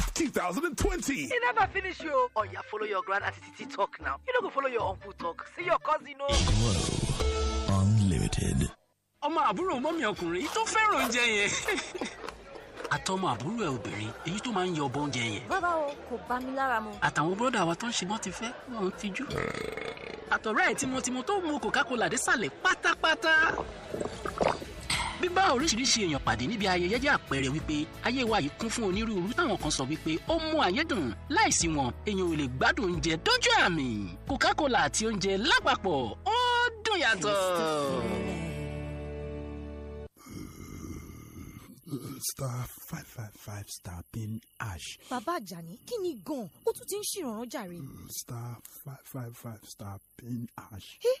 2020. You never finish you. Oh, yeah, follow your grand auntie talk now. You don't go follow your uncle talk. See your cousin, no. Grow Unlimited. ọmọ àbúrò mọ́mí ọkùnrin tó fẹ́ràn oúnjẹ yẹn. àtọmọ àbúrò ẹ obìnrin èyí tó máa ń yọ ọbọ oúnjẹ yẹn. bàbá o kò bá mi lára mu. àtàwọn bọ́dà wa tó ń ṣe mọ́ ti fẹ́ wọn ti jú. àtọ̀rẹ́ ẹ̀ tímọ́tímọ́ tó mú coca-cola désàlẹ̀ pátápátá bíbá oríṣiríṣi èèyàn pàdé níbi ayẹyẹ jẹ́ àpẹẹrẹ wípé ayé wa yìí kún fún onírúurú táwọn kan sọ wípé ó mú ayé dùn láìsí wọn èèyàn ò lè gbádùn oúnjẹ dójú àmì coca-cola àti oúnjẹ lápapọ̀ ó dùn yàtọ̀. star five five five star pin ash. bàbá àjàní kí ni gan-an ó tún ti ń ṣèrànràn jàre. star five five five star pin ash. Eh?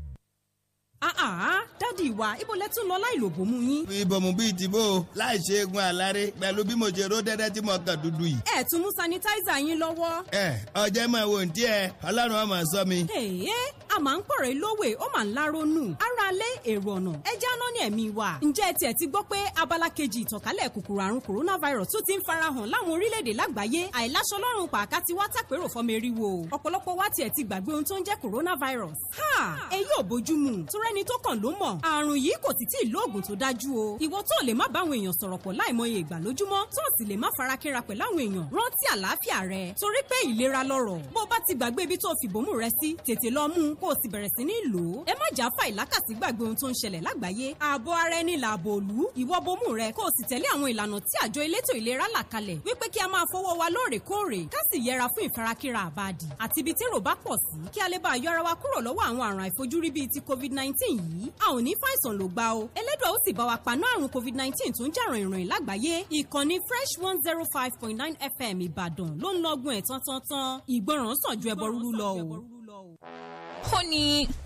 àá ah, ah, dádì wa ibo lẹ tún lọ láì lò bó mu yín. ìbọ̀mù bíi tìbó láì ṣe eegun àláré pẹ̀lú bí mo ṣe ró dẹ́dẹ́ tí mo kàn dúdú yìí. ẹ tún mú sanitizer yín lọ́wọ́. ẹ ọjọ́ máa wò ní tiẹ̀ ọlọ́run ọmọ sọ mi. ẹ̀ẹ́ a máa ń pọ̀rọ̀ ìlówè ó máa ń lárónù ara lé èrò ọ̀nà ẹja ná ní ẹ̀mí wa. ǹjẹ́ tiẹ̀ ti gbọ́ pé abala kejì ìtànkálẹ̀ kòkòrò àrùn coronavirus tún ti ń farahàn láwọn orílẹ̀-èdè lágbàáyé àìláṣọ lọ́rùn pàákà ti wá tàpérò fọmọ eriwo ọ̀pọ̀lọpọ̀ wa tiẹ̀ ti gbàgbé ohun tó ń jẹ́ coronavirus. ha èyí ò bójú mu tó rẹ́ ẹni tó kàn ló mọ̀ àrùn yìí kò sì tí lóògùn tó dájú o ìwọ tó lè má báwọn èèyàn sọ̀rọ̀ pọ̀ láìmọye ìgbà lójúmọ́ tó sì lè má farakínra pẹ̀lú àwọn èèyàn rántí àlàáfíà rẹ torí pé ìlera lọ́rọ̀ bó bá ti gbàgbé ibi tó fi bòmú rẹ sí tètè lọ mú kó o sì bẹ̀rẹ̀ sí ní lò ó ẹ má jà fà ìlákàsí gbàgbé ohun tó ń ṣẹlẹ̀ lágbàáyé nineteen yìí a ò ní fàìsàn ló gbà o Elédùà ó sì bá wa paná àrùn covid nineteen tó ń jà rìnrìn lágbàáyé ìkànnì fresh one zero five point nine fm ìbàdàn ló ń lọ́gbọ̀n ẹ̀ tán tán tán ìgbọràn sàn ju ẹbọ rúrú lọ o. ó ní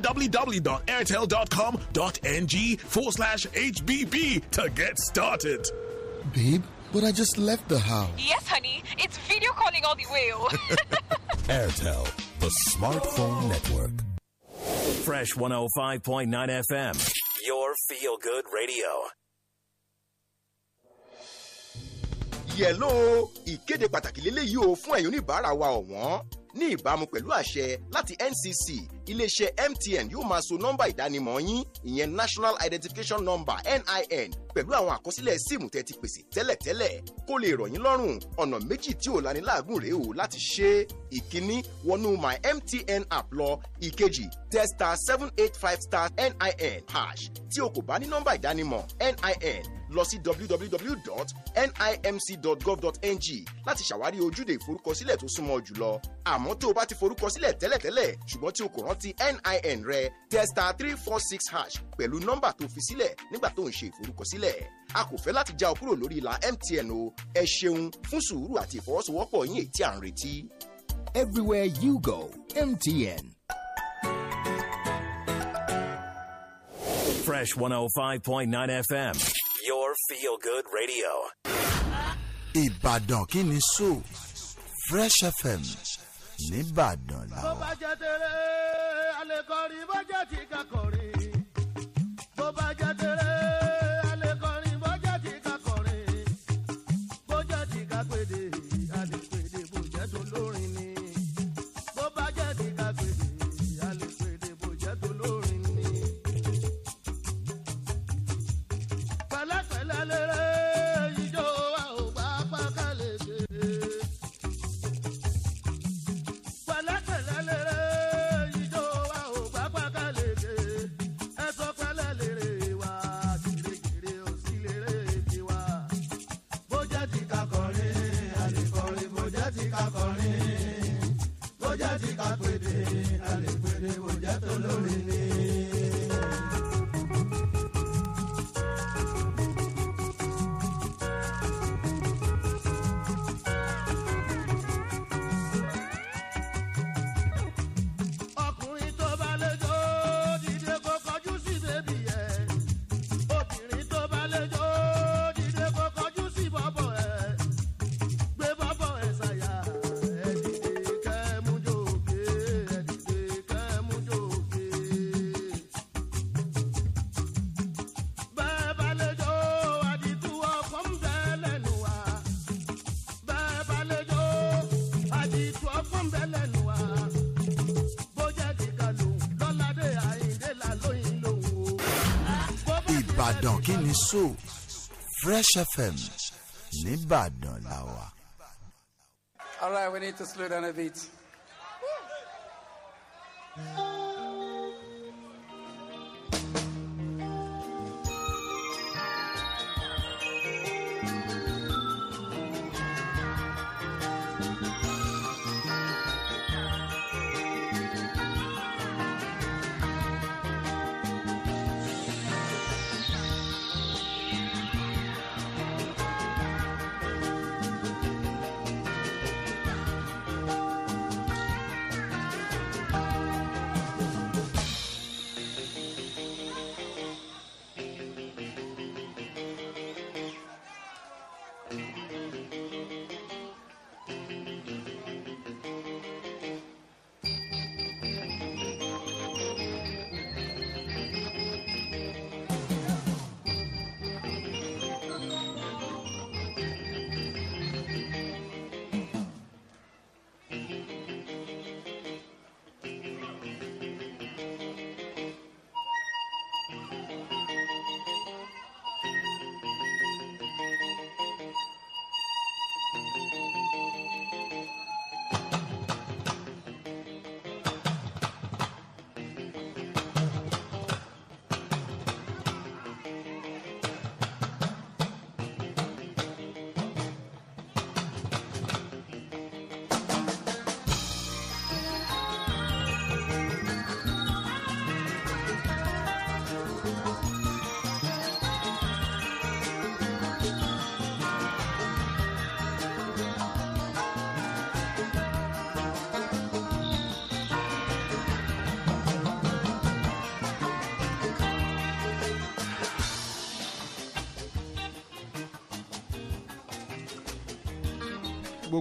www.airtel.com.ng forward slash HBB to get started. Babe, but I just left the house. Yes, honey. It's video calling all the way. Airtel, the smartphone network. Fresh 105.9 FM, your feel good radio. yẹ̀lò ìkéde pàtàkì lélẹ́yìí o fún ẹ̀yin oníbàárà wa ọ̀wọ́n ní ìbámu pẹ̀lú àṣẹ láti NCC iléeṣẹ́ MTN yóò máa so nọ́mbà ìdánimọ̀ yín ìyẹn National Identification Number NIN pẹ̀lú àwọn àkọsílẹ̀ síìmù tẹ́ ti pèsè tẹ́lẹ̀tẹ́lẹ̀ kó lè rọ̀ yín lọ́rùn ọ̀nà méjì tí ò lani láàgùn rèé o láti ṣe é ìkíní wọnú my MTN app lọ ìkejì tẹ seven eight five star NIN hash tí o kò bá ní nọ́mbà ìdánimọ̀ NIN lọ sí www.nimc.gov.ng láti ṣàwárí ojúde ìforúkọsílẹ̀ tó súnmọ́ jùlọ àmọ́ tó o bá ti forúkọsílẹ̀ tẹ́lẹ̀tẹ́lẹ̀ ṣùgbọ́n tí o kò rántí NIN rẹ tẹ three four six hash pẹ̀lú nọ́mbà tó fi sílẹ̀ nígbà tó ń ṣe ìforúkọsílẹ̀ sílẹ̀ a kò fẹ́ láti já ọ kúrò lórí ìlà MTN o ẹ ṣeun fún sùúrù àti ìfọwọ́sowọ́pọ̀ yín èyí tí à ń retí. Everywhere you go, MTN. Fresh 105.9 FM, your feel good radio. Ìbàdàn kí ni sọ Fresh FM nìbàdàn làwọn. Bó bá jẹ́ tẹ̀lé, àlè kọrin, bó jẹ́ ti kakọrin. alèpèrè alèpèrè kò jẹ́ tó lórí ni. so Fresh FM nìbàdàn làwà. All right, we need to slow down a bit.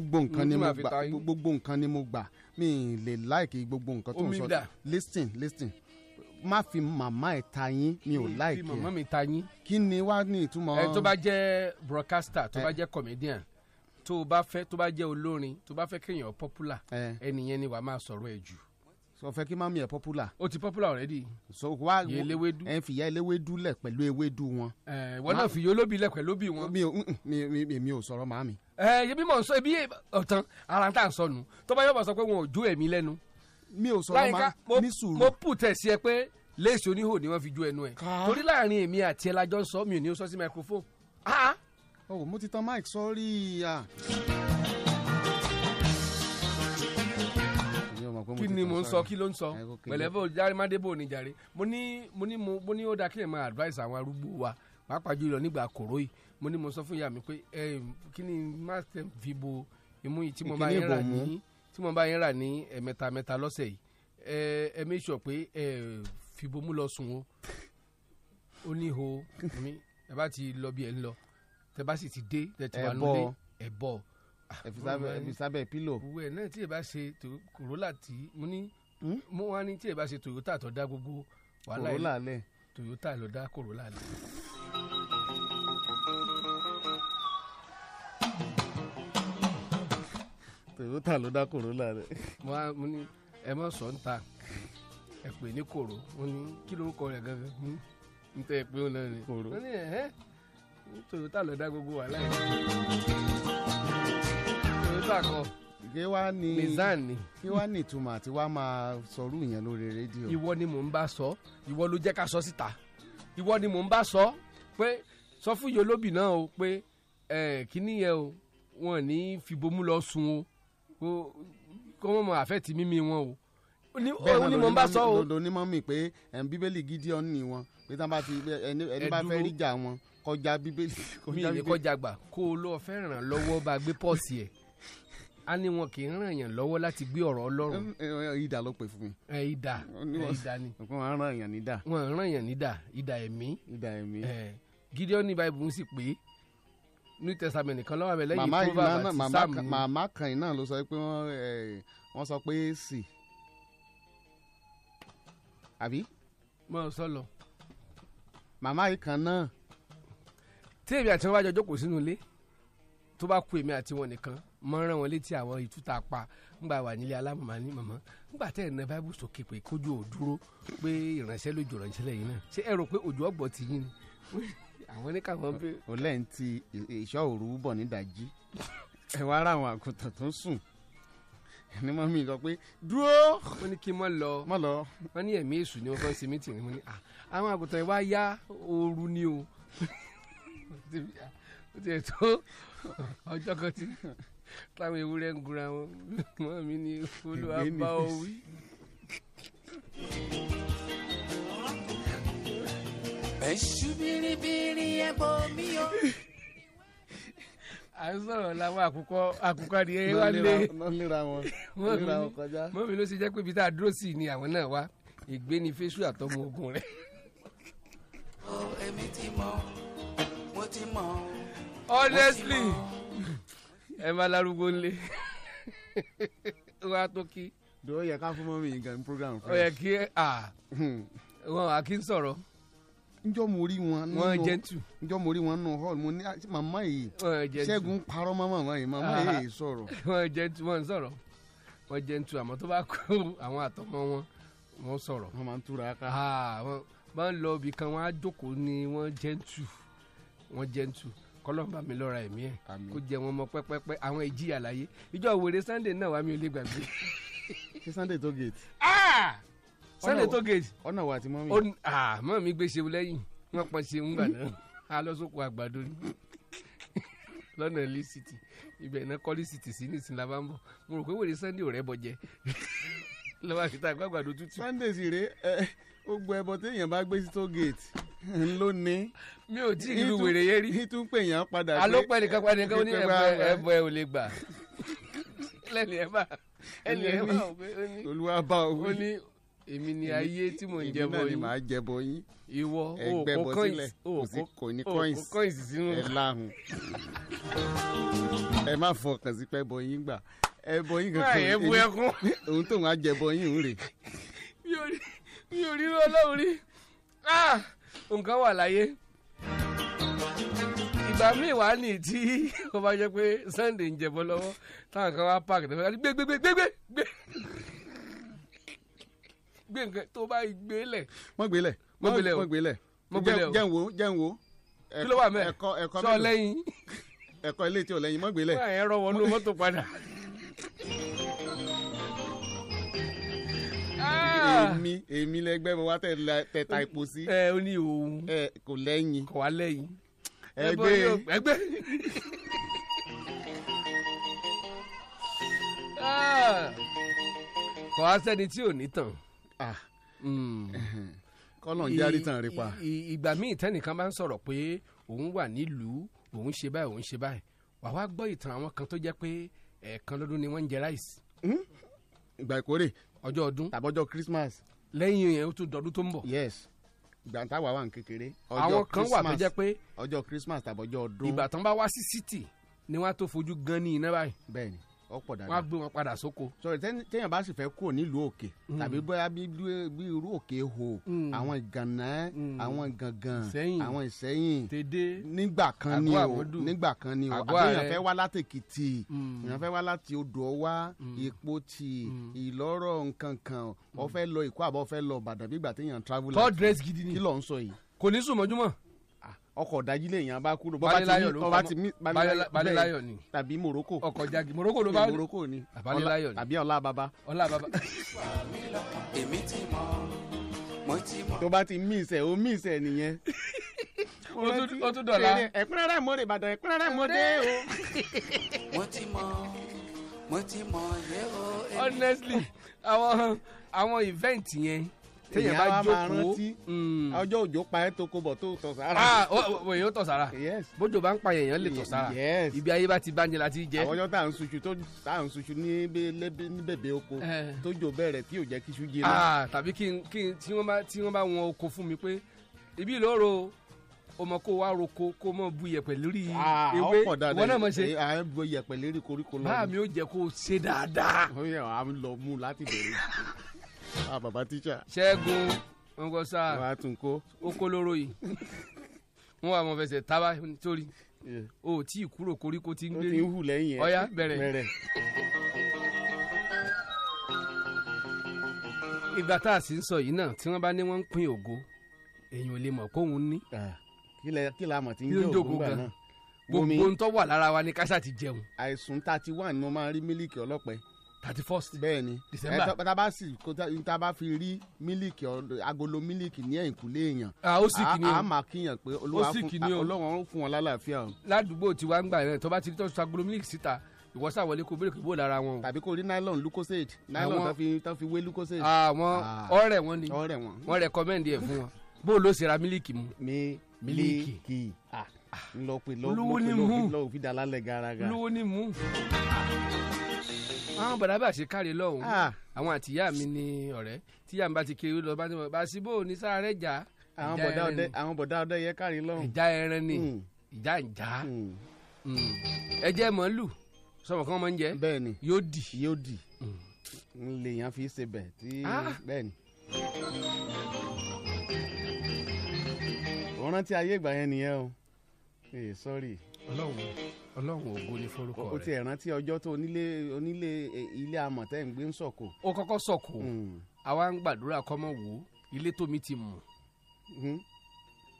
gbogbo nǹkan ni mo gbà gbogbo nǹkan ni mo gbà mi lè láìkì gbogbo nǹkan tó ń sọ listen listen má fi màmá ẹ̀ ta yín mi ò láìkì ẹ̀ fi màmá mi ta yín. kí ni wá ní ìtumọ̀. ẹ tó bá jẹ́ broadcaster tó bá eh. jẹ́ comedian tó bá fẹ́ tó bá jẹ́ olórin tó bá fẹ́ kéèyàn popular eh. ẹnìyẹn ni wàá máa sọ̀rọ̀ ẹ̀ jù sọ fẹ kí mami ẹ popular. o ti popular already. so wa yẹ eléwédú. ẹ fìyà eléwédú lẹ pẹ̀lú ewédú wọn. ẹ eh, wọn náà fìyà olóbì lẹ pẹ̀lú obì wọn. mi ò mi mi mi ò sọ̀rọ̀ màá ẹ yẹbi mọ nsọ ebi ọtán ara tá à ń sọ nù tó bá yọ bọ sọ pé wọn ò jó ẹmí lẹ́nu. mi ò sọ ọmọ ní sùúrù mo pù tẹ̀ sí ẹ pé léèsì oníhò ni wọ́n fi jó ẹnu ẹ̀ torí láàrin èmi àti ẹ sọ mi ò ní sọ sí microphone. ọwọ oh, mo ti tan mike sọrí ya kí ni mo ń sọ kí ló ń sọ pẹ̀lẹ́bọ̀ járímádébò ni jàre mo ní mo ní mo ní ó dáa kí ẹ máa advice àwọn arúgbó wa pàápàá jùlọ nígbà kòró yìí mo ní mo sọ fún ìyá mi pé ẹ kí ni má tẹ̀ fi bo imú yìí tí mo bá yẹn rà ní tí mo bá yẹn rà ní ẹ̀mẹ́ta mẹ́ta lọ́sẹ̀ yìí ẹ ẹ make sure pé ẹ fi bomú lọ sùn o ó ní ho mi ẹ bá ti lọ bí ẹ ń lọ tẹ bá sì ti dé tẹ ti wà nílé ẹ bọ ah, ẹfisábẹ pílò. wẹ náà tí ẹ bá ṣe Corolla tí mo ní hmm? mo wá ní tí ẹ bá ṣe Toyota tó dá gbogbo wàhálà yìí Toyota ló dá Corolla lẹ. toyota ló dá corona rẹ. mo ní ẹ mọ sọ ń ta ẹ pè ní koro mo ní kí lórúkọ rẹ gangan hmm, n tẹ ẹ pé ó náà ni koro mo ní ẹ toyota ló dá gbogbo wàhálà yìí toyota kọ kí wá ní mizan ni kí wá ní ìtumọ̀ àti wá máa sọrú yẹn lórí rédíò. ìwọ ni mò ń bá sọ ìwọ ló jẹ́ ká sọ síta ìwọ ni mò ń bá sọ pé sọ fún yolóbì náà o pé kíní yẹn o wọn ní fìbomú lọ sùn o kó wọ́n mọ àfẹ́tì mímí wọn o ni mo bá sọ o. lọ́dọ̀ onímọ̀ mi pé bíbélì Gideon ni wọn pé tá a bá ti ẹni bá fẹ́ ríjà wọn kọjá bíbélì. mi ì ní kọjá gbà kó o lọ fẹ́ ràn lọ́wọ́ bá gbé pọ́ọ̀sì ẹ̀ a ní wọn kì í ràn yàn lọ́wọ́ láti gbé ọ̀rọ̀ ọlọ́run. ìdà ló pè fún mi. ẹ ìdà ìdà ni. wọn ràn yàn nídà. wọn ràn yàn nídà ìdà ẹ̀mí. ìdà ẹ̀mí. Gideon ní báyìí bùn sí pé new testament nìkan lọ́wọ́ abẹ lẹ́yìn proverbs àti psalm ni. màmá kan iná ló sọ pé wọ́n sọ pé sì àbí. mo sọ lọ. màmá yìí kan náà. tí èmi àti wọn bá jọ jókòó sínú ilé tó bá kú èmi àti wọn nìkan mọ rán wọn létí àwọn ìtúta pa ńgbà wà nílé alámọ̀mọ́ ní mọ̀mọ́ ńgbà tẹ̀ ẹ̀ ná báíbù sókè kójú ò dúró pé ìránṣẹ́ lójú ìránṣẹ́ lẹ́yìn náà ṣé ẹ rò pé òjò ọ̀gbọ̀ ti yín ni àwọn ní káwọn bèrè. o lẹ́yìn tí ìṣọ́ òru bọ̀ nídàjí ẹ wá ra àwọn àgùntàn tó ń sùn ni mọ mi sọ pé dúró. wọ́n ní kí n mọ lọ mọ lọ. wọ́n ní ẹ̀mí èṣù ni wọ́n fẹ́ ṣe mítìrì wọ́n ní à àwọn àgùntàn yìí wá yá ooru ni o. ó ti tó ọjọ́ kan tí táwọn ewúrẹ́ ń gura wọn mọ́ mi ni olúwa bá ọ wí bẹ́ẹ̀. ṣubiribiri ẹbọ mi o. à ń sọ̀rọ̀ làwọn àkùkọ àkùkọ adìyẹ wa lé. wọ́n ló ṣe jẹ́ pé ibi tá a dúró sí ni àwọn náà wá ègbé ni fésù àtọmọ ogun rẹ̀. o èmi ti mọ mo ti mọ. honestly ẹ máa lárúgbó ńlẹ wá tó kí. dọ́ọ̀ yẹ ká fún mọ́mí nǹkan program. ó yẹ kí ẹ hmm. wọn à kí n sọ̀rọ̀ njọ́ mo rí wọn nínú wọn jẹ́ntù njọ́ mo rí wọn nínú hall mo ní ah, màmá yìí ṣẹ́gun parọ́ mọ́ màmá yìí màmá ah, yìí sọ̀rọ̀. wọn jẹ́ntù wọn sọ̀rọ̀ wọn jẹ́ntù àmọ́ tó bá kó àwọn àtọmọ wọn wọn sọ̀rọ̀. wọn máa ń túra ká. wọn máa ń lọ ibì kan wọn á jókòó ni wọn jẹ́ntù wọn jẹ́ntù kọlọmba mi lọra ẹ̀mí ẹ kó jẹ wọn mọ pẹpẹpẹ àwọn ìjìyà láyé ìjọ wèrè sunday náà wà mí ò gbàgbé. ṣé sunday tó gate. Ah! sẹ́lẹ̀ tó gèjì. ọ̀nà wa ti mọ́ mi. mọ́ mi gbé ṣeun lẹ́yìn wọ́n pọ́n ṣeun gbà náà a lọ sóko àgbàdo ni lọ́nà lísìtì ibẹ̀ náà kọ́ lísìtì sí nìsín la bá ń bọ̀ mo rò pé wèrè Sunday ò rẹ́ bọ jẹ lọ́wọ́ àkìtà àgbàdo tútù. Sunday sì rè é ó gbọ́ ẹbọ téèyàn bá gbé sí tó gèètì ló ní. mi ò tí ìlú wèrè yẹn rí. ní tún pè padà pé alópẹ́ nìkan padà nìkan ó ní ẹbọ ẹ ò lè gbà lẹ́nu ẹ̀ bá ẹni ẹ̀ bá òwe olúwa bá òwe èmi ni ayé tí mò ń jẹ bọ yín èmi náà ni màá jẹ bọ yín ìwọ ẹgbẹ bọ sílẹ̀ kò ní coins sínú ẹ láhùn ẹ má fọkàn sí pé bọ yín gbà ẹ bọ yín kankan ẹ bu ẹkún òun tóun á jẹ bọ yín òun rè. mi ò rí ọlọ́run rí ah, nǹkan wà láyé ìgbà míì wà ní tí ó bá jẹ pé Sunday ń jẹbọ lọ́wọ́ táwọn kan wá pààkì tó fẹ́ gbé gbé gbé gbé gbé gbé nǹkan tó bá gbé lẹ̀. mọ gbé lẹ̀ mọ gbé lẹ̀ o mọ gbé lẹ̀ mọ gbé lẹ̀ o jẹun wo jẹun wo. kí ló wà mẹ ẹkọ ẹkọ sọ lẹ́yìn. ẹkọ ilé tí o lẹ́yìn mọ gbé lẹ̀. wọn àyẹ̀rọ wọnú mọ́tò padà. Ah! èmi èmi lẹgbẹ́ mi wá tẹ̀ta epo sí. ẹ ó ní òun. ẹ kò lẹ́yìn. kò wá lẹ́yìn. ẹgbẹ́ ẹgbẹ́. Ah! kò á sẹ́ni tí ò ní tàn kọ́lọ̀ ń járí tàn rí pa. ìgbà míì tẹ́nìkan bá ń sọ̀rọ̀ pé òun wà nílùú òun ṣe báyìí òun ṣe báyìí wà wá gbọ́ ìtàn àwọn kan tó jẹ́ pé ẹ̀ẹ̀kan lọ́dún ni wọ́n ń jẹ ráìsì. Hmm? ìgbà ìkórè ọjọ́ ọdún tàbọ́jọ́ Christmas. lẹ́yìn yẹn ó tún dọdún tó ń bọ̀. yes ìgbà tá a wà wà ní kékeré. àwọn kan ọjọ́ Christmas tàbọ́jọ́ ọdún. ìgbà tán bá wá sí city ni wọ́n á tó fojú gan ní iná báyìí. bẹ́ẹ̀ni ọ̀pọ̀ dáadáa. wọ́n á gbé wọn padà sóko. sọ̀rọ̀ téèyàn bá sì fẹ́ kúrò nílùú òkè mm. tàbí bóyá bí irú òkè ho mm. àwọn ìgànnà mm. àwọn gàngàn àwọn ìsẹ́yìn tèdè nígbà kan ni o nígbà kan ni o àbẹ̀yàn fẹ́ wá látèkìtì èèyàn fẹ́ wá láti odò ọwá èpo tì ìlọ́rọ̀ nkankan ó fẹ́ lọ Èkó àbọ̀ fẹ́ lọ Ìbàdàn bí ìgbà téèyàn travel. third race gidi ni kí ló ń sọ yìí. kò ní sùn mọ́júmọ́ ọkọ̀ ìdájí lè yàn bá kúrò bọ́ba ti mí bọ́ba ti ni tàbí morocco ọkọ̀ jagi morocco ló bá morocco ni ah, balẹ̀láyọ̀ ni tàbí ọlá baba. ọlá baba. èmi ti mọ mo ti mọ. tó bá ti mí ìsẹ̀ ó mí ìsẹ̀ nìyẹn. o tún dọ̀la. ẹ̀kúnrẹ́rẹ́ mo dé ìbàdàn ẹ̀kúnrẹ́rẹ́ mo dé o. mo ti mo ti o. honestly àwọn àwọn event yẹn téèyàn bá jókòó hmm. ọjọ́ òjò pa ẹ́ tó kó tó tọ̀ sára. ah wòye ó tọ̀ sára bójú bá ń pa èèyàn lè tọ̀ sára ibi ayé bá ti bá la láti jẹ́. àwọn ọjọ́ tá à ń suṣu tó tá à ń suṣu ní bèbè oko eh. tó jò bẹ̀rẹ̀ tí ò jẹ́ kí iṣu jìnnà. ah tàbí kí n kí n tí wọ́n bá tí wọ́n bá wọn oko fún mi pé ibi ìloro ọmọ kó wa roko kó mọ bu yẹ̀pẹ̀ lórí ah, ewé wọn náà mọ ṣe. a eh, ń bu yẹ̀pẹ̀ lórí koríko lọ. báà mi ò jẹ kó o ṣe dáadáa. ó yẹ wàá lọ mú láti bẹ̀rẹ̀. ah baba teacher. ṣẹ́gun ọkọ sáà wà á tún kó. ó kó lóró yìí wọn wà mọ fẹsẹ̀ tábà sórí o tí ì kúrò koríko ti ń gbé yìí ó ti ń hù lẹ́yìn ẹ̀ ọ̀ya bẹ̀rẹ̀. ìgbà tá a sì ń sọ yìí náà tí wọ́n bá ní wọ́n ń pín ògo èèyàn ò lè mọ̀ kóun ní. Ah, kí la mọ̀ tí ń jẹ́ ògo gbà náà. gbogbo ń tọ́ wà lára wa ni kásá ti jẹun. àìsùn tá ti wà ní mo máa rí mílíkì ọlọ́pẹ́ thirty first bẹ́ẹ̀ni December ẹ tọ́ba sì kó tá bá fi rí mílíkì agolo mílíkì ní ẹ̀yìnkùlé èèyàn ó sì kì ní o a máa kíyàn pé olúwa fún wọn lálàáfíà o. ládùúgbò tiwa ń gbà yẹn tọ́ba ti rí tọ́jú agolo mílíkì síta ìwọ sàwọlé kó bèrè kó bò lára wọn. tàbí kó rí nylon lucosade nylon tó fi tó fi wé lucosade. àwọn ọ̀rẹ́ wọn ni ọ̀rẹ́ wọn wọn rẹkọmẹndì ẹ fún wọn bó ló ṣe ra mílíkì mu. mi mílíkì lọ pe lọ pe lọ fi dà garaga. olówó ni mú àwọn bàdá bá ṣe káre lọ́hùn àwọn àtìyá mi ni ọ̀rẹ́ tíyà mi bá ti kiri lọ bá ti mọ̀ bá síbò ní sáré jà àwọn bọ̀dá ọdẹ yẹ káre lọ́hùn. ìjà ẹran ni hmm. ìjà ìjà hmm. hmm. ẹjẹ màálù sọmọ kan máa ń jẹ bẹ́ẹ̀ni yóò dì yóò dì n lè yàn fi ṣe bẹ tí ah. bẹ́ẹ̀ni. òun rántí ayé ìgbà yẹn nìyẹn o ee sọ́ọ̀rì. ọlọ́run ọlọ́run ògo ni forúkọ rẹ. o ti ẹ̀ rántí ọjọ́ tó onílé onílé e, ilé amọ̀tẹ́ ń gbé ń sọ̀kò. ó kọ́kọ́ sọ̀kò hmm. àwa ń gbàdúrà kọ́mọ wò ó ilé tómi ti mù. Hmm.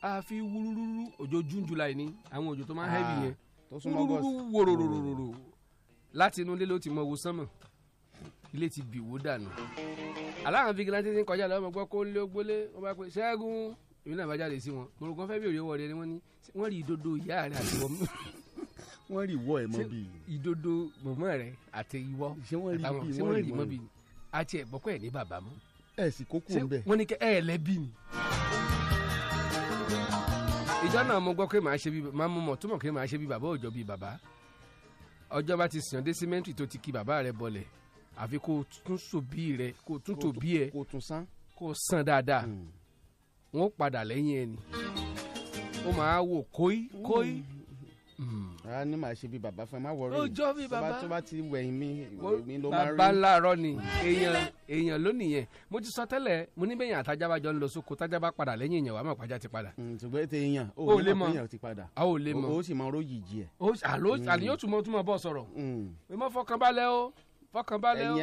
a fi wúrúrúrú òjò june july ni àwọn òjò tó máa ń hẹ́bì yẹn wúrúrú wòròròròrò hmm. láti inú ilé ló ti mọ wo sánmọ̀ ilé ti bì wó dànù. aláwọn vigilante ti ń kọjá lọ́wọ́ gbọ́ kó lé ogbólé wọ́n bá pe ṣẹ́gun èmi náà bá jáde sí wọn mo rò kán fẹ́ bí òye wọ̀ rẹ ni wọ́n ní wọ́n rí ìdodo ìyá rẹ àti wọ́n wọ́n rí ìwọ ẹ̀ mọ́ bí. ìdodo mọ̀mọ́ rẹ àti ìwọ àtàwọn ṣé wọ́n rí mọ́ bí àti ẹ̀gbọ́kọ̀ ẹ̀ ní bàbá mọ́. ẹ sì kókó ń bẹ. wọ́n ní kẹ́ ẹ lẹ́bí ni. ìjọ náà mo gbọ́ pé màá ṣe bí màá mú mọ̀ túmọ̀ pé màá ṣe bí bàbá òjọ bí bàbá ọjọ́ bá ti sàn dé símẹ́ǹtì tó ti kí bàbá rẹ bọlẹ̀ àfi kó tún sòbí rẹ kó tún tòbí ẹ kó tún san kó san dáadáa hmm. wọn padà lẹ́yìn ẹni ó máa wò kóí kóí hmm rárá ni màá ṣe bí bàbá fún ẹ má wọrí ọjọ́ bàbá tó bá ti wẹ̀yìn mi mi ló máa rí. bàbá ńláàárọ̀ ni èèyàn èèyàn lónìí yẹn mo ti sọ tẹ́lẹ̀ mo ní bẹ́yìn àtajábá jọ ń lọ sóko tájábá padà lẹ́yìn èèyàn wà á mọ̀ pàjá ti padà. Mm, ṣùgbọ́n ètò èèyàn ó lè mọ̀ èèyàn ti padà a ò lè mọ̀ o sì mọ róyì jí ẹ. àló mm. àlè yóò túmọ̀ túmọ̀ bọ́ sọ̀rọ̀ mi mm. mọ̀ fọkànbalẹ̀ o fọkànbalẹ̀ o.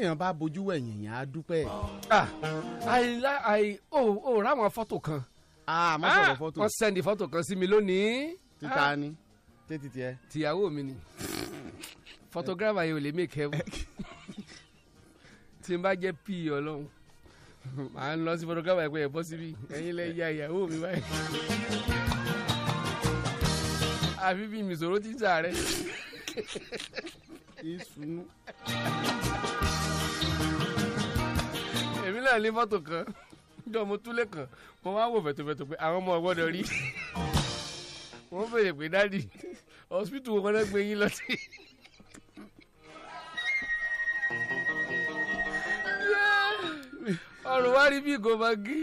ẹ̀yìn bá bojú wẹ̀yìn yẹn á dúpẹ́. Ah, àìlá àì ò ò ráwọn fọ́tò kan a ah, má ah, sọ̀rọ̀ fọ́tò. wọ́n sẹ́ndì fọ́tò kan sí mi lónìí. títa ah, ni tètè tiẹ̀. tìyàwó mi ni photographer yìí ò lè make heaven tí n bá jẹ́ pí ọlọ́run màá lọ sí photographer yìí pé ẹ̀ bọ́ síbí ẹ̀yin lẹ́ ya ìyàwó mi báyìí. àfi bí mìsòrò ti sà rẹ. ìsunu. èmi náà ní fọ́tò kan jọ mo túlẹ̀ kan mo wá wò fẹ̀tọ̀fẹ̀tọ̀ pé àwọn ọmọ gbọ́dọ̀ rí wọ́n bèrè pé dáàdì hospital wọn náà gbé yín lọ sí. ọrùn wá rí bí gòmàgì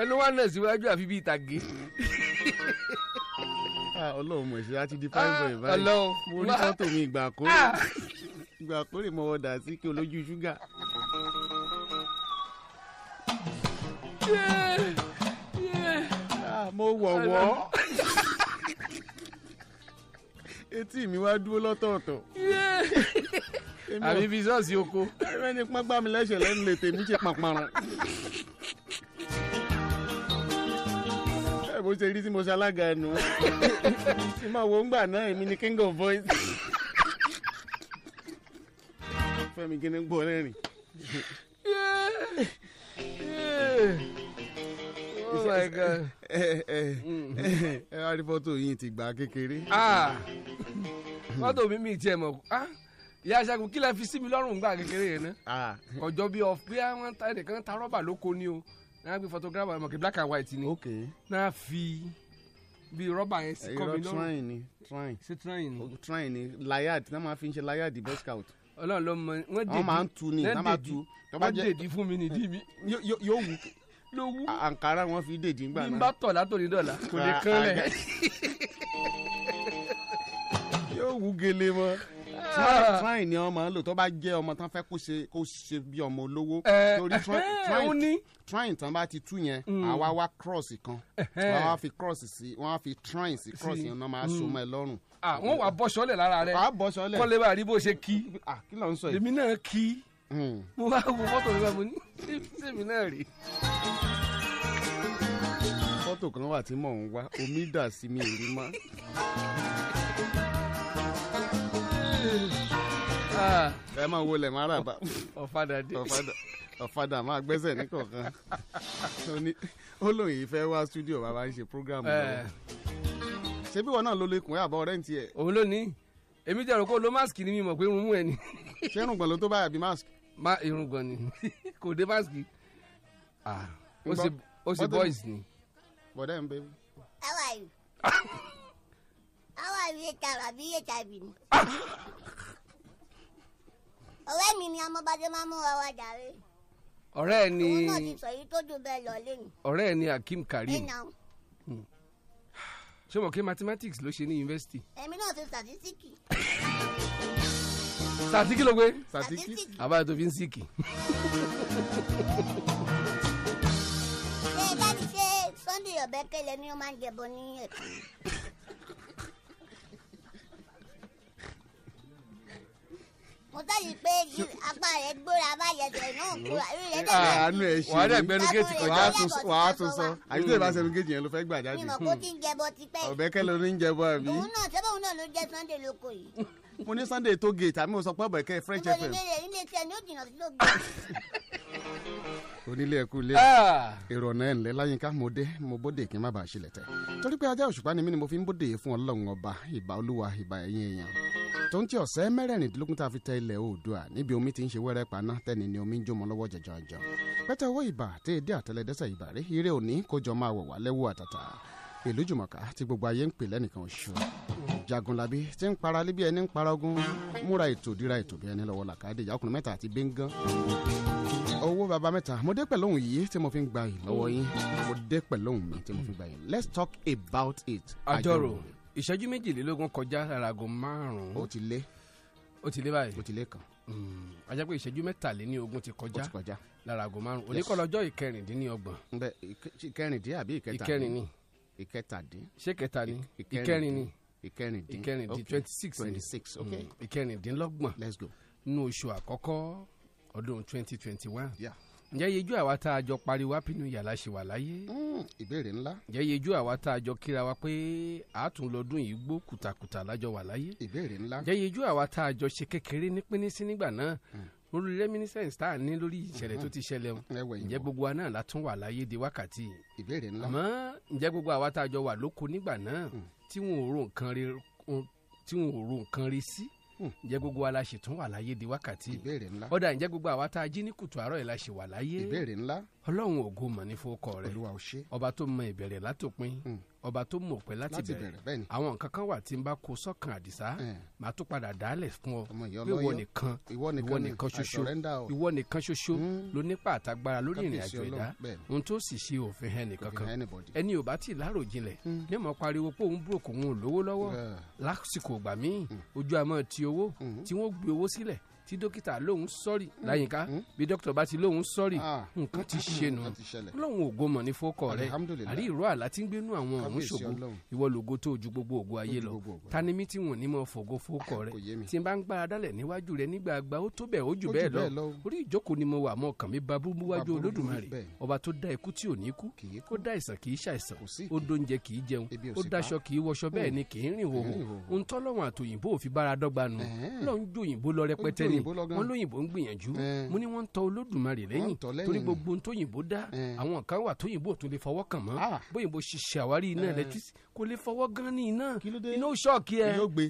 ẹnu wá náà síwájú àfi bí ìtàgé. Ah, ọlọ́run mọ̀ ṣe láti di five boy ah, báyìí mo rí fọ́tò mi ìgbà kórè ah. ìgbà kórè mọ́wọ́ sí kí olójú ṣúgà. Ah, mo wọ̀wọ́ etí mi wá dúró lọ́tọ̀ọ̀tọ̀ àbí bí sọ́ọ̀sì oko ẹni pọ́n gbá mi lẹ́sẹ̀ lẹ́nu lè tèmi ṣe pàpàrọ̀ ẹ bó ṣe rí tí mo ṣe alága nù tí máa wo ń gbà náà èmi ni king of voice fẹ́mi kí ni ń gbọ́ rẹ́rìn oh my god. ẹ ẹ ẹ wá rí fọ́tò yìí ti gbà kékeré. fọ́tò ah. mi mi tiẹ̀ mọ̀ ah, ìyá aṣẹ́gun kí lẹ fi sí mi lọ́rùn gbà kékeré yẹn ná. Ah. ọjọ́ bíi ọ̀fẹ́ àwọn ẹnìkan ta rọ́bà lóko ni o náà gbé photographer mọ̀kì black and white ni. ok náà fi bíi rọ́bà yẹn sí kọ́ mi lọ́rùn. ẹ̀rọ trine ni trine. ṣé trine ni. trine ni layard náà máa fi ń ṣe layard boy scout ọlọ́run ló mọ wọ́n dèdí wọ́n dèdí fún mi nìdí mi. yóò wù lówú. àǹkárá wọn fi dèjì ń gbà náà. bí tọ̀ látòrí dọ̀la kò lè kán lẹ̀. yóò wú gele mọ́ train ah. ni ọmọ lò tó bá jẹ ọmọ tán fẹ́ kó ṣe kó ṣe bí ọmọ olówó eh, torí train eh, train tán bá ti tú yẹn mm. àwa wá cross kan eh, wọn á fi cross sí wọn á fi train sí cross yẹn náà máa mm. so mọ́ ẹ lọ́rùn. Ah, wọn wà bọ́ sọ́lẹ̀ lára rẹ̀ kọ́lé bá rí bó ṣe kí ah, èmi náà kí mo bá wo fọ́tò nígbà mo ní sèmi náà rí. fọ́tò kan wà tí mò ń wá omi dà sí mi èrí mọ́. ẹ máa wo lẹ̀ máa rà bá. ọ̀fadà dé. ọ̀fadà ọ̀fadà máa gbẹ́sẹ̀ ní kọ̀ọ̀kan ó lóun yìí fẹ́ wá stúdíò bàbá ń ṣe prógrámù rẹ̀ ṣebí wọn náà ló lè kùn ẹ́ àbọ̀ rẹ́ǹtì ẹ̀. òun ló ní èmi jẹ́ òrùkọ́ ló máàsì ni mi mọ̀ pé irun mú ẹ ni. ṣé irùngbọ̀n ló tó báyà bí máàsì má irun gan ni kò dé maski ah ó ṣe ó ṣe boys ni. bọ̀dá ẹ̀ ń bẹ. how are you. how are you yẹta àbí yẹta ibi ni. ọ̀rẹ́ mi ni amọ́badé máa mú wa wá jàre. ọ̀rẹ́ ẹ ni òun náà ti sọ èyí tó dùn bẹ́ẹ̀ lọ lẹ́nu. ọ̀rẹ́ ẹ ni Akeem Karim. ẹ nà ó ṣé mo kí mathematics ló ṣe ní yunifásitì. èmi náà ṣe statistics sàtìkì ló pé sàtìkì àbáyọ tó fi ń sìkì. ṣé dáàbì ṣe sunday ọbẹ̀ kẹlẹ ni ó máa ń jẹbọ ní ẹ̀ka. mo tẹ́lẹ̀ pé apá rẹ̀ gbóra abáyẹsẹ̀ náà kúrò àríyẹ tẹ̀lé. àánú ẹ wàá dẹ̀ gbẹnu géètì kọjá wàá tún sọ àyíkú ìbá sẹnu géètì yẹn ló fẹ́ gbà jáde. mi mọ̀ ló ń jẹbọ àbí. òun náà sẹ́bẹ̀ òun náà ló jẹ́ sunday lóko yìí mo ní Sunday tó gate àmì mo sọ pé ọbẹ̀ kẹ́ Fresh FM. onílé ẹkú ilé ah! èrò ọ̀nà ẹ̀ńlẹ́ láyínká mo dé mo bóde kí n má bàa ṣílẹ̀ tẹ̀ torí pé ajá òṣùpá ni mí ni mo fi ń bóde fún ọlọ́run ọba ìbà olúwa ìbà ẹ̀yìn èèyàn tó ń tí ọ̀sẹ̀ mẹ́rẹ̀ẹ́rìndínlógún tá a fi tẹ ilẹ̀ oòdùà níbi omi ti ń ṣe wẹ́rẹ́ paná tẹ́ni ni omi ń jó lọ́wọ́ jẹjọ́jọ́ pẹ́tẹ́ owó ìbà tí èdè àtẹlẹdẹ́sẹ̀ ìbà rí ire òní kó jọ máa wọ̀ wá lẹ́wọ́ àtàtà pẹ̀lú tí gbogbo ayé ń pè lẹ́nìkan oṣù jagunlabi tí ń para libi ẹni ń para ogun múra ètò dira ètò bí ẹni lọ́wọ́ làkàdé ìyàkùnrin mẹ́ta àti bẹ́ngàn owó baba mẹ́ta mo dé pẹ̀lú òun yìí tí mo fi ń gba yìí lọ́wọ́ yín mo dé pẹ̀lú òun mi tí mo fi ń gba yìí let's talk about it. àjọrò ìṣẹ́jú méjìlélógún kọjá láago márùn-ún. ó ti lé. ó ti lé báyìí. ó ti lé kan. Hmm, a jẹ́ pé ìṣẹ́jú mẹ́tàléníogún ti kọjá. ó ti márùn-ún oníkọ́lọ́jọ́ ìkẹrìndínlọ́gbọ̀n. ìkẹrìndín àbí ìkẹta. ìkẹrin ìkẹtàdín. ṣé kẹta ni ìkẹrin ni ìkẹrìndín ìkẹrìndín twenty six twenty six ok mm, ìkẹrìndínlọ́gbọ̀n let's go nínú oṣù àkọ́kọ́ ọdún twenty twenty one. ǹjẹ́ yejú àwa tá a jọ pariwo happy new ṣe wà láyé. Mm, ìbéèrè ńlá. ǹjẹ́ yejú àwa tá a jọ kíra wa pé àtúnlọ́dún yìí gbó kùtàkùtà lájọ wà láyé. ìbéèrè ńlá. ǹjẹ́ yejú àwa tá a jọ ṣe kékeré nípínnísí nígbà náà. Mm orí reminiscence tá a ní lórí ìṣẹ̀lẹ̀ tó mhm. ti ṣẹlẹ̀ o ǹjẹ́ gbogbo wa náà la tún wà láyé di wákàtí ìbéèrè ńlá àmọ́ ǹjẹ́ gbogbo àwa tá a jọ wà lóko nígbà náà hmm. tí wọn ò ro nǹkan rí sí hmm. ǹjẹ́ gbogbo wa la ṣì tún wà láyé di wákàtí ìbéèrè ńlá ọ̀dà ǹjẹ́ gbogbo àwa tá a jí ní kùtù àárọ̀ yìí la ṣì wà láyé ìbéèrè ńlá ọlọ́run ògo mọ̀ ní fowókọ rẹ̀ ọba tó mọ ìbẹ̀rẹ̀ látòpin hmm. ọba tó mọ̀ pé láti bẹ̀rẹ̀ àwọn nǹkan kan wà tí n bá kó sọ́kàn àdìsá eh. màá tó padà dálẹ̀ fún ọ ìwọ nìkan ìwọ nìkan ṣoṣo ìwọ nìkan ṣoṣo hmm. ló nípa àtagbára lórí ìrìn àjò ẹ̀dá ohun tó sì ṣe òfin hàn nìkan kan ẹni ò bá tí ì láàrò jinlẹ̀ hmm. ní mọ̀ pariwo pé òun búròkù òun ò lówó lọ́wọ́ lásìkò ìgbà míì ojú àmọ́ ti owó tí wọ́n gbé owó tí dókítà lóun sọ́ọ̀rì mm-hmm. láyìnká mm-hmm. bí dókítà bá ti lóun sọ́ọ̀rì ah, nǹkan ti ṣe nù lóun ògo mọ̀ ní fọ́kọ̀ rẹ̀ àrí ìró àlá tí ń gbénú àwọn ọ̀run ṣògo ìwọ lògo tó ju gbogbo ògo ayé lọ tanimí tí wọn ní mọ fògo fọ́kọ̀ rẹ̀ tí n bá ń gbára dálẹ̀ níwájú rẹ̀ nígbà ó tó bẹ̀ ó jù bẹ́ẹ̀ lọ orí ìjókòó ni mo wà mọ́ kàn mí babú níwájú olódùmarè ọba tó dá ikú tí ò ní kú ó dá ìsàn kì í ṣàìsàn ó dóúnjẹ kì í jẹun ó dáṣọ kì í wọṣọ bẹ́ẹ̀ ni kì í rìn lóyìnbó lọ́gán wọ́n lóyìnbó ń gbìyànjú eh. mo ní wọ́n ń tọ olódùmarè lẹ́yìn torí gbogbo tóyìnbó dá eh. àwọn kan wà tóyìnbó tó lè fọwọ́ kàn mọ́ ah. bóyìnbó ṣiṣẹ́ àwárí iná eh kò lè fọwọ́ gan ni iná iná ṣọ́ọ̀kì ẹ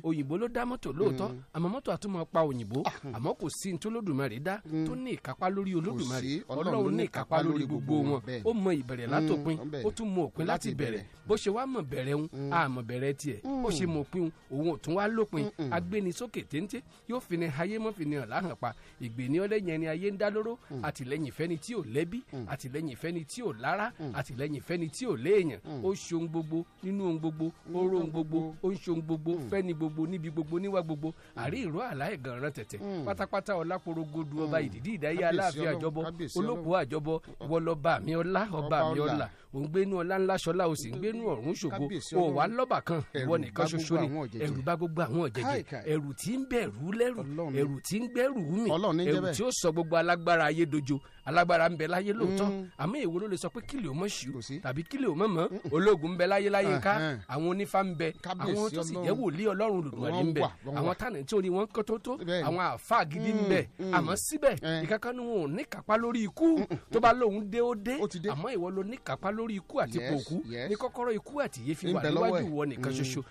òyìnbó ló dá mọ́tò lóòótọ́ mm. àmọ́ mọ́tò àtúmọ̀ pa òyìnbó ah. àmọ́ kò sí ní tólódùmarè dá mm. tó ní ìkápá lórí olódùmarè ọlọ́run ní ìkápá lórí gbogbo wọn ó mọ ìbẹ̀rẹ̀ mm. látòpin ó tún mọ òpin láti bẹ̀rẹ̀ bó ṣe wá mọ̀ bẹ̀rẹ̀ ń àmọ̀ bẹ̀rẹ̀ tiẹ̀ bó ṣe mọ̀ òpin òun ò tún wá lópin agbéni sókè téńté yóò fi ni ayé mọ́ fi ni hàn láhàn pa ni ọlẹ́yìn ẹni ayé ń dá lóró àtìlẹ́yìn ìfẹ́ni tí ò lẹ́bí àtìlẹ́yìn ìfẹ́ni tí ò lára àtìlẹ́yìn ìfẹ́ni tí ò léèyàn ó ṣohun gbogbo nínú ohun gbogbo ó ró ohun gbogbo ó ń ṣe ohun gbogbo hmm. fẹ́ni gbogbo níbi gbogbo níwà gbogbo hmm. àrí ìró àláìgàn ran tẹ̀tẹ̀ hmm. pátápátá ọlápòro godu ọba ìdìdí ìdáyé aláàfin àjọbọ olóòpó àjọbọ wọlọba mi ọlá ọba mi ọlá òǹgbẹ́nu ọlá ńlá ṣọlá o sì ń gbẹ́nu ọ̀run ṣògo o wà kan ìwọ nìkan ṣoṣo ni ẹ̀rù bá gbogbo àwọn ọ̀jẹ̀jẹ̀ ẹ̀rù tí ń bẹ̀rù lẹ́rù ẹ̀rù tí ń gbẹ̀rù mi ẹ̀rù tí ó sọ gbogbo alágbára ayé dojo alágbára ń bẹ láyé lóòótọ́ mm. àmọ́ èwo ló lè sọ pé kílè ò mọ̀ ṣù tàbí kílè ò mọ̀ mọ́ ológun ń bẹ láyé láyé ká àwọn onífá ń bẹ àwọn tó sì jẹ́ wòlíì ọlọ́run lòdùmarè ń bẹ àwọn tánà tí orí wọn kọ́ tó tó àwọn àfa gidi ń bẹ àmọ́ síbẹ̀ eh. ìkankan ni wọn ò ní kápá lórí ikú tó bá lóun dé ó dé àmọ́ ìwọ ló ní kápá lórí ikú àti pòkú ní kọ́kọ́rọ́ ikú àti yé fi wà níwájú wọn nìkan mm. ṣoṣo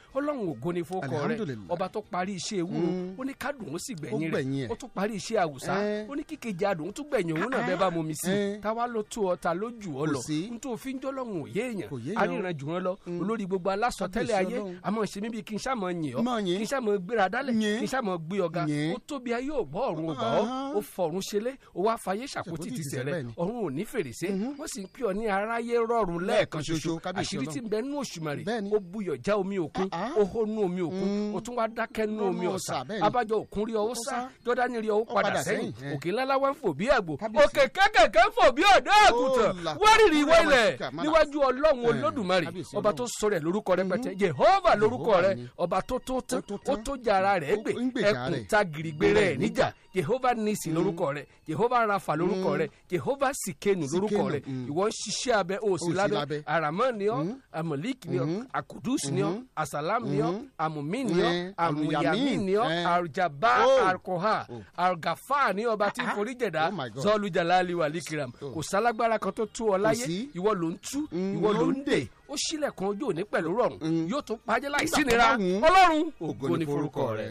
ọlọ́run bá mu mi sí eh. táwa ló tó ọ ta ló jù ọ lọ n tó fi ń jọlọ́hún òye èèyàn aríran jù wọn lọ mm. olórí gbogbo alásọtẹ́lẹ̀ ayé àmọ́ ṣe mí bí kí n ṣàmọ́ yìn ọ́ kí n ṣàmọ́ gbéra dálẹ̀ kí n ṣàmọ́ gbé ọ̀gá ó tóbi ayé ò gbọ́ ọ̀run ọ̀gbà ọ́ ó fọ̀run ṣẹlẹ̀ ó wá fàyè ṣàpótì ti sẹ̀rẹ̀ ọ̀run ò ní fèrèsé mm-hmm. wọ́n sì ń pè ọ́ ní aráyé rọ̀rùn lẹ́ẹ̀kan ṣoṣo àṣírí ti ń bẹ nínú òṣùmàrè ó buyọ̀ já omi òkun ah, ah. ó hó nú omi òkun mm. ó tún wá dákẹ́ nú omi ọ̀sà abájọ òkun rí ọ ó sá jọ́dá ní rí ọ ó padà sẹ́yìn òkè kẹ́kẹ̀kẹ́ fò bí ọ̀dọ́ àgùntàn wárìrì ìwọ ilẹ̀ níwájú ọlọ́run olódùmarè ọba tó sọ rẹ̀ lórúkọ rẹpẹtẹ jehova lórúkọ rẹ̀ ọba tó tó tán ó tó jara rẹ̀ gbè ẹkùn ta gìrìgbè rẹ̀ níjà jehovah nisi mm. lórúkọ rẹ jehovah rafa lórúkọ mm. rẹ jehovah sikenu lórúkọ rẹ mm. ìwọ ń ṣiṣẹ́ abẹ o sì lábẹ́ araman ni ọ́ amalik ni akudus ni asalam ni ọ́ amumi mm-hmm. ni ọ́ amuyami mm-hmm. ni ọ́ arjaba arkoha argafa ni ọba tí n ah, ah. oh jalali walikiram oh. kò sálágbára kan tó tú ọ láyé ìwọ ló ń tú ìwọ ló ń dè ó sílẹ̀kùn ojú òní pẹ̀lú rọrùn yóò tún pàjẹ́ láìsí nira ọlọ́run ògo ni forúkọ rẹ.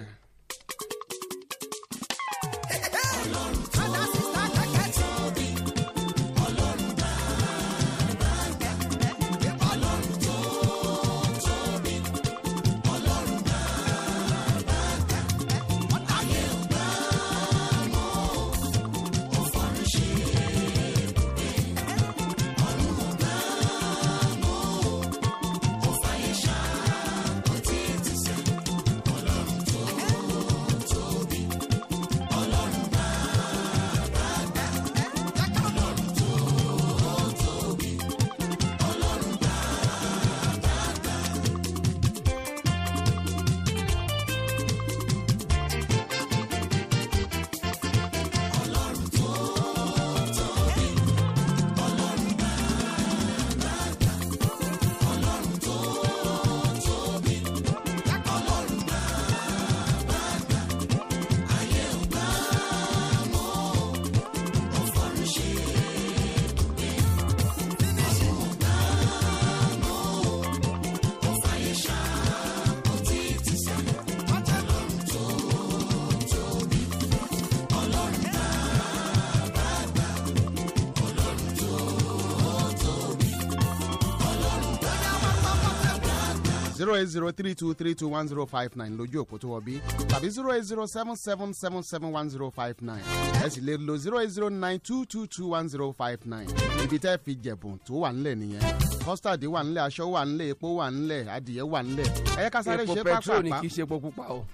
eight zero three two three two one zero five nine lójú òpó tó wọ tàbí zero eight zero seven seven seven seven one zero five nine ẹ sì lè lo zero eight zero nine two two two one zero five nine ibi tẹ́ fi jẹ̀bùn tó wà ńlẹ̀ nìyẹn kọ́sítàdì wà ńlẹ̀ aṣọ wà ńlẹ̀ epo wà ńlẹ̀ adìyẹ wà ńlẹ̀ ẹ ká ṣe pápá. epo petro ni kì í ṣe epo pupa o.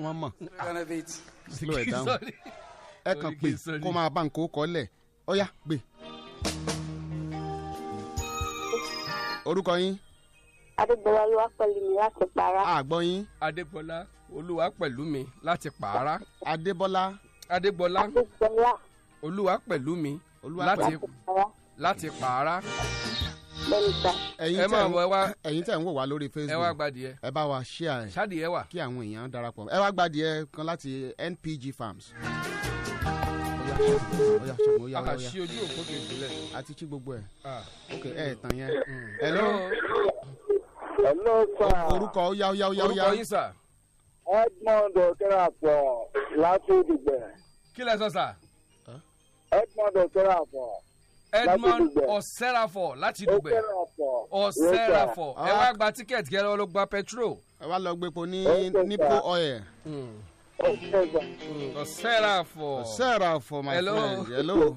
wọ́n mọ̀ ah, slow ẹ̀ down ẹ kàn pé kó máa bá nǹkan kọ́lẹ̀ ọ̀ya gbé. orúkọ yín adégbọlá olúwa pẹ̀lú mi láti pààrà. àgbọ̀yìn. adégbọlá olúwa pẹ̀lú mi láti pààrà. adébọlá. adégbọlá. adégbọlá. olúwa pẹ̀lú mi láti láti pààrà. ẹ̀yin tẹ́ ń wá ẹ̀yin wò wá lórí facebook ẹ wá gbadìẹ ẹ bá wa share ṣáàdìẹ wà kí àwọn èèyàn darapọ̀ ẹ wá gbadìẹ kan láti npg farms àṣì ojú òkú kejì lẹ. àti tí gbogbo ẹ. Ah. ok ẹ tàn yẹn. hello. hello hello sir. orúkọ ó yá ó yá ó yá ó yá. orúkọ yín sà. edmond okerapọ láti dùgbẹ. kí lẹ sọ sà. edmond okerapọ. edmond ọ̀sẹ́ràfọ̀ láti dùgbẹ. ọ̀sẹ́ràfọ̀ ẹ wá ah. gba tíkẹ́ẹ̀tì kí ẹ lọ́ọ́ lọ gba petrol. ẹ wá lọ gbépo ní nípò ọ̀yẹ̀. ọ̀sẹ́ràfọ̀. ọ̀sẹ́ràfọ̀ my friend hello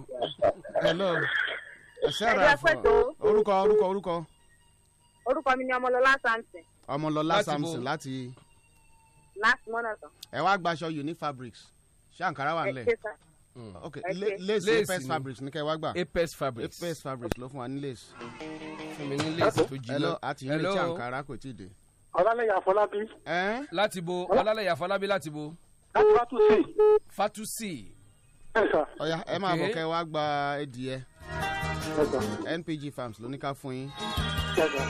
hello ọ̀sẹ́ràfọ̀ orúkọ orúkọ orúkọ orúkọ mi ni ọmọlọlá samson. ọmọlọlá samson láti. láti mọ́nàtàn. ẹ wá gbaṣọ unique fabrics ṣé àǹkárá wà nílẹ̀. Hmm, ok lace apes fabrics ní kẹ́ ẹ wá gbà. apes fabrics apes fabrics ló fún wa ní lace. fún ní lace tó jí lọ. hello àti ilé tí àǹkárá kò tí ì dé. ọlálẹ́yà fọlábí. ẹ́ láti bo ọlálẹ́yà fọlábí láti bo. láti fatusi. fatusi. ọ̀ya ẹ máa bọ̀ kẹ́ wá gba adìẹ. npg farms ló ní ká fún yín. Instagram.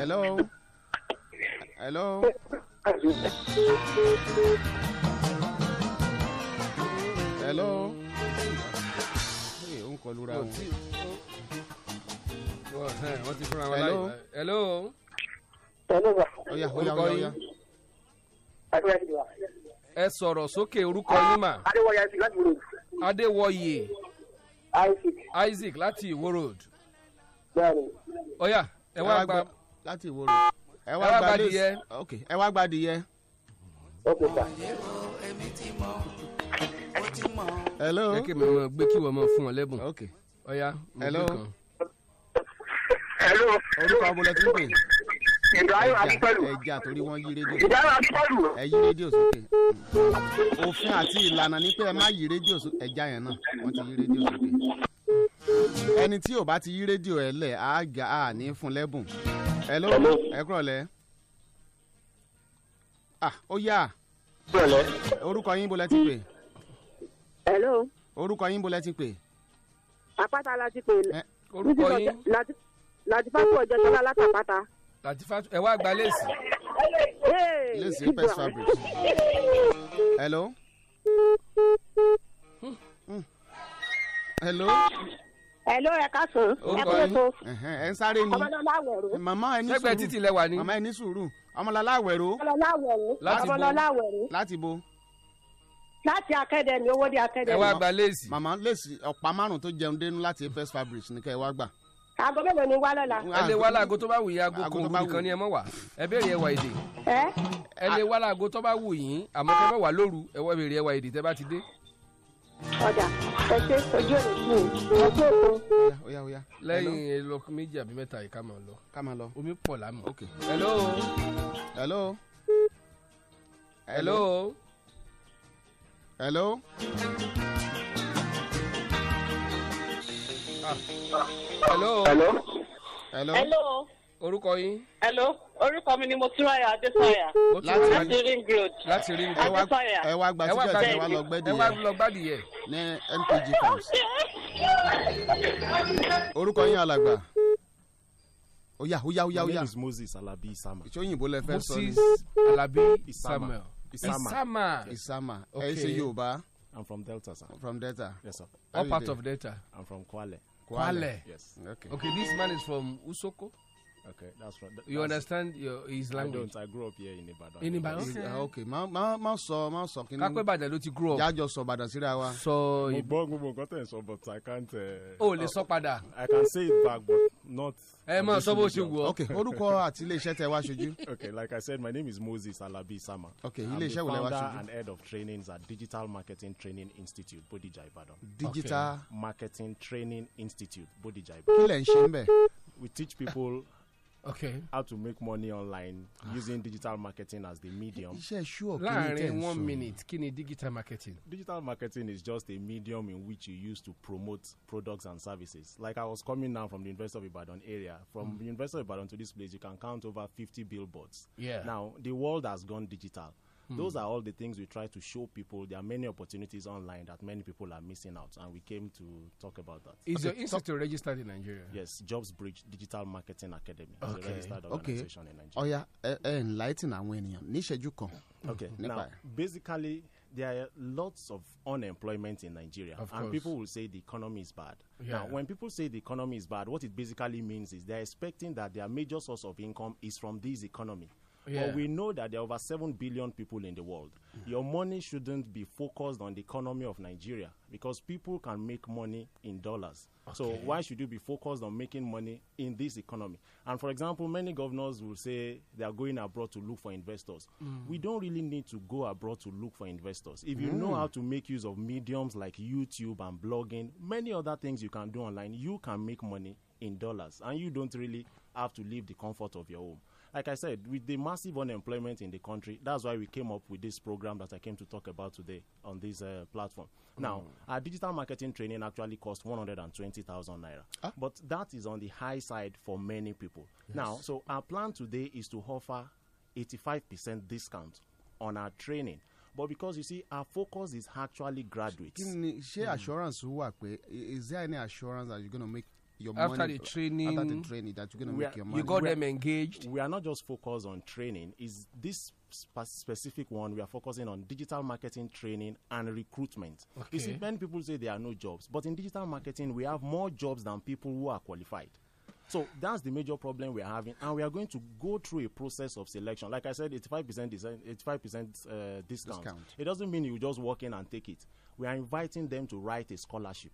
Hello. Hello. Hello. Ee, o ń kọlu ra wọn. Wọ́n ti fúnra wọn láyé. Hello. Hello. Oya oya oya oya. Ẹ sọ̀rọ̀ sókè orúkọ yín mà. Adéwọ̀yè. Isaac. Isaac láti Ìwó Road. bẹ́ẹ̀ni. ọ̀yà ẹ wá gba. láti Ìwó Road. ẹ wá gba díẹ̀. ok ẹ wá gba díẹ̀. hello. jẹ́ kí mi mọ gbé kí wọ́n mọ fún ọ lẹ́bùn. ok ọ̀yà mo hello. orúkọ abúlé tí ń pè é. Ibrahim Adipẹlu. ẹja torí wọn yí rédíò. Ibrahim Adipẹlu. ẹ yí rédíò sókè. òfin àti ìlànà ni pé ẹ má yí rédíò sókè ẹja yẹn náà wọ́n ti yí rédíò sókè. ẹni tí ò bá ti yí rédíò ẹ lẹ̀ á gà á ní fún lẹ́bùn. ẹ ló ẹ kúrọ̀ lẹ́. ah ó yá. orúkọ yín bó lẹ ti pè. hello. orúkọ yín bó lẹ ti pè. àpáta la ti pè. orúkọ yín. láti fáwọn ọjọ́ sọlá látàpáta latifatu ẹ wá gba léèsì. léèsì pest fabric. hello. Hmm. hello. hello ẹ káàsán ẹ kú ètò. ẹ ń sáré ni Mama, àwẹ̀rò. màmá ẹ ní sùúrù sẹ́gbẹ̀ẹ́ títì lẹ́wà ni. màmá ẹ ní sùúrù ọmọlọlá àwẹ̀rò. ọmọlọlá àwẹ̀rò. ọmọlọlá àwẹ̀rò. láti bo láti akẹ́dẹ̀mí owó di akẹ́dẹ̀mí. ẹ wá gba léèsì. màmá léèsì ọ̀pá márùn-ún tó jẹun dénú láti pest fabric ní ká ẹ wá gbà aago mélòó ni wá lọ́la. ẹ lè wá láago tó bá wù yín aago kò wù nìkan ni ẹ mọ̀ wá ẹ béèrè ẹwà èdè. ẹ lè wá láago tó bá wù yín àmọ́ kẹ́ bá wà lóru ẹ wọ́n béèrè ẹwà èdè tẹ́ bá ti dé. ọjà ẹ ṣe ojú ẹ̀ lójú ojú èkó. oya oya. lẹ́yìn ẹlọ méjì àbí mẹ́ta yìí ká máa lọ. ká máa lọ. omi pọ̀ lámì. ok hello. hello. hello. hello. Ah. hello. hello. hello. hello. orúkọ yín. hello orúkọ mi ni Motúnráyọ̀ Adésàyà. láti ring road. láti ring road. Adésàyà ẹ wá gba tíjà ẹ wá lọ gbẹ́dìyẹ. ẹ wá lọ gbádìyẹ. ní MPG camps. orúkọ yín alàgbà. oya oya oya oya. my name is Moses Alabi Isama. ìṣòyìnbó lẹ fẹ́ sọ ni. Moses Alabi Isama. Isama. Isama. Isama. okay ẹ ṣe Yorùbá. I'm from Delta sir. from Delta. yes sir. All part of Delta. I'm from Kwale. Kwale. Yes. Okay. Okay, this man is from Usoko. Okay, that's right. That, you that's, understand your, his language? I don't. I grew up here in Ibadan. In Ibadan? Okay. Uh, okay. ma, má ma, so. má sọ kí ni. Kápẹ́ ti grow up. Jájọ sọ Ìbàdàn síra wa. so Mo gbọ́ gbogbo nǹkan tẹ̀ sọ but I can't. Uh, o lè sọ padà. I can say it back but not. ẹ máa sọ bó ṣe wù ọ. ok orúkọ àti iléeṣẹ́ tẹ wá ṣojú. ok like i said my name is moses alabi sama. ok iléeṣẹ́ wo lẹ wá ṣojú. i'm the founder and head of trainings at digital marketing training institute bodija ibadan. digital okay. marketing training institute bodija ibadan. kí lẹ ń ṣe ń bẹ̀. we teach people okay. how to make money online using digital marketing as the medium. iṣẹ́ sure kí ni ten one minute kí ni digital marketing. digital marketing is just a medium in which you use to promote products and services. like I was coming now from the University of Ibadan area from mm. University of Ibadan to this place you can count over fifty billboards. Yeah. now the world has gone digital. Hmm. Those are all the things we try to show people. There are many opportunities online that many people are missing out, and we came to talk about that. Is okay. your institute registered in Nigeria? Yes, Jobs Bridge Digital Marketing Academy is okay. a okay. in Nigeria. Ọya oh, ẹ eh, eh, enlighten àwọn ènìyàn hmm. Okay, now basically there are lots of unemployment in Nigeria, of and people will say the economy is bad. Yeah. Now, when people say the economy is bad, what it basically means is they're expecting that their major source of income is from this economy. Yeah. But we know that there are over 7 billion people in the world. Mm. Your money shouldn't be focused on the economy of Nigeria because people can make money in dollars. Okay. So why should you be focused on making money in this economy? And for example, many governors will say they are going abroad to look for investors. Mm. We don't really need to go abroad to look for investors. If you mm. know how to make use of mediums like YouTube and blogging, many other things you can do online, you can make money in dollars and you don't really have to leave the comfort of your home like I said, with the massive unemployment in the country, that's why we came up with this program that I came to talk about today on this uh, platform. Now, mm. our digital marketing training actually costs 120,000 naira, ah. but that is on the high side for many people. Yes. Now, so our plan today is to offer 85% discount on our training. But because you see, our focus is actually graduates. Share mm. is there any assurance that you're going to make your after money, the uh, training, after the training that you're going to make your money. You got them engaged. We are not just focused on training. Is this specific one? We are focusing on digital marketing training and recruitment. Okay. You see, many people say there are no jobs, but in digital marketing, we have more jobs than people who are qualified. So that's the major problem we're having, and we are going to go through a process of selection. Like I said, 85% 85% uh, discount. It doesn't mean you just walk in and take it. We are inviting them to write a scholarship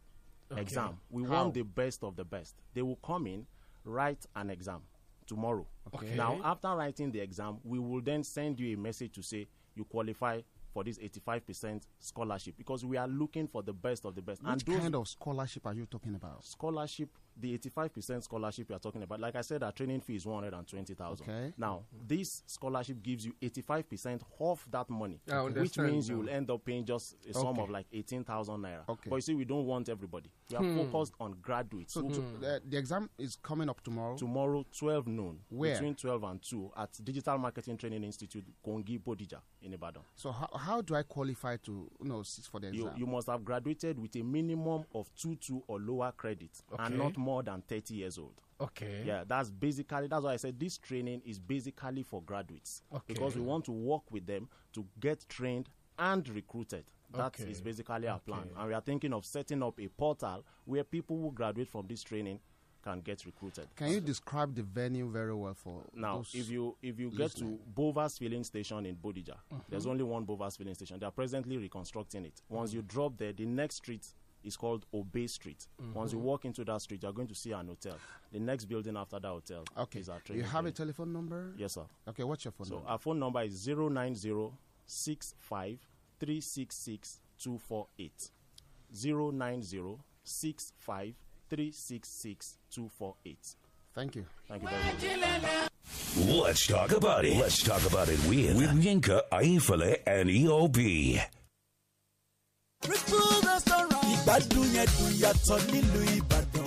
okay. exam. We How? want the best of the best. They will come in, write an exam tomorrow. Okay. Now, after writing the exam, we will then send you a message to say you qualify for this 85% scholarship because we are looking for the best of the best. Which and those kind of scholarship are you talking about? Scholarship the 85% scholarship you are talking about, like I said, our training fee is 120,000. Okay. Now, this scholarship gives you 85% of that money, which means you will end up paying just a okay. sum of like 18,000 naira. Okay. But you see, we don't want everybody. We are hmm. focused on graduates. So, hmm. the, uh, the, exam is coming up tomorrow? Tomorrow, 12 noon. Where? Between 12 and 2 at Digital Marketing Training Institute, Kongi Bodija in Ibadan. So, how, how do I qualify to, you know, for the exam? You, you must have graduated with a minimum of 2 2 or lower credit okay. and not more than 30 years old. Okay. Yeah, that's basically that's why I said this training is basically for graduates okay. because we want to work with them to get trained and recruited. That okay. is basically our okay. plan, and we are thinking of setting up a portal where people who graduate from this training can get recruited. Can you describe the venue very well for now? if you if you get to Bovas filling station in Bodija, there's mm-hmm. only one Bovas filling station. They are presently reconstructing it. Once you mm-hmm. drop there, the next street is called Obey Street. Mm-hmm. Once you walk into that street, you're going to see an hotel. The next building after that hotel okay. is our training. You have building. a telephone number? Yes, sir. Okay, what's your phone so number? Our phone number is 090 Thank you. Thank you very much. Let's talk about it. Let's talk about it with, with Yinka, Aifale, and EOB. ìgbádùn yẹn dùn yàtọ̀ nílùú ìbàdàn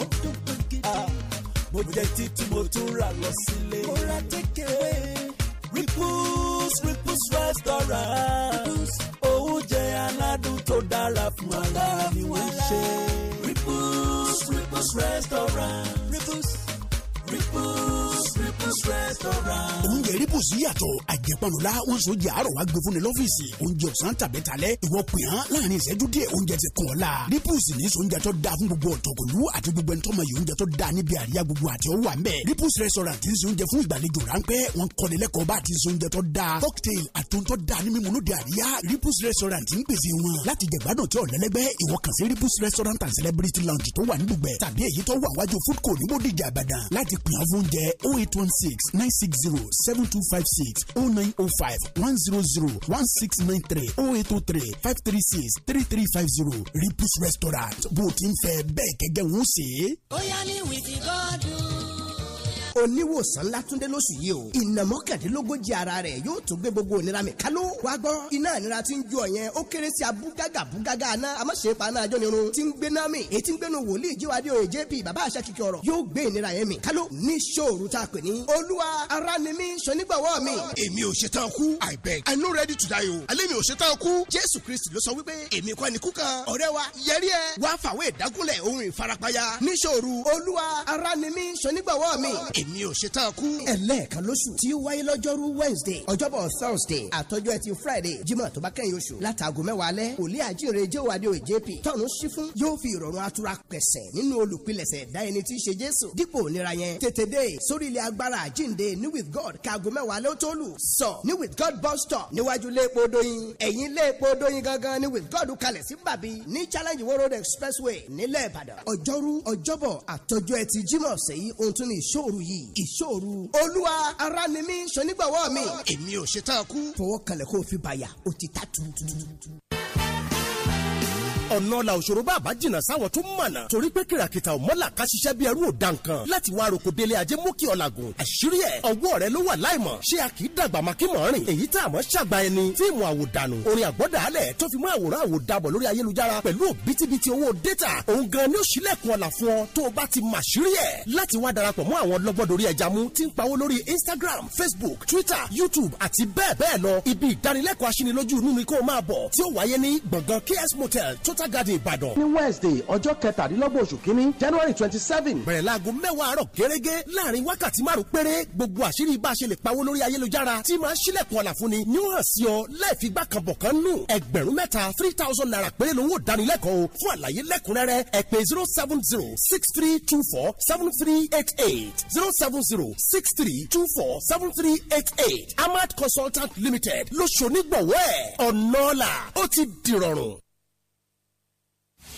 mo jẹ títí mo tún rà lọ sílé. mo ra kékeré ripples ripples restaurant oúnjẹ aládùn tó dára fún ara ni wọ́n ṣe ripples ripples restaurant. Ripples restaurant. oúnjẹ Ripples yàtọ̀ àjẹpọ̀nù la wọ́n so jẹ́ àárọ̀ wa gbé fún ni lọ́fíìsì oúnjẹ ọ̀sán tàbí talẹ́ ìwọ pìyàn láàrin ìṣẹ́jú díẹ̀ oúnjẹ ti kàn ọ́ la Ripples ní sóúnjẹ tó da fún gbogbo ọ̀tọ̀kùlú àti gbogbo ẹni tó mọ yìí oúnjẹ tó da níbi àríyá gbogbo àti ọwọ́ à ń bẹ̀ restaurant ti ń se oúnjẹ fún ìgbàlejò ráńpẹ́ wọn kọ́ni lẹ́kọ̀ọ́ bá ti ń se oúnjẹ tó da cocktail àtúntò da ní mímu lóde restaurant ń pèsè wọn láti jẹ̀gbádùn tí ọ̀lẹ́lẹ́gbẹ́ restaurant and celebrity lounge tó wà nílùgbẹ̀ tàbí èyí tó food court ní bódìjà àbàdàn láti láti pè án fún oúnjẹ o oh eight one six nine six zero seven two five six o oh nine o oh five one zero zero one six nine three o eight o three five three six three three five zero Ripus restaurant bó o ti ń fẹ́ bẹ́ẹ̀ gẹ́gẹ́ ń ṣe. ó yá ní wìtí gọ́dún oníwòsàn látúndé lóṣù yìí o ìnà mọ́kàndínlógójì ara rẹ̀ yóò tó gbé gbogbo ìnira mi kálú wá gbọ́ iná ìnira tí ń ju ọ̀yẹn ó kéré sí abúgágà abúgágà aná amáṣepa aná ajọ́ni irun tí ń gbé náà mi ń gbénu wòlíì jíwádìí òye jp bàbá àṣà kìkì ọ̀rọ̀ yóò gbé ìnira yẹn mi kálú ní sóòrù tá a pè ní olúwa ara ni mí sọnígbàwọ́ mi. èmi ò ṣe tán kú i beg i no ready to die o alẹ́ mi ò ṣe tán kú jésù kristi ló sọ wípé èmi kọ́ ni kú kan ọ̀rẹ́ wa yẹrí ẹ wá fàwé ìdágúnlẹ̀ ohun ìfarapaya ní sóòrù olúwa ara ni mí sọnígbàwọ́ mi èmi ò ṣe tá a kú. ẹlẹ́ẹ̀kan lóṣù tí ó wáyé lọ́jọ́rú wednesday ọjọ́bọ̀ thursday àtọjọ́ ẹtì friday jímọ̀ tó bá kẹ́yìn oṣù látàgò mẹ́wàá alẹ́ wòlíì àjíire jéhùn adéoyè jp tọ́nu sí fún yóò fi ìrọ̀rùn atura pẹ̀sẹ̀ nínú olùpilẹ̀sẹ̀ dá ẹni tí í ṣe jésù dípò ònira yẹn tètè dé sórí ilẹ̀ agbára àjínde ní with god kaago mẹ́wàá ló tó lù sọ ní with god bus stop níwájú léèpo doyin ẹ̀yìn léèpo doyin gangan ní with god kalẹ̀ sí bàbí ní challenge wo road expressway nílẹ̀ ìbàdàn ọjọ́rú ọjọ́bọ̀ àtọjọ́ ẹtì jímọ̀ sẹ́yìn ohun tún ní ìṣòro yìí méjì. ìṣòro olúwa ara ni mi sọ nígbàwọ́ mi. èmi ò ṣetán kú. fọwọ́ kalẹ̀ kó o fi bàyà o ti ta tuurutu ọ̀nà ọ̀la òṣòro bá àbá jìnnà sáwọn tó mọ̀nà torí pé kìràkìtà ọ̀mọ́là ká ṣiṣẹ́ bí ẹrú òdà nǹkan láti wá roko délé ajé mú kí ọ̀làgùn àṣírí ẹ̀ ọwọ́ rẹ ló wà láìmọ̀ ṣé a kì í dàgbà má kí mọ̀ rìn èyí tá a mọ̀ ṣàgbà ẹni tí ìmọ̀ àwòdànù orin àgbọ́dàálẹ̀ tó fi mọ́ àwòrán àwòdàbọ̀ lórí ayélujára pẹ̀lú òbítíbitì o bá Instagram Facebook Twitter YouTube àti bẹ́ẹ̀ bẹ́ẹ̀ ibi ìdánilẹ́kọ̀ọ́ ni kó máa bọ̀ tí ó wáyé ní gbọ̀ngàn KS Motel tó water garden ìbàdàn. ní wednesday ọjọ́ kẹtàdínlọ́gbọ̀n oṣù kínní january twenty seven. bẹ̀rẹ̀ láago mẹ́wàá àárọ̀ gẹ́gẹ́ láàrin wákàtí márùn péré gbogbo àṣírí bá a ṣe lè pawó lórí ayélujára tí máa ń ṣílẹ̀kùn ọ̀la fún ni ní ó hàn sí ọ láìfi gbà kan bọ̀ kan nù. ẹgbẹ̀rún mẹ́ta three thousand naira péré lówó dánilẹ́kọ̀ọ́ fún àlàyé lẹ́kùnrẹ́rẹ́ ẹ pè zero seven zero six three two four seven three eight eight zero seven zero six three two four seven three eight eight Amad Consultant Limited lóṣù onígbọ̀wọ́ ẹ̀ ọ̀nà ọ̀la ó ti dìrọ̀rùn.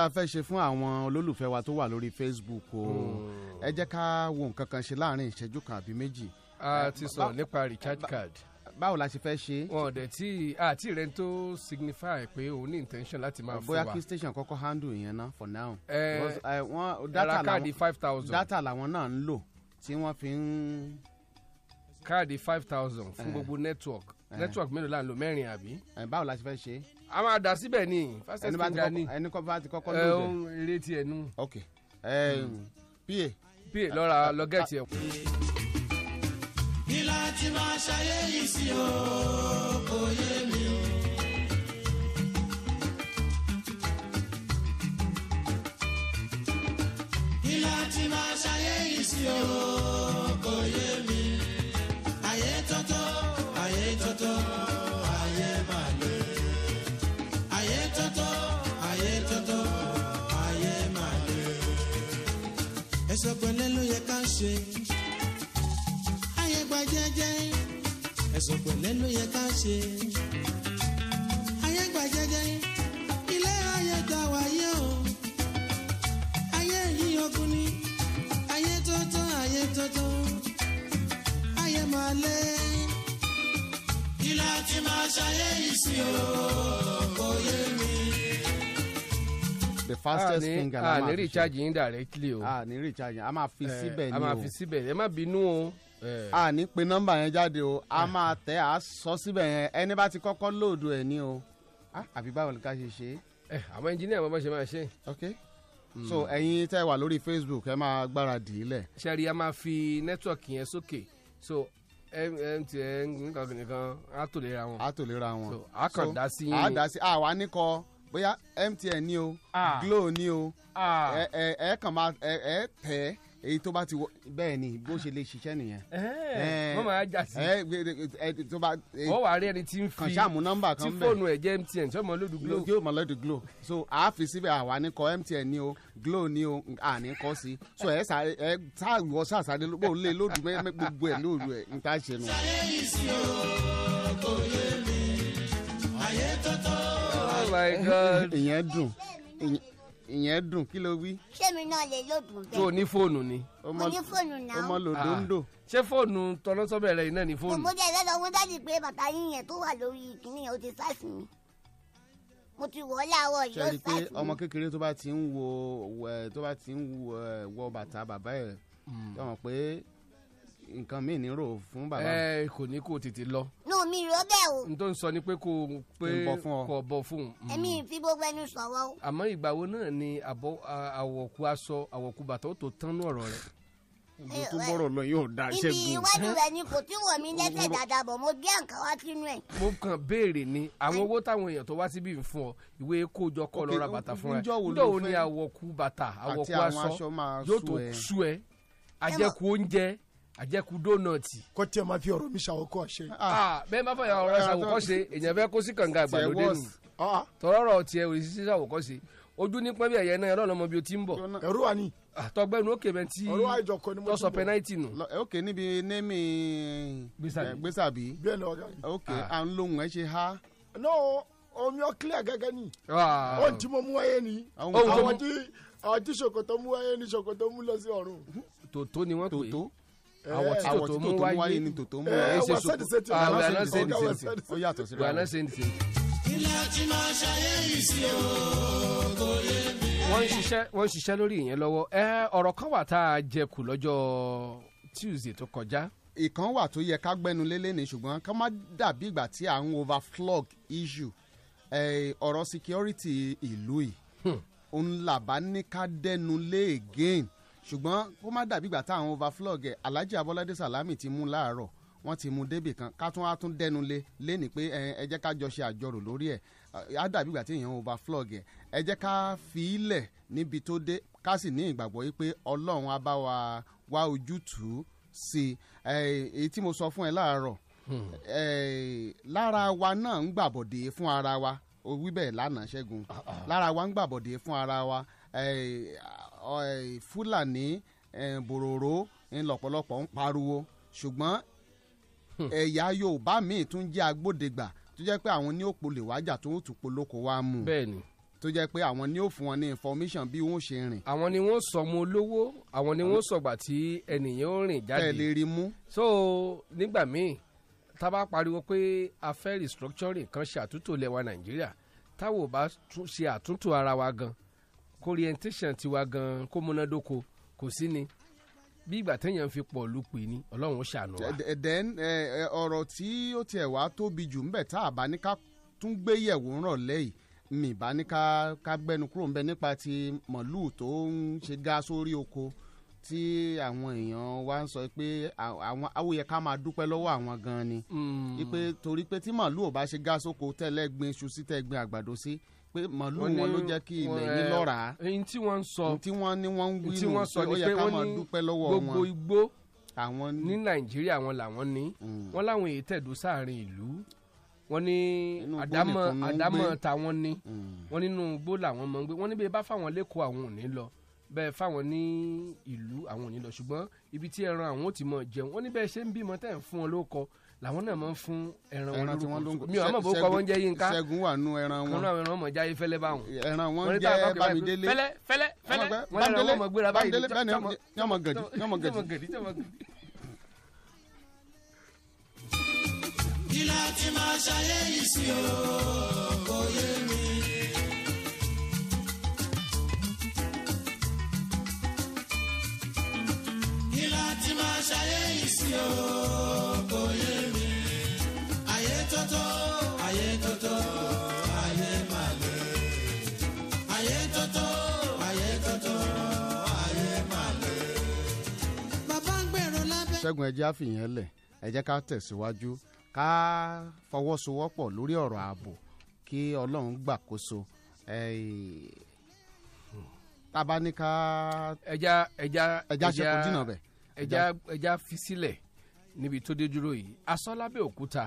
la fẹ́ ṣe fún àwọn olólùfẹ́ wa tó wà lórí Facebook o oh. ẹ jẹ́ ká wo nǹkan kan ṣe láàrin ìṣẹ́jú kan àbí méjì. a ti sọ nípa recharge card báwo la ṣe fẹ́ ṣe. wọn ọdẹ tí àti rẹ tó signify pé o ní intention láti máa fún wa. bóyá kí station kọ́kọ́ handle yẹn ná for now. ẹ wọn data làwọn five thousand data làwọn náà ń lò tí wọ́n fi ń. káàdì five thousand fún gbogbo network network mélòó là ń lò mẹ́rin àbí. báwo la ṣe fẹ́ ṣe a máa dà síbẹ̀ ni fásitì kìnìún dání ẹni kọ́ bá ti kọ́kọ́ eh, lóde ẹ̀hún eré tiẹ̀ nù. ok hmm. pa. pa lọ́ra lọ́gẹ̀tì ẹ̀. ìlà tí máa ṣayé yìí sí o kò yé mi ìlà tí máa ṣayé yìí sí o kò yé mi. ẹ̀sọ́ pẹ̀lẹ́ ló yẹ ká ṣe. ayé gba jẹ́jẹ́ ẹ̀sọ́ pẹ̀lẹ́ ló yẹ ká ṣe. ayé gba jẹ́jẹ́ ilé ayé dá wáyé o. ayé yìí ogun ni ayé tó tán ayé tó máa lé. kí láti máa ṣayé yìí sí o kò yé mi the fastest ah, finger la máa recharge yín directly o. a ní recharge yín a máa fi síbẹ̀ ni o. a máa fi síbẹ̀ ẹ má bínú o. a ní pe nọ́mbà yẹn jáde o a máa tẹ a sọ síbẹ̀ yẹn ẹni bá ti kọ́kọ́ lóòdù ẹ̀ ni o àbí báwo ni ká ṣe ṣe. ẹ àwọn ẹnjìnìà wọn bá ṣe máa ṣe. ok mm. so ẹ̀yin tẹ́ wà lórí facebook ẹ máa gbáradì í lẹ̀. sẹ́rí a máa fi nẹ́tíwọ̀kì yẹn sókè so mtn nǹkan nǹkan á tò lera wọn. á tò lera wọn. so a kàn dá sí yín. a dá sí àwa níkọ bóyá MTN ni o ah. Glo ni o ah. ẹ ẹ ẹ kàn máa ẹ ẹ tẹ ẹ èyí tó bá ti wọ bẹ́ẹ̀ ni bó ṣe lè ṣiṣẹ́ nìyẹn. wọ́n máa jà sí. wọ́n wà á rí ẹni tí ń fi kàn ṣáàmù nọ́mbà kan bẹ́ẹ̀. tí fóònù ẹ̀ jẹ́ MTN tí ọmọ lòdù Glo. yóò mọ lòdù Glo so àáfi síbẹ̀ àwa ní kọ MTN ni o Glo ni o àní kọ́ sí so ẹ sáré ẹ sáàwọ sàṣàdé ló lè lòdù gbogbo ẹ̀ lòdù ẹ̀ ń tá ṣe nù. sáré yìí sí o kò yẹ my god. ìyẹn dùn ìyẹn dùn kí ló wí. ṣé mi náà lè lòdùn bẹ́ẹ̀. tó o ní fóònù ni. o ní fóònù náà. o mọ lòdòńdò. Ah. ṣé fóònù tọ́lọ́sọ́bẹ̀ rẹ iná ní fóònù. mo jẹ́ lọ́dọ̀ wọn dájú pé bàbá yín yẹn tó wà lórí ìkíní yẹn ó ti sáàsì mi. mo ti wọ̀ ọ́ láàárọ̀ yóò sáàsì mi. ṣe é rí i pé ọmọ kékeré tó bá ti ń wo tó bá ti ń wo bàtà bàbá ẹ̀ hmm. tó pé nǹkan míì nírò fún bàbá. ẹ eh, kò ní kó tètè lọ. nù mi rò bẹ́ẹ̀ o. n tó ń sọ ni pé kò pé kò bọ̀ fún un. èmi mm. fi gbogbo ẹnu sọ̀rọ̀ o. àmọ́ ìgbà wo náà ni àwọ̀kù aṣọ àwọ̀kù bàtà ó tó tán ní ọ̀rọ̀ rẹ̀. mo eh, iwájú rẹ̀ ni kò tí wọ̀ mí lẹ́sẹ̀ dáadáa bọ̀ mo gbé àǹkà wá sínú ẹ̀. mo kàn béèrè ni àwọn owó táwọn èèyàn tó wá síbí ń fún ọ ìwé kójọ kọ lọ ra bàtà fún ẹ níjọ́ wo ni àwọ̀kù bàtà àwọ̀kù aṣọ yóò tó sú ẹ àjẹkù oúnjẹ àjẹkù dónàtì. kọ́ tí ẹ máa fi ọ̀rọ̀ mi ṣàwọ́kọ́ ṣe. Ah, bẹ́ẹ̀ máa fọyà ọ̀rọ̀ ṣàwọ́kọ́ ṣe èèyàn fẹ́ kó sí kànga àgbàlódé nù ah. tọ́rọ̀rọ̀ tiẹ̀ òrìṣì sí ṣàwọ́kọ́ ṣe ojú ní pẹ́ẹ́bí ẹ̀yẹ náà ọlọ́run ọmọ bí o ti ń bọ̀. ẹ̀rú wa ni. àtọgbẹ́nu ah, òkè bẹ́ẹ̀ tí tọ́sọ pẹ́náìtì nù. ok níbi némi gbèsàbí eh, ok à ń lóhùn ẹ ṣe ha. no omi ọkílẹ̀ gẹ́gẹ́ ni ohun tí mo mú wáyé ni àwọn tí ṣòkòtò mú wáyé ni ṣòkòtò mú lọ sí ọ̀run. tòótọ́ ni wọ́n pè é Eh, àwọ̀ tí tòtò mú wáyé ni tòtò mú eh, wáyé ṣe sòkò àwọn àná ṣe ní sèǹtì ó yàtọ̀ síra wọn. ilé tí máa ṣayé sí o kò yé mi. wọ́n ń ṣiṣẹ́ wọ́n ń ṣiṣẹ́ lórí ìyẹn lọ́wọ́ ọ̀rọ̀ kan wà tá a jẹ kù lọ́jọ́ Tuesday tó kọjá. ìkan wà tó yẹ ká gbẹnu lélẹ̀ ni ṣùgbọ́n ká má dàbí ìgbà tí à ń overflog issue ọ̀rọ̀ security ìlú yìí hmm. òun làbá ní ká dẹnu lé again ṣùgbọ́n kó má dàbí ìgbà táwọn overflog ẹ̀ Alhaji Abolade Salami ti mú láàárọ̀ wọ́n ti mú débì kan ká tún á tún dẹnu lé léni pé ẹ jẹ́ ká jọ ṣe àjọrò lórí ẹ̀ á dàbí ìgbà tí èèyàn overflog ẹ̀ ẹ jẹ́ ká fi í lẹ̀ níbi tó dé ká sì ní ìgbàgbọ́ yìí pé Ọlọ́run á bá wa wá ojútùú sí i èyí tí mo sọ fún ẹ láàárọ̀ hmm. lára wa náà ń gbàbọ̀dé fún ara wa o wí bẹ́ẹ̀ lánàá ṣẹ́gun ah, ah. lára wa ń gbàbọ̀dé fún ara wa Eh, fúlàní eh, bòròró ńlọpọlọpọ ń pariwo ṣùgbọ́n hmm. ẹ̀yà yorùbá míì tún jẹ́ agbódegbà tó jẹ́ pé àwọn ní òpó lè wájà tó ń tún polóko wá mú. bẹ́ẹ̀ni tó jẹ́ pé àwọn ni ó fún wọn ní information bí wọ́n ṣe rìn. àwọn ni wọ́n sọ ọmọ olówó àwọn ni wọ́n sọgbà tí ẹnìyẹn ó rìn jáde. tẹ̀lé rí mú. so nígbà míì tá a bá pariwo pé a fẹ́ restructuring kan ṣe àtúntò lẹ́wà nàìjíríà táwọn ò bá ṣe àtúntò ara wa gan-an orientation tiwa gan kó múnádóko kò sí ni bí ìgbà téèyàn fi pọ̀ lù pè ní ọlọ́run ó ṣàánú wa. then ọ̀rọ̀ tí ó tiẹ̀ wá tóbi jù ńbẹ̀ tá a bá ní ká tún gbé yẹ̀wò ńrọ̀ lẹ́yìn mi bá ní ká gbẹnu kúrò ńbẹ̀ nípa ti mọ̀lúù tó ń ṣe gá sórí oko tí àwọn èèyàn wa ń sọ pé àwọn awòye ká máa dúpẹ́ lọ́wọ́ àwọn gan ni. Hmm. torí pé tí màálù ò bá ṣe gá sóko tẹ́lẹ̀ gbin iṣu sí tẹ́ gbin àgbàdo sí. Si pé màálù wọn ló jẹ́ kí ilẹ̀ yín lọ́ra. ẹyin tí wọ́n ń sọ ẹyin tí wọ́n ní wọ́n ń wí nù pé ó ká máa dúpẹ́ lọ́wọ́ wọn. gbogbo igbó ní nàìjíríà wọn làwọn ní hmm. wọn láwọn èyí tẹ̀dó sáàrin ìlú wọn ní àdámọ̀ àdámọ̀ táwọn ní hmm. wọn nínú igbó làwọn mọ̀ ń gbé wọn níbi bá fáwọn lẹ́kọ̀ọ́ àwọn ò ní lọ bẹ́ẹ̀ fáwọn ní ìlú àwọn ò ní lọ ṣùgbọ́n ibi tí ẹran àwọn ò ti mọ̀ jẹun wọn níbẹ̀ ṣe ń bímọ tẹ́ ń fún wọn lóko làwọn náà máa ń fún ẹran wọn lórúkọ mi ò àmọ̀ bó kọ́ wọn jẹ́ yínká ṣẹ́gun wà nù ẹran wọn kanú àwọn ẹran ọmọ jáyé fẹ́lẹ́ báwọn. ẹran wọn jẹ́ bámidélé fẹ́lẹ́ fẹ́lẹ́ fẹ́lẹ́ wọn ẹran wọn mọ̀ gbéra báyìí ní ọmọ gàdí ní ọmọ gàdí. kí la ti máa ṣayé yìí sí o kò yé mi. kí la ti máa ṣayé yìí sí o. ṣẹ́gun ẹjẹ́ àfihàn lẹ̀ ẹ jẹ́ ká tẹ̀síwájú ká fọwọ́sowọ́pọ̀ lórí ọ̀rọ̀ ààbò kí ọlọ́run gbàkóso tába ní ká ẹja ẹja ẹja ṣekú jìnnà bẹ̀. ẹja ẹja fi sílẹ̀ níbi tó dé dúró yìí asọ́ lábẹ́ òkúta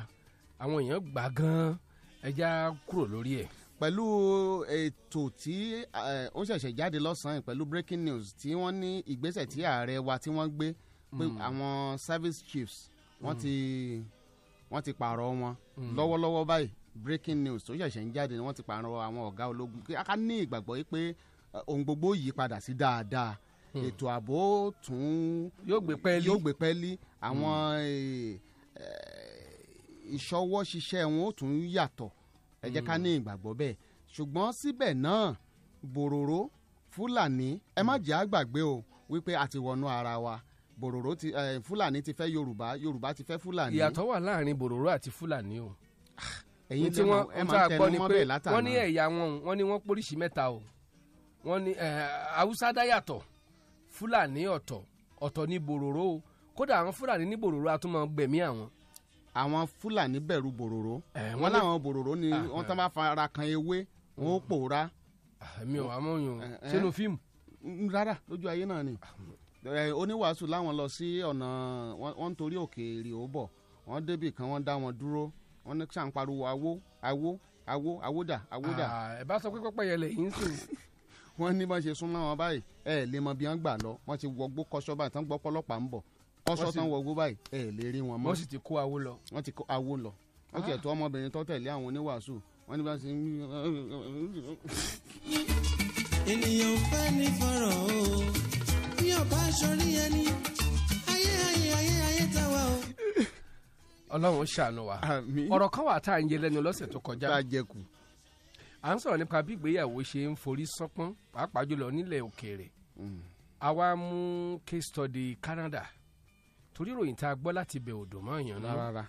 àwọn èèyàn gbà gan-an ẹja kúrò lórí ẹ̀ pẹ̀lú ètò tí ó ṣẹ̀ṣẹ̀ jáde lọ́sàn-án pẹ̀lú breaking news tí wọ́n ní ìgbésẹ̀ tí ààrẹ wa tí wọ́n gbé pé hmm. àwọn service chiefs wọ́n hmm. ti wọ́n ti pààrọ̀ wọn hmm. lọ́wọ́lọ́wọ́ báyìí breaking news tó ṣẹ̀ṣẹ̀ ń jáde ni wọ́n ti pààrọ̀ àwọn ọ̀gá ológun kí a ká ní ìgbàgbọ́ pé ohun gbogbo yí padà sí dáadáa ètò ààbò tún yóò gbé pẹ́ẹ́lí àwọn ìṣọwọ́ ṣiṣẹ́ wọn ó tún yàtọ̀ ẹ jẹ́ ká ní ìgbàgbọ́ bẹ́ẹ̀ ṣùgbọ́n síbẹ̀ náà bòròró fúlàní ẹ má jẹ́ àgbàgbé o wípé a ti wọnú ara wa bòròró ti fúlàní ti fẹ́ yorùbá yorùbá ti fẹ́ fúlàní. ìyàtọ̀ wà láàrin bòròró àti fúlàní o. èyí ah, tí wọ́n ẹ máa tẹnu mọ́ bẹ́ẹ̀ látàná. wọ́n ní ẹ̀yà wọn wọ́n ní wọ́n póríṣi mẹ́ta o wọ́n ní haúsá dá yàtọ̀ fúlàní ọ̀tọ̀ ọ̀tọ̀ ní bòròró o kódà àwọn fúlàní ní bòròró a tún máa gbẹ̀mí àwọn àwọn fúlàní bẹ̀rù bòròró wọn láwọn bòròró ni ah, wọn ah. tán bá fara kan ewé wọn ó pòórá. mi ò àmọ́ yòó sínú oníwàásù láwọn lọ sí ọ̀nà wọ́n ń torí òkèèrè ó bọ̀ wọ́n débì kan wọ́n dá wọn dúró wọ́n ní sàn pariwo awó awó awó awódà awódà. Ah, ẹ bá sọ pé pẹ́pẹ́ yẹn lè yín sùn. wọ́n ní bọ́n ṣe súnmọ́ wọn báyìí ẹ lè mọ bí wọ́n gbà lọ wọ́n ti wọgbó kọ́ṣọ́ báyìí tán gbọ́ pọ́lọ́pàá ń bọ̀ kọ́ṣọ́ tán wọgbó báyìí ẹ lè rí wọn mọ́. wọ́n sì ti kó awó lọ. wọ́n ti kó awó lọ wọ́n ti ẹ̀tọ́ ah. ọmọbìnrin tó tẹ̀lé àwọn oníwàásù wọ́n ní bá ṣe ń ènìyàn fẹ́ ní fọ̀rọ̀ o ọba sọrí ẹni ayé ayé ayé ayé ta wa o. ọlọ́run ṣàánú wa ọ̀rọ̀ kan wà tá à ń yẹ lẹ́nu lọ́sẹ̀ tó kọjá. à ń sọ̀rọ̀ nípa bí ìgbéyàwó ṣe ń forí sánpọ́n pàápàá jùlọ nílẹ̀ òkèèrè. àwa mm. mú case study Canada torí ìròyìn tá a gbọ́ láti bẹ̀ òdò mọ́ èèyàn náà.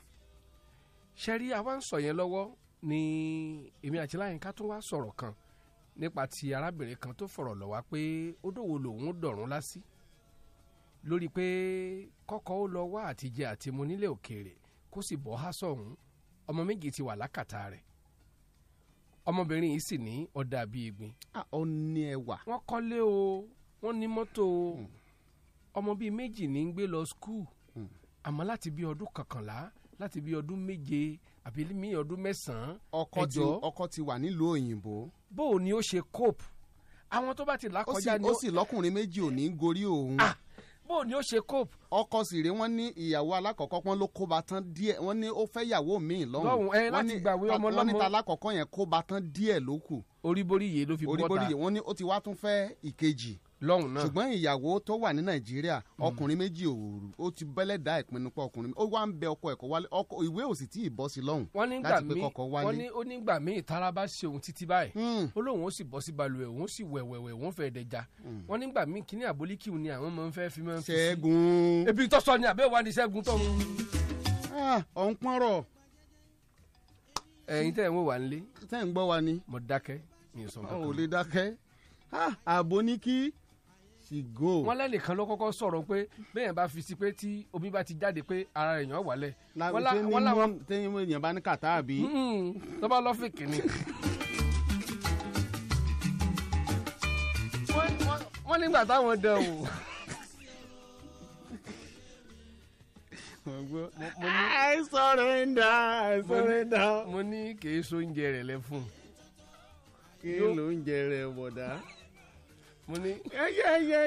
ṣẹ́rí àwa ń sọ yẹn lọ́wọ́ ni èmi àti láyínká tún wá sọ̀rọ̀ kan nípa ti arábìnrin kan tó fọ̀rọ̀ lọ̀ pé ó dòwò lòun dọ̀rùn lásì lórí pé kọ́kọ́ ó lọ wá àtijẹ àtimu nílẹ̀ òkèèrè kó sì bọ́ há sọ̀hún ọmọ méjì ti wà lákàtà rẹ̀ ọmọbìnrin yìí sì ní ọ̀dà bíi igbin. ó ní ẹwà. wọ́n kọ́lé o wọ́n ní mọ́tò o hmm. ọmọ bíi méjì ní ń gbé lọ skul hmm. àmọ́ láti bíi ọdún kọkànlá láti bíi ọdún méje àbí mi ọdún mẹ́sàn-án. ọkọ ọkọ ti wà nílùú òyìnbó. bó o ní ó ṣe cope àwọn tó bá ti lákọjá ni ó sì lọkùnrin méjì ò ní gorí òun. ah bó ni ó ṣe cope. ọkọ sì rèé wọ́n ní ìyàwó alákọ̀ọ́kọ́ wọn ló kóba tán díẹ̀ wọ́n ní ó fẹ́ yàwó míì lọ́hùn. lọ́hùn ẹ láti gbàwé ọmọ lọ́mọ. wọ́n ní ta alákọ̀ọ́kọ́ yẹn kóba tán díẹ̀ ló kù. oríboríye ló fi bọ́ta oríboríye wọ́n ní ó ti wá tún fẹ́ ìkejì lọ́hùn náà ṣùgbọ́n ìyàwó tó wà ní nàìjíríà ọkùnrin méjì òwòrò ó ti bẹ́lẹ̀ dá ìpinnu pọ̀ ọkùnrin ó wá ń bẹ ọkọ ẹ̀kọ́ wálé ọkọ ìwé ò sì tí ì bọ́ sí lọ́hùn láti pé kọkọ wálé. wọ́n ní ó nígbà míì tara bá ṣe òun títí báyìí hmm. ó lóun ó sì bọ́ sí balùwẹ̀ òun sì wẹ̀wẹ̀wẹ̀ òun fẹ́ dẹja hmm. wọ́n nígbà míì kíní àbólíkì ni àwọn ọmọ fẹ́ fi máa ń fi sí. ṣẹ́gun. ebi tó sọ ni àbẹ́ wa ni ṣẹ́gun tó mu. ọ̀ ń ah, pọ́nrọ̀. ẹ̀yin tẹ́ ẹ̀ ń wò wá nílé. tẹ́ ẹ̀ ń gbọ́ wa ni. mo dákẹ́ mi ò sọ nǹkan kan. ò lè dákẹ́ ààbò ah, ní kí ti go. wọ́n lẹ́nìkan ló kọ́kọ́ sọ̀rọ̀ pé bẹ́ẹ̀ bá fi si pé tí omi bá ti jáde pé ara èèyàn wálẹ̀. wọ́n làwọn tẹ́yìn mú èèyàn bá ní kàtá àbí. tó bá lọ́ọ́ fèkì ni. wọ́n nígbà táwọn dán o. I surrender, I surrender. mo ní kì í so oúnjẹ rẹ̀ lẹ fún. kí ló ń jẹ rẹ̀ wọ̀dá mo ní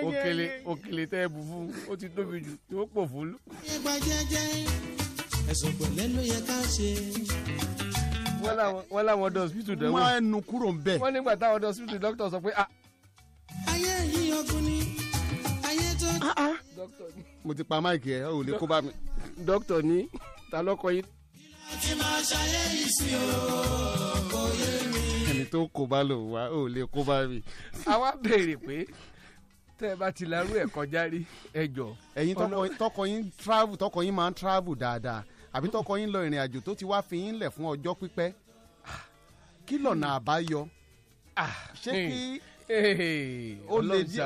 òkèlè òkèlè tẹ ẹ bù fún ó ti tóbi jù yóò pọ̀ fún lù. ẹgbà jẹjẹ ẹ̀sùn pẹ̀lẹ́ ló yẹ ká ṣe. wọ́n láwọn ọdọ hospital dẹ̀wọ̀. wọ́n á nu kúrò ń bẹ̀. nígbà táwọn ọdọ hospital doctor sọ pé ah. ayé yìí ọkùnrin ayé tó. Ah, ah. mo ti pa máìkì ẹ ò lè kó bá mi. dókítà ni ta lọ́kọ yín. kí ló ti máa ṣayé yìí sí o kò yé mi ẹni tó kó bá lòun wá ò lè kó bá mi. àwa béèrè pé tẹ́ ẹ bá ti larú ẹ̀ kọjá rí ẹ jọ. tọkọ yín travel tọkọ yín máa ń travel dáadáa àbí tọkọ yín lọ ìrìn àjò tó ti wá fi yín lẹ̀ fún ọjọ́ pípẹ́ kí lọ̀nà àbáyọ ah, ṣé kí o hmm. lè di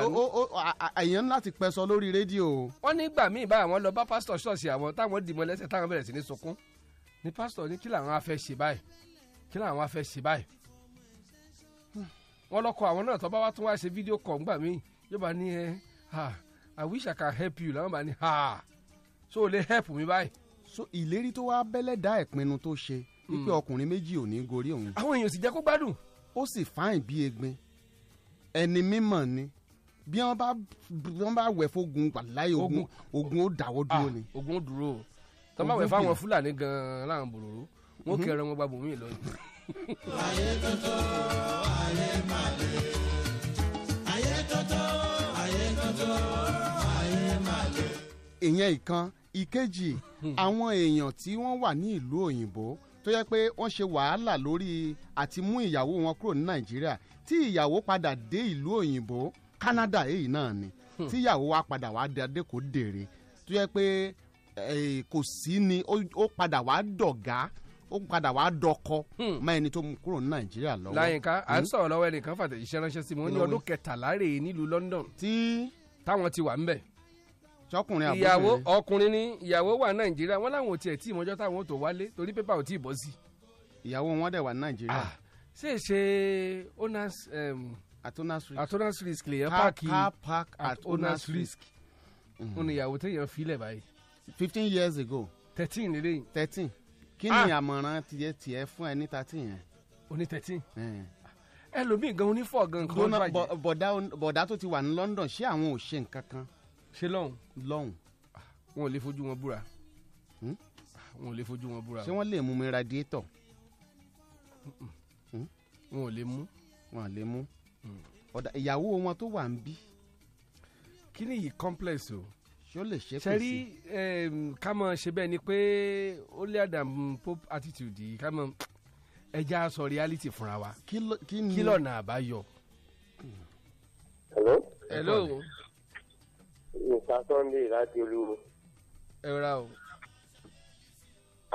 èèyàn láti pẹ̀sọ lórí rédíò. wọ́n nígbà míì báyìí àwọn lọ bá pásítọ̀ ṣọ́ọ̀ṣì àwọn táwọn dìmọ̀ lẹ́sẹ̀ táwọn bẹ̀rẹ̀ sí ní sunkún ni pásítọ̀ ní kí làwọn afẹ́ ṣe báyìí kí làwọn afẹ́ ṣe báyìí wọ́n lọ́kọ̀ àwọn náà tó bá wá tún wá ṣe fídíò kọ̀ ńgbà míì yóò bá ní ẹ eh, ha i wish i can help you làwọn bá ní ha so o lè help mi báyìí. so ìlérí tó wá bẹ́lẹ̀ dá ìpinnu tó ṣe wípé hmm. ọkùnrin méjì ò ní gorí òun. àwọn èèyàn sì jẹ́ kó gbádùn. ó sì fáìn bí egbin ẹni mímọ̀ ni bí wọ́n bá bí wọ́n bá wẹ̀ fógun wàláyé ogun ogun ó dáwọ́ dúró ni. Ah, ogun ó dúró tọ́ bá wẹ̀ fáwọn fúlàní gan-an láwọn bòròró mhm. wọn kẹrẹ wọn gbàgbọ́ mi lọ yìí ayé tuntun ayé máa le ayé tuntun ayé tuntun ayé máa le. ìyẹn ìkan ìkejì àwọn èèyàn tí wọ́n wà ní ìlú òyìnbó tó yẹ pé wọ́n ṣe wàhálà lórí àti mú ìyàwó wọn kúrò ní nàìjíríà tí ìyàwó padà dé ìlú òyìnbó canada èyí náà ni hmm. tí ìyàwó wa padà wá dé kò dèrè tó yẹ pé eh, kò sí ni ó padà wá dọ̀gá ó padà wàá dọkọ máa hmm. ẹni tó mú kúrò ní nàìjíríà lọ́wọ́. láyìnká à ń hmm? sọ̀rọ̀ lọ́wọ́ ẹnìkan fàtẹ̀ iṣẹ́ ránṣẹ́ sí mi ó ní ọdún kẹtàlá rèé nílùú London. tí táwọn ti wà ń bẹ̀ sọkùnrin àbúrò ìyàwó ọkùnrin ni ìyàwó wà nàìjíríà wọn làwọn ò tiẹ̀ tí ìmọ̀jọ́ táwọn ò tó wálé torí pépà ò tí ì bọ́ sí. ìyàwó wọn dẹ̀ wà nàìjíríà. Ah, ṣe é ṣe owners atonas risk atonas risk car park at owners risk. òun ni hmm. ìyàwó téèyàn filẹ̀ báyìí. fifteen years ago. thirteen thirteen kí ni ah. àmọ̀ràn tiẹ̀ tiẹ̀ fún ẹ ní tàtí yẹn. oní tẹ̀tí ẹlòmíì gan onífọ̀ gan kan bàjẹ́. bọ̀dá bọ̀dá tó ti wà ní London ṣé àwọn ò ṣe nǹkan kan. ṣé lọ́hùn. lọ́hùn. Ah, wọn ò lè fojú wọn búra. Hmm? Ah, wọn ò lè fojú wọn búra. ṣé wọ́n lè mú mi radiator. Hmm? wọn ò lè mú. wọn ò lè mú. Mm. ọ̀dà ìyàwó wọn tó wà ń bí. kí ni yìí complex o ṣé lè ṣe pèsè. sẹ́rí ká mọ̀ ṣe bẹ́ẹ̀ ni pé ó lé àdàm pope attitude yìí ká mọ̀ ẹja sọ reality fúnra wa kí lọ́nà àbáyọ. hello. hello. mr sunday láti olúwo. ẹ ra o.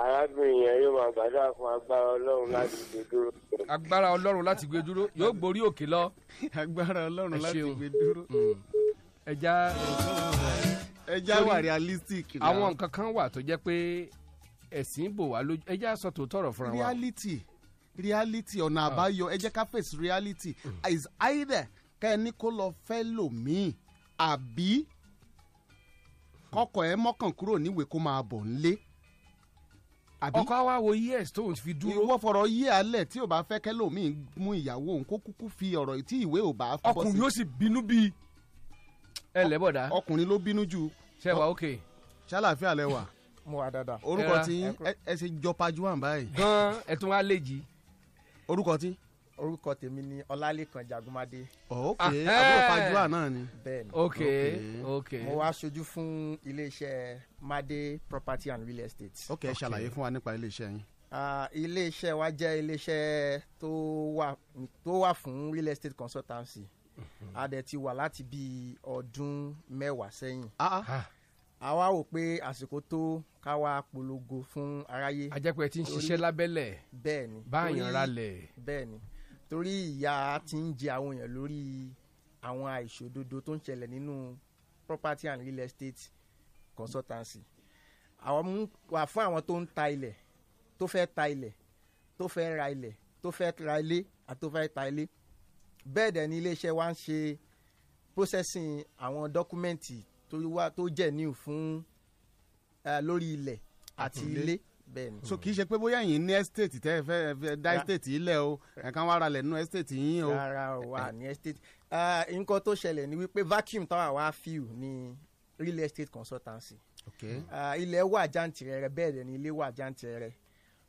arábìnrin yẹn yóò máa gbàdúrà fún agbára ọlọ́run láti gbé dúró. agbára ọlọ́run láti gbé dúró yóò gborí òkè lọ. agbára ọlọ́run láti gbé dúró. Mm. ẹja ẹja wà realistic náà àwọn nǹkan kan wà tó jẹ́ pé ẹ̀sìn bò wá lójú ẹja sọ tó tọrọ fúnra wa. reality reality ọ̀nà ah. àbáyọ ẹ jẹ́ ká face reality mm. is either ká ẹni kó lọ fẹ́ lòmíì àbí kọkọ ẹ mọ́kàn kúrò níwèé kó máa bọ̀ nílé. ọkọ wa wo years tó fi dúró. ìwọ fọ̀rọ̀ yí alẹ̀ tí o bá fẹ́ kẹ́lòmíì mú ìyàwó òun kó kúkú fi ọ̀rọ̀ tí ìwé ò bá. ọkùnrin yóò sì bínú bíi ẹ lẹ́ bọ̀dá. ọkùnrin ló bínú jù. ṣe wà ókè. ṣàlàáfíà lẹ wà. mo wà dáadáa. orúkọ tí ẹ ṣe jọpa ju wọn báyìí. gan ẹ tún wá lè jí. orúkọ tí. orúkọ tèmi ni ọlálẹ́kan jagunmadé. ok ah, àbúrò pajúwà náà ni. bẹ́ẹ̀ni ok ok. mo wá aṣojú fún iléeṣẹ́ madé property and real estate. ok ẹ ṣàlàyé fún wa nípa iléeṣẹ́ yín. Uh, iléeṣẹ́ wa jẹ́ iléeṣẹ́ tó tó wà fún real estate consultancy a dẹ̀ ti wà láti bí ọdún mẹ́wàá sẹ́yìn ah, ah. a wá wò pé àsìkò tó ká wá polongo fún aráyé. a jẹ́ pé ẹ ti ń ṣiṣẹ́ lábẹ́lẹ̀ bẹ́ẹ̀ni báyìí ralẹ̀ bẹ́ẹ̀ni torí ìyà ti ń jẹ àwọn èèyàn lórí àwọn àìṣòdodo tó ń ṣẹlẹ̀ nínú property and real estate consultancy àwọn mú wà fún àwọn tó ń ta ilẹ̀ tó fẹ́ ta ilẹ̀ tó fẹ́ ra ilẹ̀ tó fẹ́ ra ilé àti tó fẹ́ ta ilé bẹ́ẹ̀ dẹ̀ ni iléeṣẹ́ wa ń ṣe processing àwọn dọ́kúmẹ́ǹtì tó wá tó jẹ́ new fún lórí ilẹ̀ àti ilé bẹ́ẹ̀ ni. so kì í ṣe pé bóyá yìí ní estate tẹ́ ẹ fẹ́ dá estate ilẹ̀ o ẹ̀ka wàá ralẹ̀ nínú estate yín o. rárá o wà ní estate nǹkan tó ṣẹlẹ̀ ni wípé vacuum táwa wá fíù ní real estate consultancy. okay. ilẹ̀ wà jàǹtìrẹrẹ bẹ́ẹ̀ dẹ̀ ni ilé wà jàǹtìrẹrẹ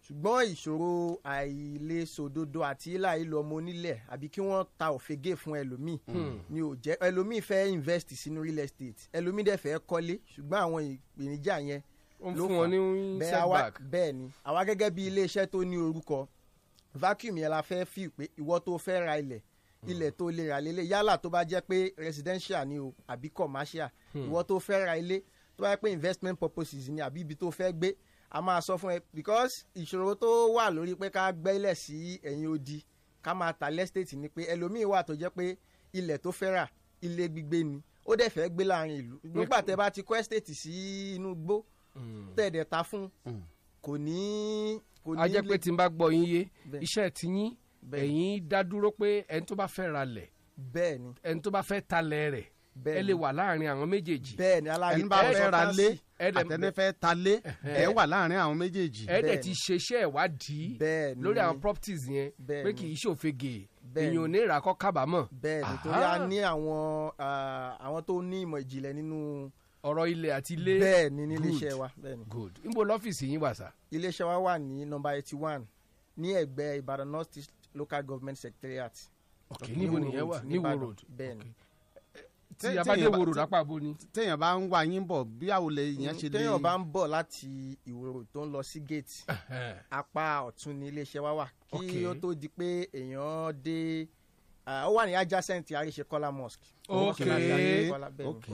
ṣùgbọ́n ìṣòro àìlèsòdodo àti ilà ìlú ọmọ onílẹ̀ àbí kí wọ́n ta òfegè fún ẹlòmíì hmm. ni ò jẹ́ ẹlòmíì fẹ́ invest sínú real estate ẹlòmíì dẹ̀ fẹ́ kọ́lé ṣùgbọ́n àwọn ìpèníjà yẹn ló fún wọn ní setback bẹ́ẹ̀ ni àwa gẹ́gẹ́ bí iléeṣẹ́ tó ní orúkọ vacuum yẹn la fẹ́ fi pé ìwọ tó fẹ́ ra ilẹ̀ hmm. ilẹ̀ tó lè ra lélẹ̀ yálà tó bá jẹ́ pé residential ni o àbí commercial hmm. ìwọ tó fẹ́ ra ilé tó bá jẹ́ pé investment purposes ni àbí ibi tó fẹ́ gbé a máa sọ fún ẹ because ìṣòro tó wà lórí pé ká gbẹ́lẹ̀ sí ẹ̀yìn odi ká máa ta lẹ́stéètì ni pé ẹlòmíì wà tó jẹ́ pé ilẹ̀ tó fẹ́ rà ilé gbígbé ni ó dẹ̀ fẹ́ gbé láàrin ìlú nígbà tẹ́ bá ti kọ́ ẹ́stéètì sí inú gbó hmm. tẹ̀dẹ̀ ta fún hmm. kò ní. a jẹ́ pé tí n bá gbọ́ yín yé iṣẹ́ ti yín ẹ̀yin dá dúró pé ẹni tó bá fẹ́ ra ẹni tó bá fẹ́ talẹ̀ rẹ̀ ẹ lè wà láàrin àwọn méjèèjì. bẹ́ẹ̀ni aláàrin bá fẹ́ ra lé àtẹnifẹ́ ta lé ẹ wà láàrin àwọn méjèèjì. ẹ dẹ̀ ti ṣeṣẹ́ ìwádìí lórí àwọn properties yẹn pé kì í ṣòfegè èèyàn ní ìràkọ́ kábàámọ̀. bẹ́ẹ̀ni torí a ní àwọn àwọn tó ní ìmọ̀ ìjìnlẹ̀ nínú ọ̀rọ̀ ilẹ̀ àti ilé bẹ́ẹ̀ ni ní wa bẹ́ẹ̀ ni. good níbo lọ́fíìsì yín wà sá. iléeṣẹ́ wa wà ní nọ́mbà eighty one ní ẹ̀gbẹ́ Ìbàdàn tí abádéwòrò lápàbó ni. téèyàn bá ń wá yín bọ̀ bí àwòlẹ̀ yẹn ṣe lè. téèyàn bá ń bọ̀ láti ìwòrò tó ń lọ sí gate apá ọ̀tún ní iléeṣẹ́ wa wà kí ó tó di pé èèyàn dé ó wà ní adjacent àríṣe kọ́lá mosque. ok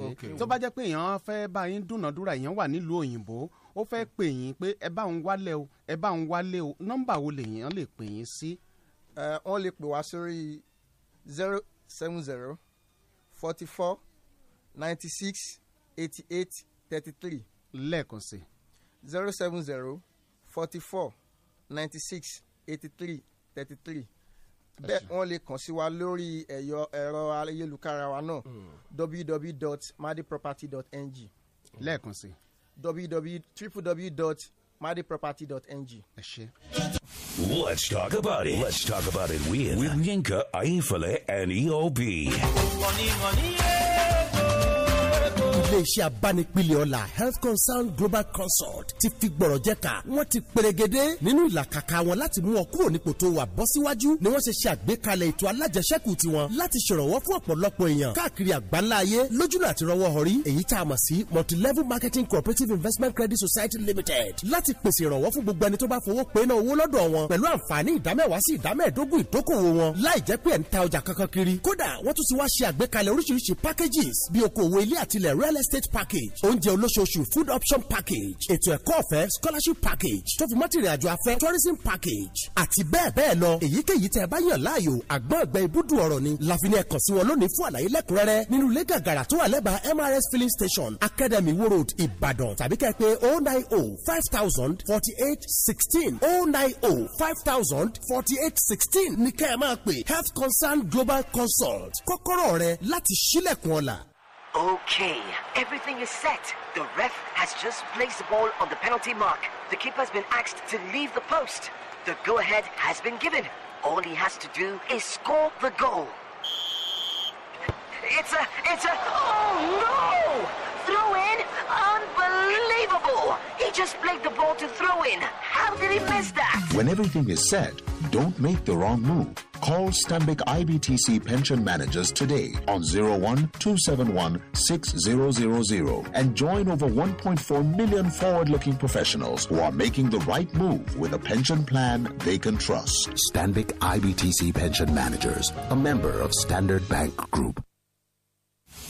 ok tó bá jẹ́ pé èèyàn fẹ́ bá yín dúnàdúrà èèyàn wà nílùú òyìnbó ó fẹ́ pè yín pé ẹ bá ń wálé o ẹ bá ń wálé o nọ́mbà wo lèèyàn lè pè yín sí. wọ́n lè pè wá sórí zero seven zero forty four ninety six eighty eight thirty three. lẹ́ẹ̀kan sí. zero seven zero forty four ninety six eighty three thirty three bẹ́ẹ̀ wọ́n lè kàn sí wa lórí ẹ̀yọ ẹ̀rọ ayélujára wa náà hmm. www.madiproperty.ng lẹ́ẹ̀kan sí. www triple w dot mariproperty.ng. Let's talk about it. Let's talk about it with, with Yinka, Aifale, and EOB. Money, money, yeah. iléeṣẹ́ abánipilẹ̀ ọ̀la health concern global consult ti fi gbọ̀rọ̀ jẹ́ ka wọ́n ti pèrègede nínú ìlàkàkà wọn láti mú ọ kúrò nípò tó wà bọ́ síwájú ni wọ́n ṣe ṣe àgbékalẹ̀ ètò alájẹsẹ́kù tiwọn láti ṣèrànwọ́ fún ọ̀pọ̀lọpọ̀ èèyàn káàkiri àgbáńlá ayé lójúnà àti rọwọ́ ọ̀rí èyí tá a mọ̀ sí multilevel marketing cooperative investment credit society limited láti pèsè ìrànwọ́ fún gbogbo ẹni tó bá fowó pe náà owó lọ́dọ̀ wọn pẹ̀lú àǹfààní ìdámẹ́wàá sí ìdámẹ́ẹ̀dógún ìdókòwò wọn láì jẹ́ pé ẹ̀ ń ta ọjà kankan kiri kódà wọ́n tún ti wá ṣe àgbékalẹ̀ oríṣiríṣi packages bí real estate package oúnjẹ olóṣooṣù food option package ètò ẹ̀kọ́ ọ̀fẹ́ scholarship package tó fi mọ́tìrìn àjò afẹ́ tourism package àti bẹ́ẹ̀ bẹ́ẹ̀ lọ èyíkéyìí tẹ́ ẹ bá yàn láàyò àgbọn ẹgbẹ́ ibùdó ọ̀rọ̀ ni láfiní ẹ̀kọ́ sí wọn lónìí fún àlàyé lẹ́kùnrẹ́rẹ́ nínú ilé gàgàrà tó wà lẹ́bàá MRS filling station Academy Wo Road Ìbàdàn tàbí kẹ́ pé oh nine oh five thousand forty eight sixteen oh nine oh five thousand forty eight sixteen ní kẹ́ ẹ máa pè health concern global consult kọ́kọ́rọ́ rẹ láti ṣílẹ̀kùn ọ̀la. Okay, everything is set. The ref has just placed the ball on the penalty mark. The keeper's been asked to leave the post. The go-ahead has been given. All he has to do is score the goal. It's a, it's a, oh no! throw in? Unbelievable! He just played the ball to throw in. How did he miss that? When everything is said, don't make the wrong move. Call Stanbic IBTC Pension Managers today on 01-271-6000 and join over 1.4 million forward-looking professionals who are making the right move with a pension plan they can trust. Stanbic IBTC Pension Managers, a member of Standard Bank Group.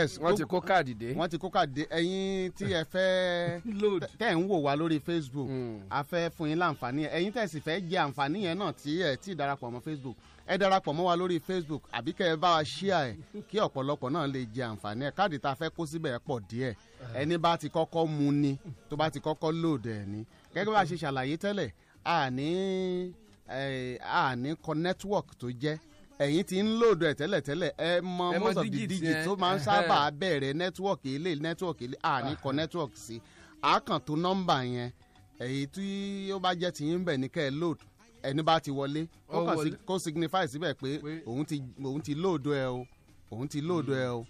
yes wọ́n ti kó káàdì dé wọ́n ti kó káàdì dé ẹ̀yin tí ẹ fẹ́ tẹ̀ ń wò wá lórí facebook hmm. a fẹ́ fún yín láǹfààní ẹ̀yin tẹ̀ sì fẹ́ jẹ àǹfààní yẹn náà tí ẹ ti darapọ̀ mọ́ facebook ẹ darapọ̀ mọ́ wa lórí facebook àbí kẹ́ ẹ bá wa ṣíà ẹ̀ kí ọ̀pọ̀lọpọ̀ náà lè jẹ àǹfààní ẹ̀ káàdì tá a fẹ́ kó síbẹ̀ pọ̀ díẹ̀ ẹni bá ti kọ́kọ́ mu ni tó bá ti kọ́kọ́ lòdì ẹ̀ ni gẹ́gẹ́ bá a ṣe ṣàlàyé tẹ́lẹ̀ àní àní kọ network tó jẹ́ ẹ̀yin ti ń lòdù ẹ̀ tẹ́lẹ̀tẹ́lẹ̀ ẹ mọ most of the digits tó máa ń sábà bẹ̀rẹ̀ nẹ́tíwọ̀kì ilé nẹ́tíwọ̀kì ilé àní kọ nẹ́tíwọ̀kì sí àákàntó nọ́mbà yẹn èyí tí ó bá jẹ́ tìyín bẹ̀ ní kẹ́ ẹ lòdù ẹni bá ti wọlé kó signify síbẹ̀ pé òun ti lòdù ẹ o òun ti lòdù ẹ o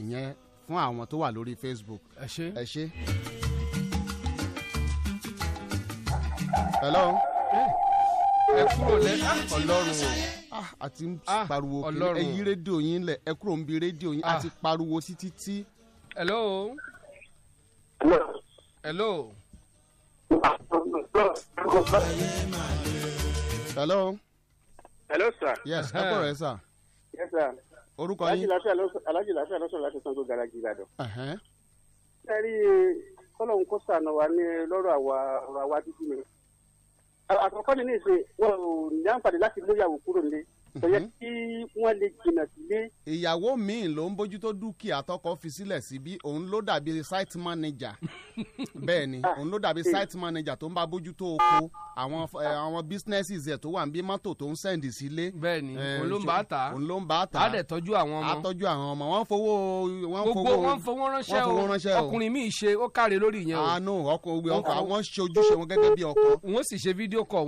ìyẹn fún àwọn tó wà lórí Facebook ẹ ṣé hello ẹ kúrò lẹ́ka ọlọ́run o àti ah, pariwo kiri ẹ yí rédíò yín lẹ̀ ẹ kúrò ń bi rédíò yín àti ah. pariwo sí títí. hello. hello. hello. hello sir. yes ẹ kọ̀rọ̀ ẹ sà. yes sir. orúkọ yín. alájì làfẹ́ lọ́sọ̀rọ̀ láti sango garaji ìbàdàn. ẹ rí i kọ́lọ́hún kó sànù wa ní lọ́rọ̀ àwa àwa dúdú mi àkọ́kọ́ ni ní ìsè wọn ò ní àǹfààní láti mú ìyàwó kúrò nílé kò yẹ mhm. kí wọ́n lè jìnnà sílé. ìyàwó míì ló ń bójútó dúkìá tọkọ fi sílẹ̀ síbí òun ló dàbí site manager bẹ́ẹ̀ ni ah, òun ló dàbí site manager tó ń bá bójútó oko àwọn eh, àwọn businesses ẹ̀ tó wà níbi mọ́tò tó ń sẹ́ndì sílé. bẹ́ẹ̀ ni eh, òun ló ń bá ta òun ló ń bá ta àdẹ̀ tọ́jú àwọn ọmọ àtọ́jú àwọn ọmọ wọ́n fowó wọ́n fowó gbogbo wọ́n fowó ránṣẹ́ o ọkùnrin mi ṣe ó káre lórí yẹn o. àánú ah, ọkùnrin ọkọ àwọn ṣojúṣe wọn gẹ́gẹ́ bí ọkọ. wọ́n ṣe fídíò kọ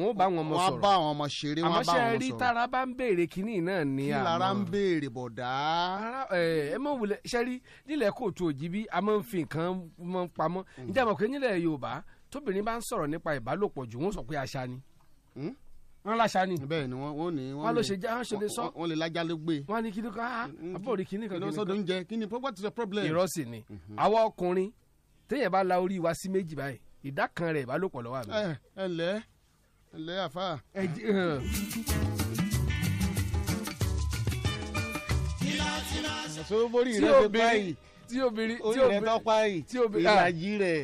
wọ́n béèrè kínní náà ni àmọ́. kí lára ń béèrè bọ̀dá. ara ẹ ẹ mọ wulẹ sẹrí nílẹ̀ kóòtù òjìbí a máa ń fi nǹkan mọ pamọ́ mm. ǹjẹ́ àmọ́ pé nílẹ̀ Yorùbá tóbìnrin bá ń sọ̀rọ̀ nípa ìbálòpọ̀ jù wọ́n sọ pé àṣà ni hmm? wọn láṣà ni. bẹ́ẹ̀ ni wọn ní wọn lè wọn lè sọ wọn lè lajá ló gbé. wọn ní kí ni ká ah, hmm. àbúrò rí kí ni kan kí ni kan. oúnjẹ kí ni what is the problem. irọ́ ni mm-hmm. àwa ọkùnrin téèyàn bá la orí wa sí méjì báyìí ìdá kan rẹ̀ ìbálòpọ̀ lọ́wọ́ àbí. Eh, ẹ ẹ lẹ ẹ lẹ àfa. ẹ jẹ sọ mórí rẹ tó páyì tí obìnrin tí obìnrin orí rẹ tó páyì ìlàjì ah, rẹ.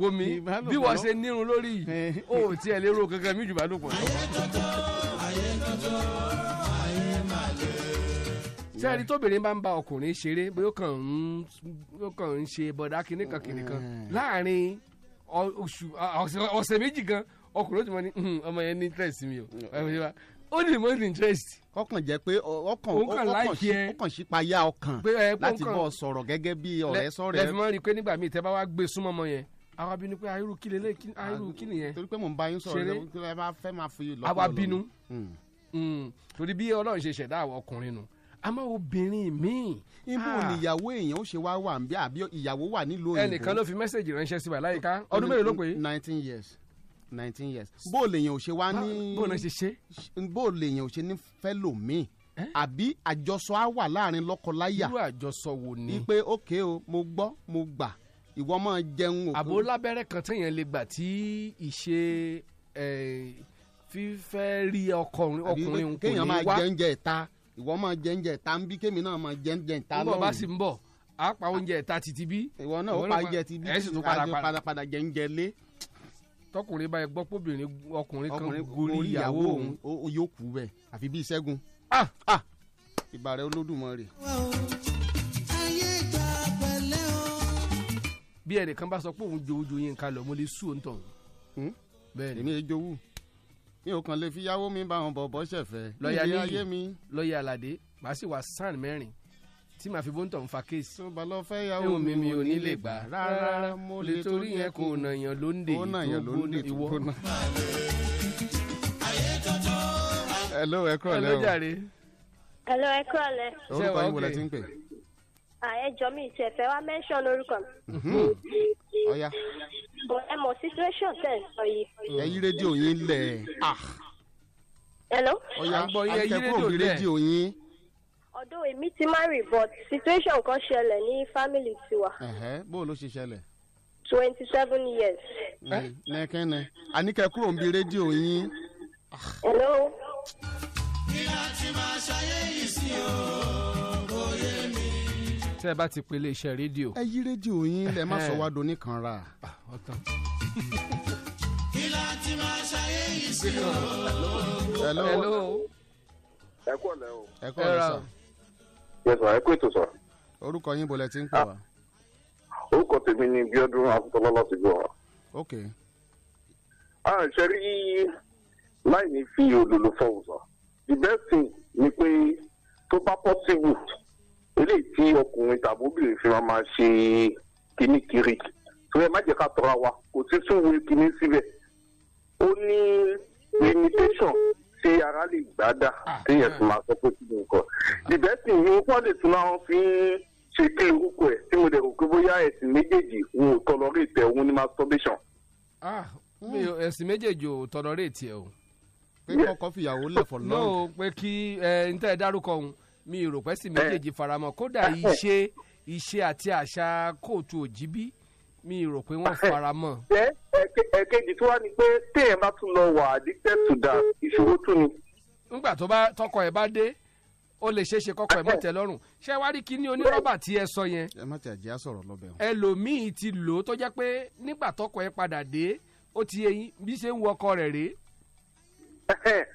wòmí bí wọ́n ṣe nírun lórí yìí ó tiẹ̀ lérò kankan mi jù bá lò pọ̀. ayé tóbìnrin bá ń ba ọkùnrin ṣeré bóyá ó kàn ń ṣe bọ̀dá kinní kan kinní kan láàrin oṣù ọ̀sẹ̀ méjì gan ọkùnrin ó ti mọ ní hmm, ọmọ yẹn ní interest mi o ó ní mọ́ ní interest kọkàn jẹ pé ọkàn ọkàn sípayá ọkàn láti bọ sọ̀rọ̀ gẹ́gẹ́ bí ọ̀rẹ́ sọ̀rẹ́. lẹfí rí i pé nígbà míì tẹ bá wá gbé súnmọ́ ọmọ yẹn àwa bínú pé ayélu ah, kí lélẹ ayélu kí ah, ah, nìyẹn. torí pé mò ń bá yín sọ̀rọ̀ ẹ bá fẹ́ máa fi lọ́kọ̀ lọ́wọ́. àwa bínú hmm. Hmm. torí bí ọlọ́run ṣe ṣẹ̀dá àwọn ọkùnrin nù àmọ́ obìnrin míì. ibo níyàwó èèyàn ó ṣe wá wà bí ìyàwó wà nílùú òyìnbó. ẹnìkan ló fi mẹ́sẹ̀gì ránṣẹ́ sí wa láyìíká ọdún mélòó ló pé. nineteen years nineteen years bó lèyàn ò ṣe wá ní. bó náà ṣe ṣe. bó ṣe ní fẹ́ lò míì àbí àjọsọ á wà láàrin lọ́kọláya. irú àjọsọ wo ni. wípé ókè o mo gbọ́ mo gbà ìwọ máa jẹun òkú. àbó lábẹ́rẹ́ kan téèyàn lè gbà tí ìṣe fífẹ́ rí ọkùnrin ọkùnrin kò ní wá. kéèyàn máa jẹ oúnjẹ ìta ìwọ máa jẹ oúnjẹ ìta ń bí kémi náà máa jẹ oúnjẹ ìta lọ́rùn. ń bá sì ń bọ̀ á pa oúnjẹ ìta títí bí. ìwọ náà ó pa oúnjẹ títí bí ẹ sì tún padà padà jẹ oúnjẹ lé tọkùnrin báyìí gbọ́ pọ́bìnrin ọkùnrin kan gorí ìyàwó òun ó yóò kú bẹ́ẹ̀ àfi bíi ṣẹ́gun ah! Ah! ìbà rẹ olódùmarè. bí ẹnìkan bá sọ pé òun jowó yín ká mo lè sú òun tọ̀hún. Hmm? bẹ́ẹ̀ni èmi ejowó mi ò kàn lè fi yáwó mi bá wọn bọ̀ bọ́ ṣẹ̀fẹ̀. lọ́ọ̀yà níyì lọ́ọ̀yà aládé màá sì wá sàn mẹ́rin tí màá fi bóńtọ̀ ń fa kéèsì. tó bá lọ fẹ́ yàwó mi mi ò ní lè gbà rárá mo lè torí yẹn kò nàyàn lóńdè tó gbóná ìwọ. hello ẹ kúrọ̀ lẹ́ o. hello ẹ kúrọ̀ lẹ́. orúkọ yín wo lẹ ti ń pè. ẹjọ́ mi ìṣe ẹ̀fẹ́ wa mention orúkọ mi. Mm-hmm. ọ̀ya. bọ̀ ẹ mọ̀ situation tẹ̀ ń sọ yìí. ẹ rédíò yín lẹ̀. Ah. hello. ọ̀ya akẹ́kọ̀ọ́ bí rédíò yín ọ̀dọ̀ èmi ti marry but situation kan ṣẹlẹ̀ ní family tiwa. bó o ló ṣe ṣẹlẹ̀. twenty seven years. Mm, nẹkẹnẹ àníkẹ́ kúrò ń bi rédíò yín. hello. kí la ti máa ṣayé sí o kò mi. tẹ́ ẹ bá ti pele iṣẹ́ rédíò. ẹ yí rédíò yín lẹ má sọ wá do nìkan ra. kí ah, la ti máa ṣayé sí o. hello. hello. ẹ kú ọ̀lẹ́ o. ẹ kú ọ̀lẹ́ sọ yes sir ẹ kú ètò sọ. orúkọ yín bolẹ ti ń pè wá. Ah, orúkọ tèmi ni bíọ́dún akutọlọ láti gbọ. ok. Ah, ṣe rí láì ní fi òdòdó fọwọ́ sọ the best thing ni pé tó bá possible eléyìí tí ọkùnrin tàbí obìnrin fi máa ṣe kíní kiri tó yẹ má jẹ́ ká tọra wa kò sí súnwèé kíní síbẹ̀ ó ní limitation tí ara lè gbá dà ah, téèyàn ti ah. máa sọ pé kí ni nǹkan dìbẹ́tì yìí wọ́n lè tún náà fi ń ṣe kí orúkọ ẹ̀ tí mo dẹ̀ rò pé bóyá ẹ̀sìn méjèèjì wọn ò tọlọ́rẹ́ ìtẹ̀ òun ní masturbation. Ah, ẹ̀sìn méjèèjì ò tọlọ́rẹ́ ìtẹ̀ o. pé kọ́kọ́ fìyàwó lẹ̀fọ̀ lọ́rùn. lóò pé kí n tẹ́ ẹ dárúkọ òun mi ò rò pé ẹ̀sìn méjèèjì eh. faramọ́ kódà iṣẹ́ eh. iṣẹ́ àti àṣà kóòtù òjì bí mi rò pé wọ́n fara mọ́. ẹ ẹ̀kejì tó wá pé téèyàn bá tún lọ wà addicted to that ìṣòro tún ni. nígbà tó bá tọkọ ẹ bá dé ó lè ṣeéṣe kọkọ ẹ mọ tẹ lọ́rùn ṣé wàá rí kíní onírọ́bà tí ẹ sọ yẹn. ẹ má tẹ̀ jẹ́ sọ̀rọ̀ lọ́bẹ̀ ẹlòmíì ti lò ó tó jẹ́ pé nígbà tọkọ ẹ padà dé ó ti eyín bí ṣe ń wọ ọkọ rẹ̀ rèé.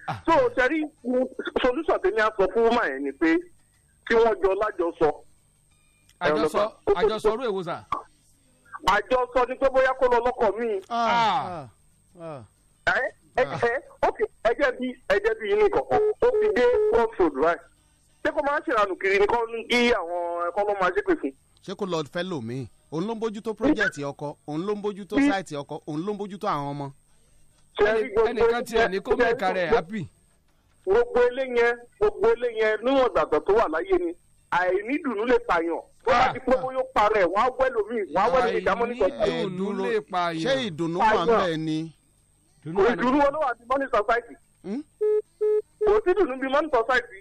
Ah. so sẹ́rí mm, solution tèmi á sọ fún woman yẹn ni pé kí wọ́n jọ lájọsọ. àjọsọ àjọsọ rú èwo sà àjọ sọ ni pé bóyá kó lọ lọ́kọ mi. Ah. Ah. Ah. ẹjẹ bí ẹjẹ bí inú ìkọ̀kọ̀ ó fi dé crossroad right ṣé kó máa ń kiri ni kó ń kí àwọn ẹ̀kọ́ ló máa ṣépè fún. ṣé kó lọ fẹ́ lòmí òun ló ń bójú tó pírójẹ́tì ọkọ òun ló ń bójú tó sáìtì ọkọ òun ló ń bójú tó àwọn ọmọ. ẹnìkan tiẹ̀ ní kó mẹ́ka rẹ̀ happy. gbogbo eléyẹn gbogbo eléyẹn níwọ̀n gbàgbọ́ tó wà láyé ni àìnídùnnú lè pààyàn tó bá ti pé ah. bó yóò parẹ́ wọ́n á wẹ́ lómi wọ́n á wẹ́ lómi ìdá mọ́nítọ̀ tó. ẹ̀ẹ́dúró ṣé ìdùnnú wà ń bẹ̀ ni. kò ìdùnnú wọn ló wà ní mọ́nítọ̀ society. Hmm? kò sí ìdùnnú bíi mọ́nítọ̀ society.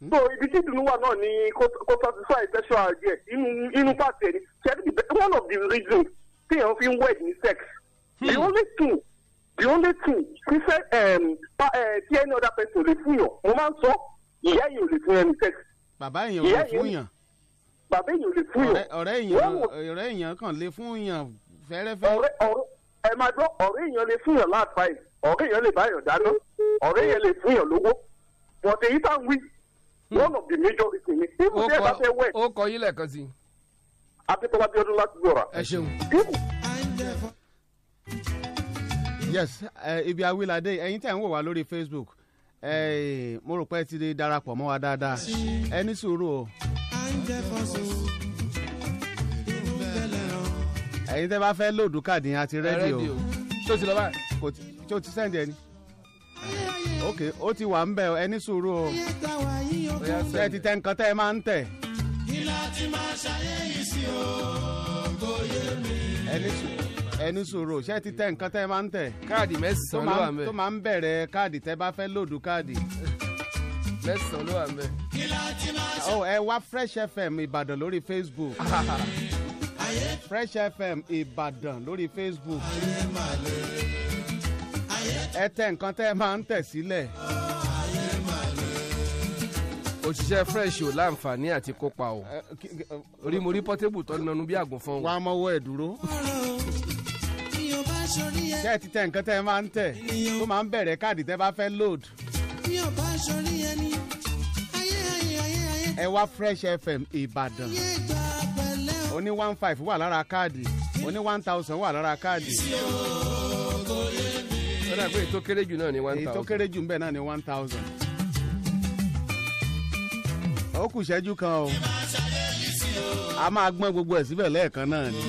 Hmm? so ibi tí ìdùnnú wà náà ni kò satisfy sexual idea inú inú pàṣẹ ni ṣẹ́ni one of the reasons tí èèyàn fi ń wed ní sex. Hmm. the only two. the only thing ti fẹ́ eh, tí any other person lè fún yàn mo máa ń sọ ìyá yìí ò lè fún ẹni sex. bàbá yẹn ò lè fún yàn bàbá èèyàn lè fún yàn. ọ̀rẹ́ èèyàn ọ̀rẹ́ èèyàn kan lè fún yàn fẹ́rẹ́fẹ́. ẹ máa gbọ́ ọ̀rẹ́ èèyàn lè fún yàn láàpá yìí ọ̀rẹ́ èèyàn lè bá yàn dáná ọ̀rẹ́ èèyàn lè fún yàn lówó bọ̀dé yìí tá ń wí hmm. one of the major reasons ni ó kọ yín lẹ́ẹ̀kan sí. akíntọ́lá bíọ́dún láti gbọ́ra. ẹ ṣeun. yes ibi awilade ẹ̀yin tẹ́ ń wò wá lórí Facebook mo rò pé ti darapọ̀ mọ́ wa dáadáa ẹ ní sùúrù o ń jẹ́ fọ́sùn inú bẹ̀lẹ̀ rán. bá fẹ́ lòdù káàdì yẹn àti rẹ́díò tó ti lọ báyìí tó ti sẹ́ǹdẹ̀ ni ok ó ti wà ń bẹ̀ ẹ ní sùúrù o tẹ́ ti tẹ nǹkan tẹ́ ẹ máa ń tẹ̀. ẹni sòrò ṣé ti tẹ nǹkan tẹ máa ń tẹ. káàdì mẹ́sàn-án ló wà mẹ́. tó máa ń bẹ̀rẹ̀ káàdì tẹ bá fẹ́ lòdù káàdì. mẹ́sàn-án ló wà mẹ́. kí la ti máa ó oh, ẹ wá Fresh FM Ìbàdàn lórí Facebook Fresh FM Ìbàdàn lórí Facebook ẹ tẹ nǹkan tẹ́ ẹ máa ń tẹ̀ òṣìṣẹ́ Fresh ò láǹfààní àti kópa o orí mo rí Portable tó nanú bí àgùnfọ́n. wàá mọ́wọ́ ẹ̀ dúró ṣé ẹ ti tẹ nǹkan tẹ́ ẹ máa ń tẹ̀ tó máa ń bẹ̀rẹ̀ káàdì tẹ́ bá fẹ́ load ẹ wá Fresh FM Ìbàdàn oní one five wà lára káàdì oní one thousand wà lára káàdì sọ́dà pé ètò kéré jù náà ni one thousand. ètò kéré jù nbẹ náà ni one thousand. ó kù ṣẹ́jú kan o a máa gbọ́n gbogbo ẹ̀ síbẹ̀ lẹ́ẹ̀kan náà ni.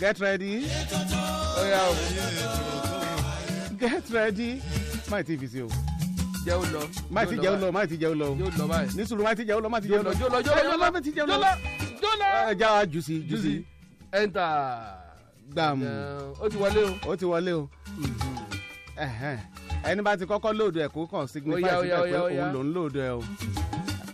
get ready. Oh, yeah. get ready má ti fi sí o. jẹ́ ó lọ. má ti jẹ́ ó lọ má ti jẹ́ ó lọ. yóò lọ báyìí. ní sùúrù má ti jẹ́ ó lọ má ti jẹ́ ó lọ. yóò lọ yóò lọ yóò ẹ já jùsì jùsì. ẹ̀ńtà. gbàmù. ó ti wọlé o. ó ti wọlé o. Mhm. ẹni bá ti kọ́kọ́ lóòdù ẹ̀ kó kàn signify sí pé òun lòún lóòdù ẹ̀ o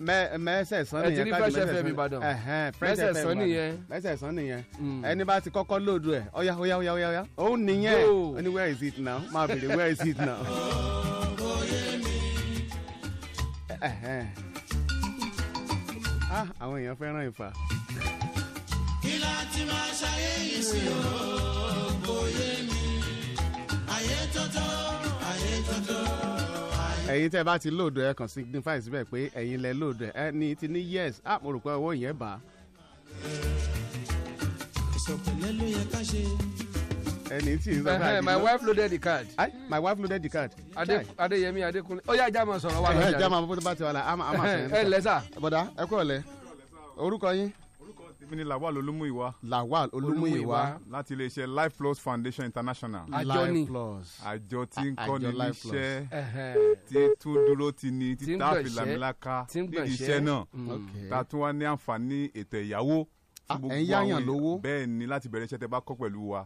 mẹ́sẹ̀sán nìyẹn káàdì mẹ́sẹ̀sán nìyẹn mẹ́sẹ̀sán nìyẹn mẹ́sẹ̀sán nìyẹn mm. ẹni bá ti kọ́kọ́ lòdù ẹ̀ ọ̀yá ọ̀yá ọ̀yá ọ̀yá òun nìyẹn ó where is it now máa bèrè where is it now. Ah, àwọn èèyàn fẹ́ràn ìfà. kí láti máa ṣayé sí o yé mi ayé tọ́tọ́ ayé tọ́tọ́ ẹ̀yin tẹ́ bá ti lóòdù ẹ̀ kàn signify síbẹ̀ pé ẹ̀yin lẹ lóòdù ẹ̀ ní ti ní yes app mo rò pé owó yẹn bá. ẹni tí n sọ́kà àdìgbò. my wife loaded the card. my wife loaded the card. Adeyemi Adekunle ó yá ìjà máa sọ̀rọ̀ wa lọ́jà. ìjà máa bó bá ti wà lá a máa sọ̀rọ̀. ẹ ǹlẹ́ sà. bọ̀dá orúkọ yín èmi ni lawal olúmúìwá. lawal olúmúìwá. láti iléeṣẹ́ life plus foundation international. àjọ ni àjọ tí ń kọ́ ni níṣẹ́ tí tún dúró ti ni títà fìlàmìlàka nídìí iṣẹ́ náà mm. ta tún wá ní àǹfààní ètò ẹ̀yáwó. ẹ̀ ń yáyàn lówó. bẹ́ẹ̀ ni láti bẹ̀rẹ̀ iṣẹ́ tẹ bá kọ́ pẹ̀lú wa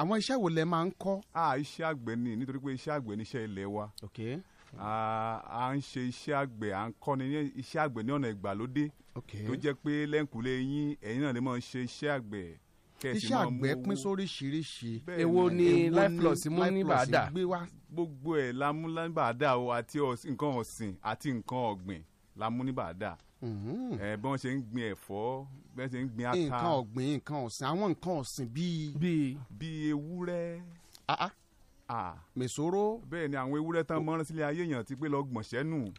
àwọn iṣẹ́ wo lẹ máa ń kọ́. a ah, iṣẹ́ àgbẹ̀ ni nítorí pé iṣẹ́ àgbẹ̀ ni iṣẹ́ ilé wa. Okay a à ń ṣe iṣẹ́ àgbẹ̀ à ń kọ́ni ní iṣẹ́ àgbẹ̀ ní ọ̀nà ìgbàlódé tó jẹ́ pé lẹ́ǹkùlé yín ẹ̀yin náà lè máa ṣe iṣẹ́ àgbẹ̀ iṣẹ́ àgbẹ̀ pín sóríṣiríṣi èwo ni life plus mú ní bàdà gbogbo ẹ̀ la mú ní bàdà o àti nǹkan ọ̀sìn àti nǹkan ọ̀gbìn la mú ní bàdà mm-hmm. ẹ bí wọ́n ṣe ń gbin ẹ̀fọ́ bí wọ́n ṣe ń gbin ata nǹkan ọ̀gbìn nǹkan ọ̀sìn àwọn nǹkan ọ̀sìn bíi bíi ewúrẹ́ ah, ah mesoro. bẹ́ẹ̀ ni àwọn ewúrẹ́ tán mọ́rán sílé ayé yẹn ti gbé lọ gbọ̀nsẹ̀ nù.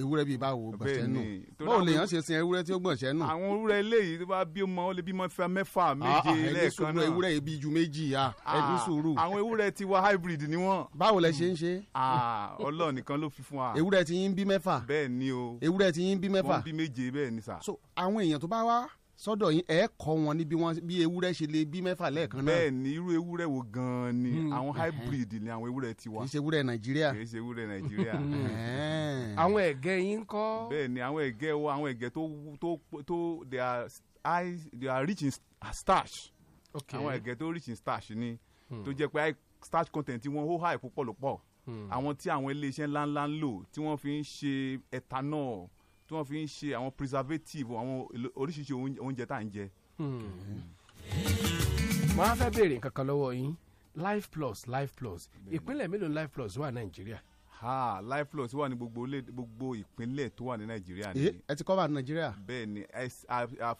ewúrẹ́ bíi báwo gbọ̀nsẹ̀ nù báwo lèèyàn ṣe sin ewúrẹ́ tí ó gbọ̀nsẹ̀ nù. àwọn ewúrẹ́ eléyìí tó bá bí ọmọ ó lè bímọ fẹ́ mẹ́fà méje lẹ́ẹ̀kan náà. ewúrẹ́ yìí bí ju méjì ya ẹbí sùúrù. àwọn ewúrẹ́ ti wa hybrid ni wọ́n. báwo lẹ ṣe ń ṣe. Ọlọ́run nìkan ló fi fún wa. ewúrẹ́ ti yín bí mẹ́fà. bẹ́ẹ̀ ni o. ewúrẹ́ ti yín bí mẹ́fà. so àwọn èèyàn tó sọ́dọ̀ yín ẹ kọ́ wọn ní bí wọ́n bi ewúrẹ́ ṣe lè bi mẹ́fà lẹ́ẹ̀kan náà. bẹ́ẹ̀ ni irú ewúrẹ́ wo gan-an ni hmm. àwọn hybrid ni àwọn ewúrẹ́ ti wa. kì í ṣe ewúrẹ́ nàìjíríà. kì í ṣe ewúrẹ́ nàìjíríà. àwọn ẹ̀gẹ́ yín kọ́. bẹ́ẹ̀ ni àwọn ẹ̀gẹ́ wo àwọn ẹ̀gẹ́ tó tó tó they are high they are rich in starch. okay àwọn ẹ̀gẹ́ tó rich in starch ni hmm. tó jẹ́ pé starch content wọn ó high púpọ̀ lọ́pọ̀ hmm. àwọn tí àwọn iléeṣẹ́ ńláńlá ń lò tí wọ́n fi ń ṣe ethanol tí wọ́n fi ń ṣe àwọn preservative àwọn oríṣiríṣi oúnjẹ tá à ń jẹ. mo hmm. á fẹ́ béèrè nǹkan lọ́wọ́ yín life plus life plus ìpínlẹ̀ mélòó life plus wà nàìjíríà. ha life plus wà ní gbogbo gbogbo ìpínlẹ̀ tó wà ní nàìjíríà ni. ẹ ti cover nàìjíríà. bẹ́ẹ̀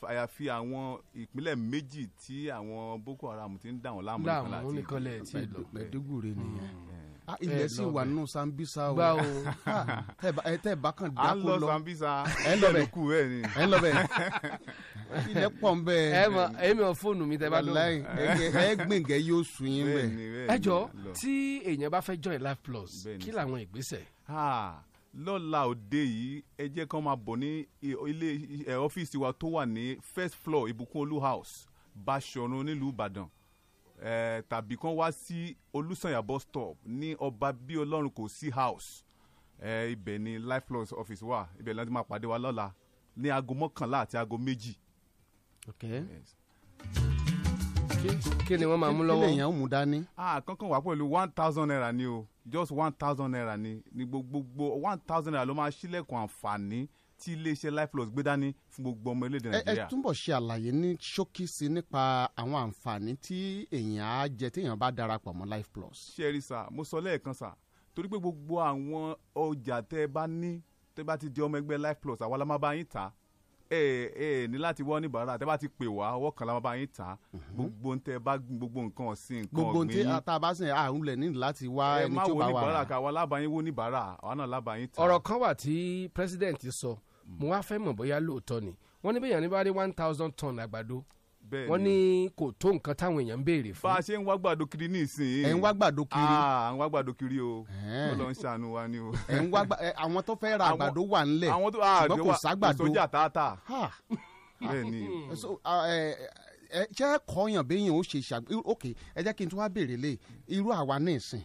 àyàfi àwọn ìpínlẹ̀ méjì tí àwọn boko haram ti ń dà wọ́n láàmú nìkan láti. láàmú nìkan lẹ́ẹ̀ nìyẹn. Ah, ilẹ̀ sì wà nínú Sambisa o gbà o ah, tẹ bá kàn dáko lọ à ń lọ Sambisa ẹ lọ bẹ ẹ lọ bẹ ilẹ̀ pọ̀ nbẹ. ẹ mọ ẹ mọ fóònù mi tẹ bá lọ. ẹ gbẹ̀ngẹ̀ yóò sùn yín bẹ. ẹ jọ tí èèyàn bá fẹ́ join Life Plus kí làwọn ìgbésẹ̀. lọ́la òde yìí ẹ jẹ́ kán máa bọ̀ ní ilé ọ́fíìsì wa tó wà ní first floor Ìbùkún Olú house Báṣọ̀run nílùú Ìbàdàn eh, tàbí kán wá sí olùsànyà bus stop ní ọba bí ọlọ́run kò sí house eh, ibẹ̀ ni lifelines office wà ibẹ̀ láti máa pàdé wa lọ́la ní aago mọ́kànlá àti aago méjì. okay. yes. kí ni wọ́n máa mú lọ́wọ́ kí lèèyàn mú dání. ah wà pẹ̀lú one thousand naira ni o just one thousand naira ni ni gbogbo one thousand naira ló máa ṣílẹ̀kùn àǹfààní tí iléeṣẹ́ life plus gbé dání fún gbogbo ọmọ orílẹ̀-èdè nàìjíríà. ẹ túbọ̀ ṣe àlàyé ní ṣókí sí nípa àwọn àǹfààní tí èèyàn á jẹ téèyàn bá darapọ̀ mọ́ life plus. ṣẹ́rí sà mo sọ lẹ́ẹ̀kan sà torí pé gbogbo àwọn ọjà tẹ́ ẹ bá ní tẹ́ bá ti di ọmọ ẹgbẹ́ life plus àwa la máa bá yín ta ẹ ẹ ní láti wọ́n níbàárà tẹ́ bá ti pè wá ọwọ́ kan la máa bá yín ta mhm. gbogbo tẹ́ bá gbogbo nǹkan ọ̀sìn nǹkan ọ̀gbìn. gbogbo ntẹ tá bá sìn so mo wá fẹ́ mọ̀ bóyá lóòótọ́ ni wọ́n ní bẹ́ẹ̀ ní bá dé one thousand ton àgbàdo wọ́n ní kò tó nǹkan táwọn èèyàn ń béèrè fún. bá a ṣe ń wá gbàdo kiri nísìnyí. ẹ ń wá gbàdo kiri. Ah, à ń wá gbàdo kiri o. Ọlọ́run ṣàánú wa ni o. ẹ ń wá àwọn tó fẹ́ ra àgbàdo wà ńlẹ̀ ṣùgbọ́n kò ságbàdo. sójà tààtà. bẹ́ẹ̀ni. ẹ ṣe é kọyàn béèyàn ó ṣe ṣàgbé ok ẹ jẹ́ kí n tún wá béèrè lé irú àwa ní ìsìn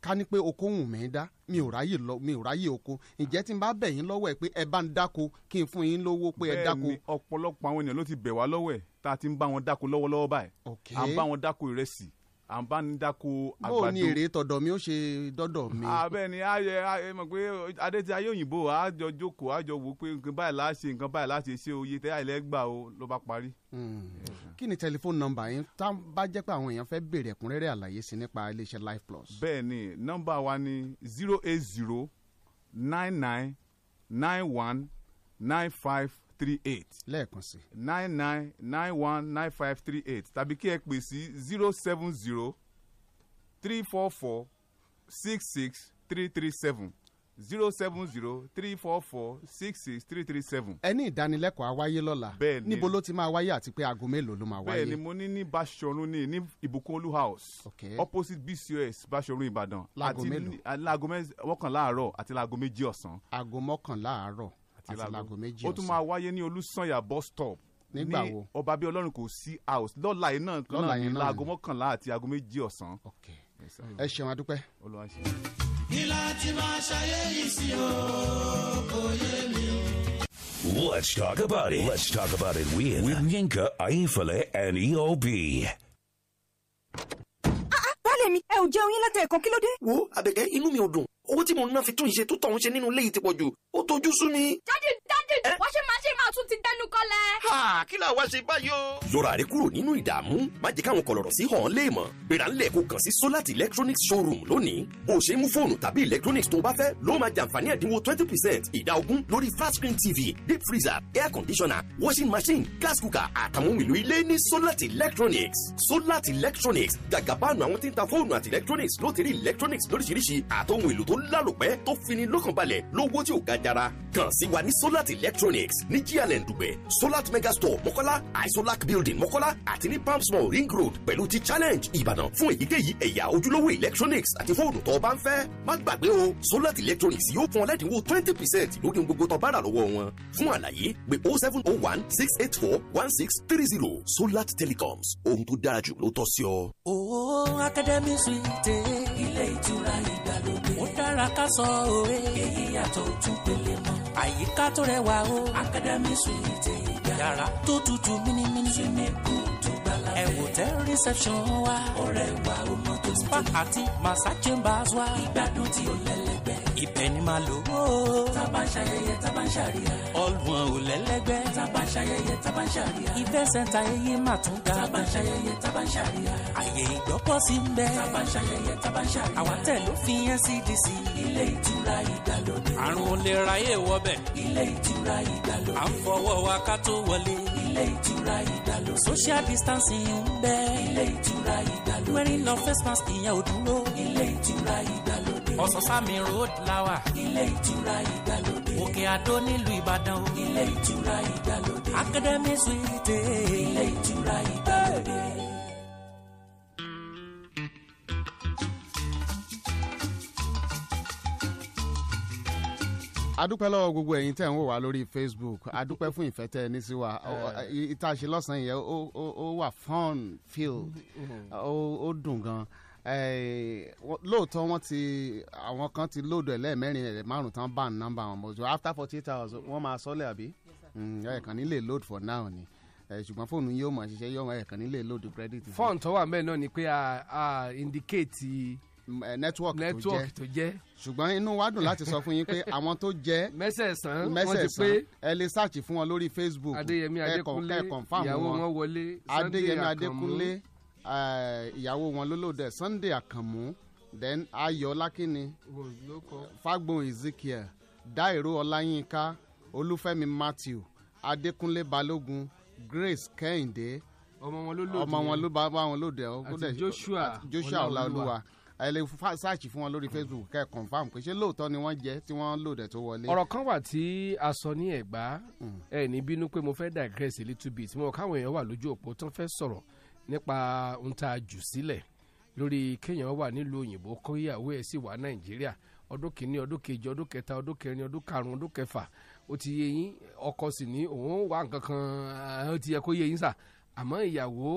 ká ní pé oko hùn mí dá mi ò ráyè lọ mi ò ráyè oko ǹjẹ́ tí n bá bẹ̀ yín lọ́wọ́ ẹ̀ pé ẹ bá ń dáko kí n fún yín lówó pé ẹ dáko. bẹ́ẹ̀ni ọ̀pọ̀lọpọ̀ àwọn ènìyàn ló ti bẹ̀ wá lọ́wọ́ ẹ̀ tá a ti ń bá wọn dáko lọ́wọ́lọ́wọ́ báyìí à ń bá wọn dáko ìrẹsì à ń bá ní dáko àgbàdo. bó ní èrè tọ̀dọ̀ mi ó ṣe dọ́dọ̀ mi. abẹ́ ni ayẹ ayẹ mọ̀ pé adé ti ayé òyìnbó àjọ jókòó àjọ wò pé nǹkan báyìí láà ṣe nǹkan báyìí láà ṣe ṣe oye tẹ́ àìlẹ́ o ló bá parí. Hmm. kí ni tẹlifóònù nọ́mbà yín tá bá jẹ́ pé àwọn èèyàn fẹ́ béèrè ẹ̀kúnrẹ́rẹ́ àlàyé sí nípa iléeṣẹ́ life plus. bẹ́ẹ̀ ni nọ́mbà wa ni zero eight zero nine nine nine one nine five three eight. lẹ́ẹ̀kan sí. nine nine nine one nine five three eight tàbí kí ẹ pè sí zero seven zero three four four six six three three seven zero seven zero three four four six six three three seven. ẹ ní ìdánilẹ́kọ̀ọ́ àwáyé lọ́la ni níbo ló ti máa wáyé àti pé aago mélòó ló máa wáyé. bẹ́ẹ̀ ni mo ní ní Báṣọ̀run ní ní Ìbùkúnolú house okay. opposite BCOS Báṣọ̀run Ìbàdàn. láago mélòó àti láago mọ́kànlá àárọ̀ àti láago méjì ọ̀sán. aago mọ́kànlá àárọ̀ àti láago méjì ọ̀sán ó tún máa wáyé ní olùsànyà bus stop ní ọba bí ọlọ́run kò sí house lọ́la yìí náà kan náà ní láago mọ́kànlá àti aago méjì ọ̀sán. ẹ ṣeun adúpẹ́. ìlà tí máa ṣayé yìí sí o kò yé mi. Let's talk about it. Let's talk about it with, with Yinka Aifale and EOB. Ah, ah, Bálẹ̀ mi, ẹ ò jẹun yín látẹ̀ẹ̀kan kilo de. dé? Wo Àbẹ̀kẹ́ inú mi ò dùn owó tí mò ń ná fi tún ìṣe tó tọ̀hún ṣe nínú ilé yìí ti pọ̀ jù ó tójú sú ni. jáde jáde wá ṣe máa ṣe máa tún ti dẹnu kọlẹ̀. ha kí la wá ṣe báyìí yọra rẹ kúrò nínú ìdààmú má jẹ́ káwọn kọlọ̀rọ̀ sí hàn léèmọ̀ gbéra ńlẹ̀ kó kàn sí solat electronics showroom lónìí bó o ṣe mú fóònù tàbí electronics tó o bá fẹ́ ló máa jàǹfààní ẹ̀dínwó twenty percent ìdá ogún lórí flat screen tv deep freezer air conditioner washing machine gas cooker àtàwọn ohun èlò ilé ní solat electronics solat electronics gàgàbáànù àwọn tí ń ta fóònù àti electronics ló ti rí electronics lóríṣiríṣi àtọ́hun èlò tó láròpẹ́ tó fini lọ́kànbalẹ̀ lówó tí ò ga jara kàn sí wa ní solar electronics ní gln dùgbẹ̀ solar mega store mọ́kọ́lá isolac building mọ́kọ́lá àti ní palm small ring road pẹ̀lú ti challenge ìbàdàn fún èyíkéyìí ẹ̀yà ojúlówó electronics àti fóònù tó o bá ń fẹ́ má gbàgbé o solar electronics yóò fún ọ lẹ́dínwó twenty percent lórí gbogbo tó bá rà lọ́wọ́ wọn fún àlàyé pé o oh seven o oh one six eight four one six three zero solar telecoms ohun tó dára jù ló tọ́ sí ọ. ooo academy suite ilé ìtura ìgbàlódé dára ká sọ òwe. èyí yàtọ̀ ojú pele mọ́. àyíká tó rẹwà o. Academy Suite ìgbà. yàrá tó tutù mímímí. swimming pool tó gbàlà fẹ́. ẹ̀wò tẹ reception wa. ọ̀rẹ́ wa o mọ tó ti tó. spa àti massage chambers wa. ìgbádùn tí ó lẹ́lẹ́gbẹ́ ibẹ̀ ni màá lò ó. tábà ń ṣayẹyẹ tábà ń ṣàríyá. ọlùwọ̀n ò lẹ́lẹ́gbẹ́. tábà ń ṣayẹyẹ tábà ń ṣàríyá. ìfẹ́ sẹ́ńtà eyé mà tún ga. tábà ń ṣayẹyẹ tábà ń ṣàríyá. àyè ìgbọ́pọ̀ sí ń bẹ. tábà ń ṣayẹyẹ tábà ń ṣàríyá. àwọn tẹ̀ ló fi NCDC. ilé ìtura ìgbàlódé. àrùn olè ra yé wọbẹ̀. ilé ìtura ìgbàlódé. à ń fọwọ́ wa ká tó wọlé. ilé ìtura ìgbàlódé. social distancing ń bẹ. ilé ìtura ìgbàlódé. wearing no face mask ìyẹn ò dúró. ilé ìtura ìgbàlódé ọ̀sánsámi road lawa. ilé ìtura ìgbàlódé. òkè àdó nílùú ìbàdàn o. ilé ìtura ìgbàlódé. academy suite. ilé ìtura ìgbàlódé. adúpẹ́ lọ́wọ́ gbogbo ẹ̀yin tẹ̀ ń wò wá lórí facebook adúpẹ́ fún ìfẹ́ tẹ́ ní sí wa eh. ìta ṣe lọ́sàn-án yẹn ó wà fun feel mm-hmm. ó dùn gan-an lóòótọ́ wọ́n ti àwọn kan ti lóòdù ẹ̀ lẹ́ẹ̀mẹ́rin ẹ̀ márùn tán bá nọ́mbà wọn bọ̀ after forty eight hours wọ́n máa sọ́lẹ̀ àbí hmm, ẹ̀ kàn ní load for now ni ṣùgbọ́n fóònù yóò máa ṣiṣẹ́ yóò máa ẹ̀ kàn ní lè load credit. fọ́ọ̀n tó wà mẹ́rin náà ni pé a indicate mm, network tó jẹ́ ṣùgbọ́n inú wa dùn láti sọ fún yín pé àwọn tó jẹ́ mẹ́sẹ̀sán mẹ́sẹ̀sán ẹ lè ṣáàchì fún wọn lórí Facebook adéyẹmí adékúnlé ìyàwó wọn wọlé adéyẹmí adékúnlé Eh, ìyàwó wọn lólódẹ Sunday Àkànmú then Ayọ̀ Lákínni Fágbọn Ezekiel Dáìró Ọláyínká Olúfẹ́mi Matthew Adekunle Balogun. Grace Kẹ́hìndé ọmọ wọn ló lòdì ọmọ wọn bá wọn lòdì àti Joshua Joshua Ọláolúwa ẹ lè ṣáàṣì fún wọn lórí Facebook kẹ́ ẹ̀ confam pé ṣé lóòótọ́ ni wọ́n jẹ́ tí wọ́n lòdẹ̀ tó wọlé. ọ̀rọ̀ kan wà tí a sọ ní ẹ̀gbá hmm. ẹ̀ ní bínú pé mo fẹ́ digress a little bit mo káwọn èèyàn wà lójú òpó tó ń fẹ́ sọ̀rọ̀ nípa ohun tá a jù sílẹ̀ lórí kéèyàn wà nílùú òyìnbó kóyàwó ẹ̀ sì wà nàìjíríà ọdún kìíní ọdún kejì ọdún kẹta ọdún kẹrin ọdún karùn ọdún kẹfà ó ti yé yín ọkọ sì ní òun wà nǹkan kan ó ti yẹ kó yé yín sà àmọ́ ìyàwó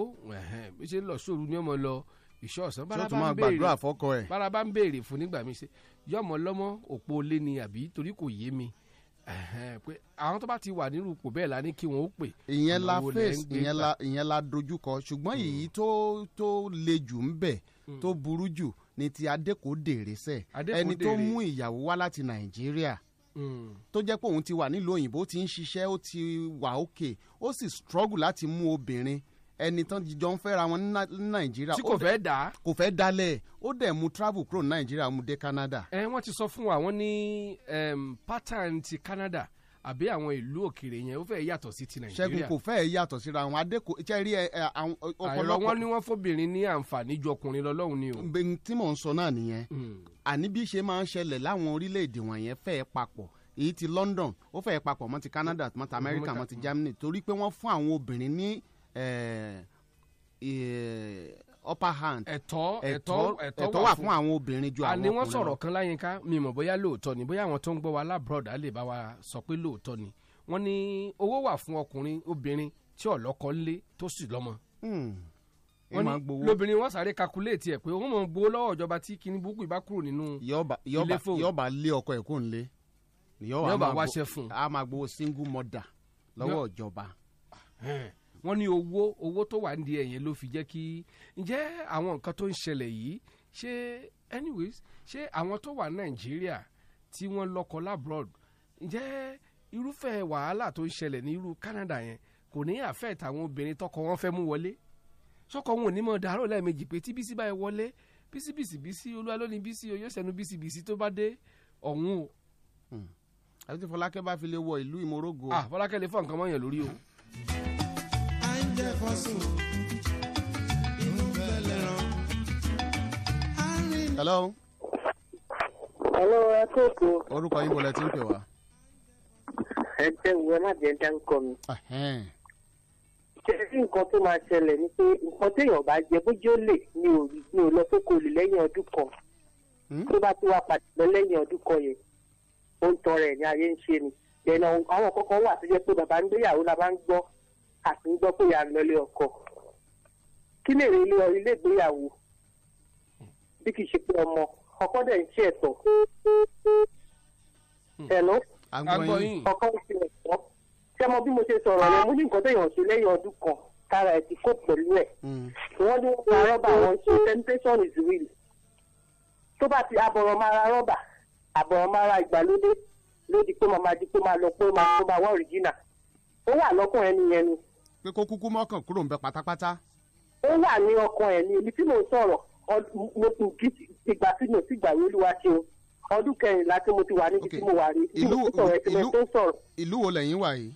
bí ṣe ń lọ sóòru ní ọmọ lọ ìṣọ́ ọ̀sán bára bá ń béèrè fún nígbà mi ṣe yọmọ lọ́mọ òpó lé ni àbí torí kò yé mi pé àwọn tó bá ti wà nírú ipò bẹ́ẹ̀ la ní kí wọ́n ó pè. ìyẹn la face ìyẹn la ìyẹn la dojúkọ ṣùgbọ́n hmm. èyí tó tó le jù ń bẹ̀ hmm. tó burú jù ni ti adékòdèrè sẹ̀ ẹni tó mú ìyàwó wá láti nàìjíríà hmm. tó jẹ́ pé òun ti wà nílùú òyìnbó ti ń ṣiṣẹ́ ó ti wà òkè ó sì struggle láti mú obìnrin ẹni tán jíjọ ń fẹ́ra wọn ní nàìjíríà. tí kò fẹ́ dá. kò fẹ́ dálẹ̀ ó dẹ̀ mu travel kúrò nàìjíríà mu dé canada. ẹ wọ́n ti sọ fún wa wọ́n ní pattern ti canada àbí àwọn ìlú òkèèrè yẹn ó fẹ́ẹ́ yàtọ̀ sí ti nàìjíríà. ṣẹ́gun kò fẹ́ẹ́ yàtọ̀ síra àwọn adéko ṣe rí àwọn ọ̀pọ̀lọpọ̀. àìrọ wọn ni wọn fóbìnrin ní àǹfààní ju ọkùnrin lọ́lọ́run ni o. bẹ́ẹ̀ tí mò ń sọ náà nìyẹn hmm. àní bí ṣe máa ń ṣẹlẹ̀ láwọn orílẹ̀-èdè wọ̀nyẹn fẹ́ẹ́ papọ̀ èyí ti London ó fẹ́ẹ́ papọ̀ mọ́ ti Canada mọ́ ti America mọ́ ti Germany torí pé wọ́n fún àwọn obìnrin ní upper hand ẹ̀tọ́ ẹ̀tọ́ ẹ̀tọ́ wà fún àwọn obìnrin ju àwọn ọkùnrin lọ. àní wọ́n sọ̀rọ̀ kan láyínká mi mọ̀ bóyá lóòótọ́ ni bóyá àwọn tó ń gbọ́ wa lábúrọ̀dá lè bá wa sọ pé lóòótọ́ ni wọ́n ní owó wà fún ọkùnrin obìnrin tí ọ̀lọ́kọ ńlé tó sì lọ́mọ. Hmm. wọ́n ní lóbìnrin wọ́n sáré kakuléètì ẹ̀ pé wọ́n mọ̀ gbowó lọ́wọ́ ìjọba tí kinní burúkú ìbá kúrò nínú ilé fóun. yọba lé ọkọ ẹ̀ kó ń lé yọba wáṣẹ fún un. a máa gbowó single mother lọ́wọ́ ìjọba wọ́n ní owó owó tó wà nídìí ẹ̀yẹn ló fi jẹ́ kí ǹjẹ́ àwọn nǹkan tó ń ṣẹlẹ̀ yìí ṣé anyways ṣé àwọn tó wà nàìjíríà tí wọ́n lọ́kọ labroad ǹjẹ́ irúfẹ́ wàhálà tó ń ṣẹlẹ̀ ní irú Canada yẹn kò ní affect àwọn obìnrin tọkọ wọn fẹ́ mú wọlé sọkọ wọn ò ní mọ dàárọ̀ lẹ́ẹ̀mejì pé tí bísí báyìí wọlé bísí bísí bísí olúwa ló ní bísí o yóò sẹnu bísí bísí tó bá dé ọ̀hún o. Hmm. àti Fọlákẹ́ bá fi lè wọ ìlú ìmọ̀rógó. ah Fọlákẹ́ lè fọ nǹkan mọ́yàn lórí o. jẹ́ fọ́sùn inú bẹ̀lẹ̀ rán. hello. hello ẹ kó kó. orúkọ yín wọlé tí ń pè wá. ẹ jẹ́ ìwé má jẹ́ dáńkọ mi. ṣé nǹkan tó máa ṣẹlẹ̀ ni pé nǹkan téèyàn bá jẹ bójú ó lè ní òòlù ní òòlù tó kò lẹ́yìn ọdún kan hmm? tó bá ti wá pàtàkì lẹ́yìn ọdún kan yẹn ó ń tọrọ ẹ̀ ní ayé ń ṣe ni. àwọn kọ̀ọ̀kan wà tó jẹ́ pé bàbá ń gbéyàwó la bá ń gbọ́ àti ń gbọ́ pé ìyá ń lọlé ọkọ kí lè rí ilé ìgbéyàwó bí kì í ṣe pé ọmọ ọkọ dẹ̀ ń ṣe ẹ̀tọ́ ẹ̀lọ́ hmm. ọkọ ń ṣe ẹ̀tọ́ ṣé mo bí mo ṣe sọ̀rọ̀ yẹn mo ní nǹkan téèyàn ṣe lẹ́yìn ọdún kan kára ẹ̀ ti kó pẹ̀lú ẹ̀ hmm. wọ́n ní wọ́n ra rọ́bà wọn ṣe temptation is real tó bá ti abọ̀rọ̀ máa ra rọ́bà àbọ̀rọ̀ máa ra ìgbàlódé lódì pé màmá di pé máa lọ pé máa tó máa wá òrìjìnà ó wà lọ́kùnrin ẹni yẹn ni pé kó kúkú mọ́kàn kúrò ń bẹ pátápátá. ó wà ní ọkàn ẹ̀ ní ibi tí mò ń sọ̀rọ̀ mo kù kí ìgbà tí mo ti gbàwé olúwa ṣe o ọdún kẹrìnlá tí mo ti wà níbi tí mo wà rí tí mo ti sọ̀rọ̀ ẹ̀sìn tó ń sọ̀rọ̀. ìlú wo lẹ́yìn wà yìí.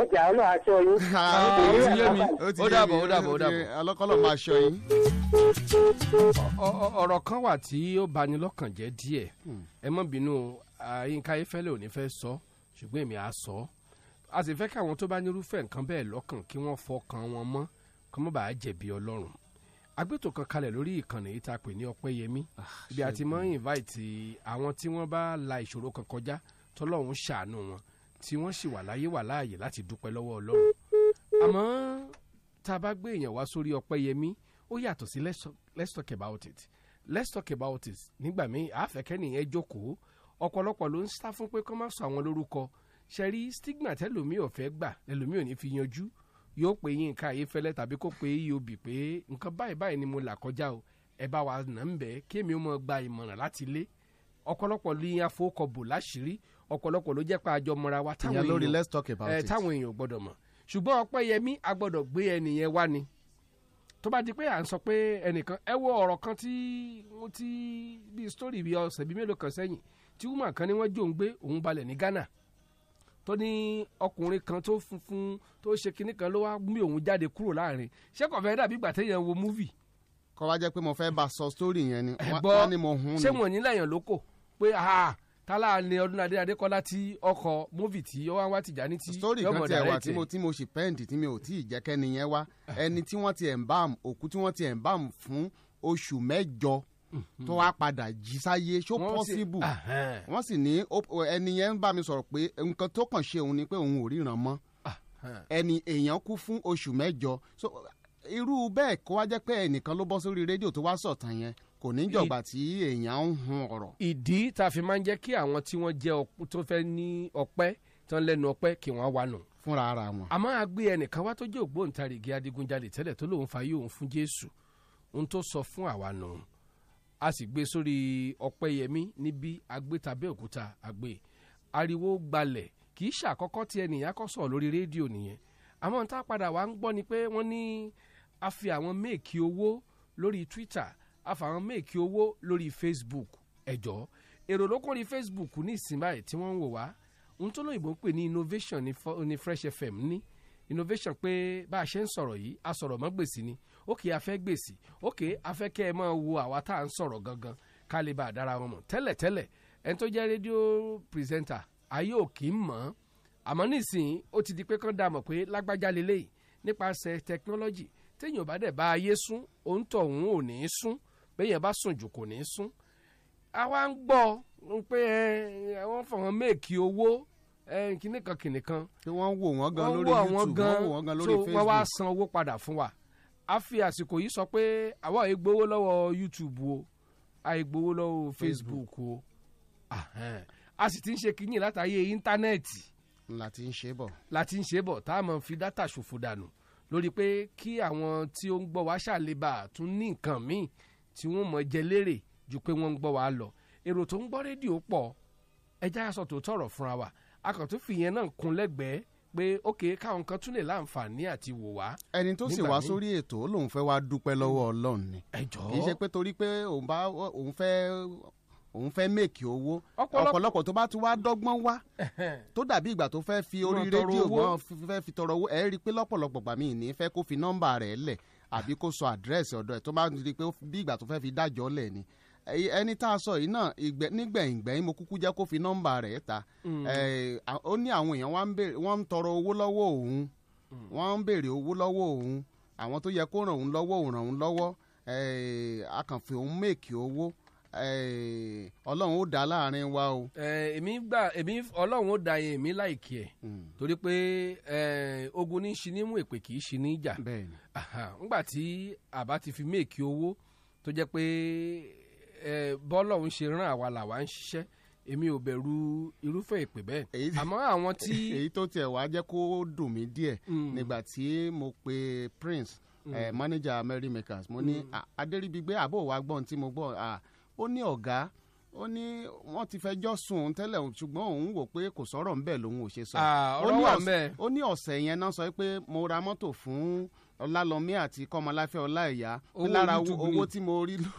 ọjà ọlọ́ aṣọ yín. Ah, ó ti yé mi ó dàbọ̀ ó dàbọ̀ ó dàbọ̀. ọlọ́kọ́lọ́ máa ṣọ yín. ọ̀rọ̀ kan wà tí ó bani lọ́kàn jẹ́ díẹ̀ hmm. ẹ mọ́ bínú Yínká Ayéfẹ́lẹ́ ò ní fẹ́ sọ ṣùgbọ́n èmi á sọ ọ́ a sì fẹ́ káwọn tó bá nírúfẹ́ nǹkan bẹ́ẹ̀ lọ́kàn kí wọ́n fọkàn wọn mọ́ kó má bàa jẹ̀bi ọlọ́run agbétò kan kalẹ̀ lórí ìkànnì yìí ta pè ní ọpẹ́yẹmí ibi àti mọ́ invite àwọn tí wọ́n bá la ìṣòro kan kọjá tọ́lọ́run ṣàánú wọn tí wọ́n sì wà láyé wà láàyè láti dúpẹ́ lọ́wọ́ ọlọ́run àmọ́ tá a bá gbé èèyàn wá sórí ọpẹ́yẹmí ó yàtọ̀ sí let's talk about it let's talk about it nígbà míì àfẹ́kẹ́ nìyẹn jókòó ọ̀pọ̀lọpọ̀ ló ń sá fún pé kó má sọ àwọn lórúkọ ṣẹ̀rí stigma tẹ́lòmí ò fẹ́ gbà lẹ́lòmí ò ní fi yanjú yóò pè Yínká Ayéfẹ́lẹ́ tàbí kó pè EOB pé nǹkan báyìí báyìí ni mo là kọjá o ẹ bá wa nà ń bẹ̀ kémi ó mọ gba ìmọ̀ràn láti lé ọ̀pọ̀lọpọ̀ ní afọkọ̀bò láṣìírí ọ̀pọ̀lọpọ̀ ló jẹ́ pé àjọ mọ́ra wa táwọn eh, èèyàn ò gbọ́dọ̀ mọ̀ ṣùgbọ́n Ọpẹ́yẹmí a gbọ́dọ̀ gbé ẹnìyẹn wá ni tó bá di pé à ń sọ pé ẹnìkan ẹ wo ọ̀rọ̀ kan tí wọ́n ti bí story bí ọ̀sẹ̀ bí mélòó kan sẹ́yìn tí wúmọ̀ kan ni wọ́n jò ń gbé òun balẹ̀ ní Ghana tó ní ọkùnrin kan tó funfun tó ṣe kinní kan ló wá mú òun jáde kúrò láàrin ṣé kò fẹ́ dàbí ìgbà téèyàn wo múvì. kọ́ wá jẹ́ pé mo fẹ́ bá sọ sórí yẹn ni wọ́n ní mo hun ni. ṣé wọn ní lẹ́yìn lóko pé tálá ni ọdún adé adékọ́lá tí ọkọ̀ múvì tí ó wá wá tìjà ní tí yọmọ dàrẹ́ tẹ̀. sórí kan tiẹ̀ wà tí mo tí mo sì pẹ́ǹtì tí mi ò tí ì jẹ́ kẹ́ni yẹn wá ẹni tí wọ́n ti ẹ̀ ń bá tó wá padà jí sáyé ṣó pọ́síbù wọ́n sì ní ẹni yẹn ń bá mi sọ̀rọ̀ pé nǹkan tó kàn ṣe òun ni pé òun ò ríran mọ́ ẹni èèyàn kú fún oṣù mẹ́jọ irú bẹ́ẹ̀ kó wá jẹ́ pé ẹnìkan ló bọ́ sórí rédíò tó wá sọ̀tàn yẹn kò ní jọ̀gbà tí èèyàn ń hun ọ̀rọ̀. ìdí tá a fi máa ń jẹ́ kí àwọn tí wọ́n jẹ́ tó fẹ́ ní ọpẹ́ tán lẹ́nu ọpẹ́ kí wọ́n wà nù. fúnra ara wọn. àmọ́ a gbé ẹnìkan wá tó jẹ́ ògbóǹtarìgì adigunjalè tẹ́lẹ̀ tó lóun fa yóò fún Jésù ohun tó sọ fún àwa nù. No a sì gbé sórí ọ̀pẹ́yẹmí níbi agbétabẹ́òkúta àgbè ariwo gbalẹ̀ kì í ṣàkọ́kọ́ tí ẹnìyàn kọ́ sọ̀ lórí rédíò nìyẹn àmọ́ tá a padà wá ń gbọ́ ni pé wọ́n ní a fi àwọn méèkì owó lórí Twitter a fi àwọn méèkì owó lórí Facebook ẹ̀jọ́ èrò ló kún ní Facebook ní ìsìn báyìí tí wọ́n ń wò wá ohun tó lóyìnbó ń pè ní innovation ni Fresh FM ní innovation pé bá a ṣe ń sọ̀rọ̀ yìí a sọ̀rọ̀ mọ́ ni ókè afẹ́ gbèsè ókè afẹ́ kẹ́ ẹ máa wo àwa tá à ń sọ̀rọ̀ gangan ká lè bá a dára wọn mọ̀ tẹ́lẹ̀tẹ́lẹ̀ ẹni tó jẹ́ rédíò pírẹsẹ́ńtà ayé ò kì í mọ̀ ọ́n àmọ́ nísìnyí ó ti di pé kán dà mọ̀ pé lágbájá lélẹ́yìí nípasẹ̀ tẹkinọ́lọ́jì téèyàn bá dẹ̀ bá ayé sún òun tọ̀ òun ò ní í sún béèyàn bá sùn jù kò ní í sún àwa ń gbọ́ pé wọ́n fọwọ́n méèkì owó kìnnìkan kìnnìkan. wọ́n wò wọ́n gan lórí YouTube wọ́n wò wọ́n gan lórí Facebook. wọ́n wá san owó padà fún wa a fi àsìkò yìí sọ pé àwa ò gbowó lọ́wọ́ YouTube o àìgbowó lọ́wọ́ Facebook o a sì ti ń ṣe kínní látàyè íńtánẹ́ẹ̀tì. la ti ń ṣe bọ̀. la ti ń ṣe bọ̀ tá a máa fi dátà ṣòfò dànù lórí pé kí àwọn tí ó ń gbọ́ wá ṣàlébà tún ní nǹkan míì tí wọ́n mọ̀ jẹ lérè ju pé wọ́n ń gbọ́ wá lọ èrò tó ń gbọ́ rédíò pọ̀ ẹja aṣọ tó tọrọ fúnra wa a fìyẹn náà kún lẹ́gbẹ̀ẹ́ pé ókè káwọn kan tún lè láǹfààní àti wò wá. ẹni tó sì wá sórí ètò lòun fẹ́ wá dúpẹ́ lọ́wọ́ ọlọ́run ni kì í ṣe pé torí pé òun bá òun fẹ́ òun fẹ́ mèkì owó ọ̀pọ̀lọpọ̀ tó bá tún wá dọ́gbọ́n wá tó dàbí ìgbà tó fẹ́ fi orí rédíò gan fẹ́ fi tọrọ owó ẹ̀ rí i pé lọ́pọ̀lọpọ̀ gbà mí ní fẹ́ kó fi nọ́mbà rẹ̀ lẹ̀ àbí kó sọ àdírẹ́sì ọ̀dọ̀ ẹ̀ tó bá rí i pé bí ìgbà tó fẹ́ fi dájọ́ lẹ̀ ni ẹni tá sọ yìí náà nígbẹ̀yìngbẹ̀yìn mo kúkú jẹ́ kó fi nọ́mbà rẹ̀ ta mm. ó ní àwọn èèyàn wọ́n ń tọrọ owó lọ́wọ́ òun mm. wọ́n ń béèrè owó lọ́wọ́ òun àwọn tó yẹ kó ràn òun lọ́wọ́ òun ràn òun lọ́wọ́ òun owó ọlọ́run o. èmi gbà èmi ọlọ́run ó yẹn èmi láìkí ẹ̀ mm. torí pé ogun ní èpè kì í ní ìjà nígbà tí àbá ti fi owó tó bọ́lọ́hún ṣe rán àwa làwa ń ṣiṣẹ́ èmi ò bẹ̀rù irúfẹ́ ìpè bẹ́ẹ̀ àmọ́ àwọn tí. èyí tó tiẹ̀ wá jẹ́ kó dùn mí díẹ̀ hmm. nígbà tí mo pe Prince mm. eh, manager Merrymakers mo ní hmm. adéríbigbé àbò wa gbọ́n tí mo gbọ́ ó ní ọ̀gá ó ní wọ́n ti fẹjọ́ sùn tẹ́lẹ̀ ṣùgbọ́n òun wò pé kò sọ̀rọ̀ ńbẹ̀ lòun ò ṣe sọ. ọ̀rọ̀ wà mẹ́. ó ní ọ̀sẹ̀ yẹn náà sọ pé mo ra mọ́tò fún ọlálọ́mí àti kọ́mọláfẹ́ ọláìyá lára owó tí mo rí lọ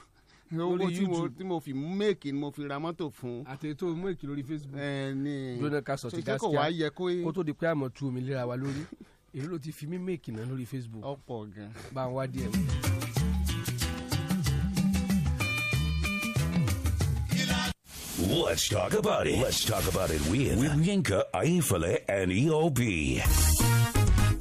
lórí youtube tí mo fi méèkì mo fi ra mọ́tò fún. àtẹ̀tò méèkì lórí facebook. ẹ ní jóná ká ti dáṣíà kò kó. tó di pé àmọ̀ tu omi léra wa lórí èyí ló ti fi mí méèkì náà lórí facebook. ọ̀pọ̀ gan. bá a wá díẹ̀. Let's talk about it. Let's talk about it with, with Yinka, Aifale, and EOB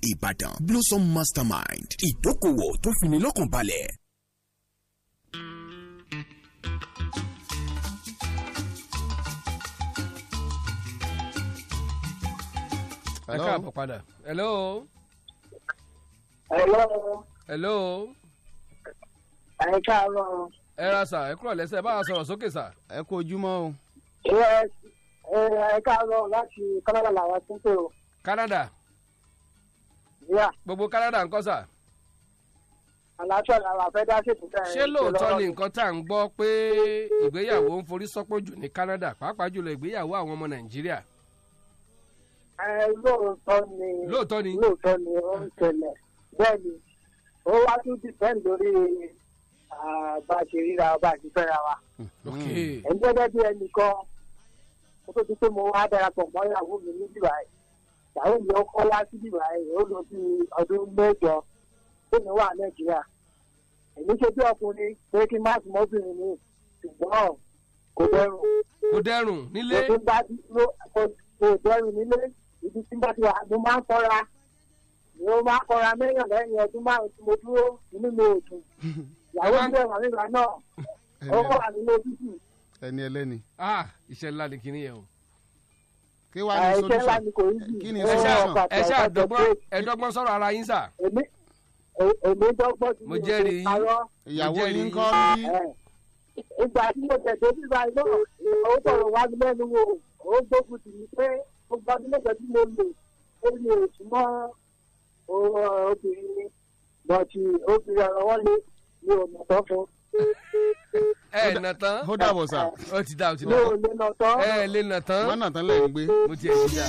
village Ìbàdàn Blossom Mastermind ìdókòwò tó fini lọ́kàn balẹ̀. ẹ káàbọ̀ padà. hello. hello. hello. ẹ káàbọ̀. ẹ ra sà ẹ kúrò lẹ́sẹ̀ bá a sọ̀rọ̀ sókè sà. ẹ kú ojúmọ́ o. ẹ káàbọ̀ láti Canada làwọn tó ń pè o. Canada gbogbo Canada ń kọ́ sà. àlàáfíà làwọn afẹ́ dá ṣètò tá ẹ̀ ń ṣe lóòótọ́ ni nǹkan tá à ń gbọ́ pé ìgbéyàwó ń forí sọ́pọ̀ jù ní Canada pàápàá jùlọ ìgbéyàwó àwọn ọmọ Nàìjíríà. ẹ lóòótọ́ ni lóòótọ́ ni lóòótọ́ ni ó ń ṣẹlẹ̀ bẹ́ẹ̀ ni ó wá tún dìpẹ́ǹd lórí bá a ṣe ríra bá a ṣe fẹ́ra wa. Hmm, ẹ̀yin gẹ́gẹ́ bí ẹnìkan mo tó ti pé mo wá darapọ̀ mọ́ ìyàwó mi ní Dubai yàrá yìí ọkọ wá síbí báyìí ó lọ sí ọdún mẹ́jọ tó ní wà nàìjíríà èmi ṣe bí ọkùnrin pé kí má sì mọ́bìnrin mi ṣùgbọ́n kò dẹrùn. kò dẹrùn nílé. kò dẹrùn nílé ibi tí bá ti wà mo máa ń kọ́ra mo máa ń kọ́ra mẹ́yàn lẹ́yìn ọdún márùn-ún tí mo dúró inú mi ò dùn ìyàwó ń bẹ̀rù àmì ìgbà náà ó wà nínú ojútùú. ẹni ẹlẹ́ni. ah iṣẹ́ ńlá ni kinní yẹn o kí wàá ní solution kí ni solution. ẹ ṣe àdọ́gbọ́n ẹ̀dọ́gbọ́n sọ̀rọ̀ ara yín sà. èmi dọ́gbọ́n ti mo jẹ́rìí ìyàwó yín kọ́ bí. ìgbà tí mo tẹ̀sẹ̀ nígbà náà ó sọ̀rọ̀ wá lẹ́nu wo ó gbógun tì mí pé ó gbọ́dún lẹ́sẹ̀ tí mo lò ó mi ò súnmọ́ obìnrin bọ̀tì obìnrin ọ̀rọ̀ wọlé mi ò mọ̀ fún ẹ nà tán. ó dàbọ̀ sà. ó ti dà ó ti dà. ẹ lè nà tán. wọn nà tán lẹ́yìn gbé. mo ti ẹ̀ ti dà.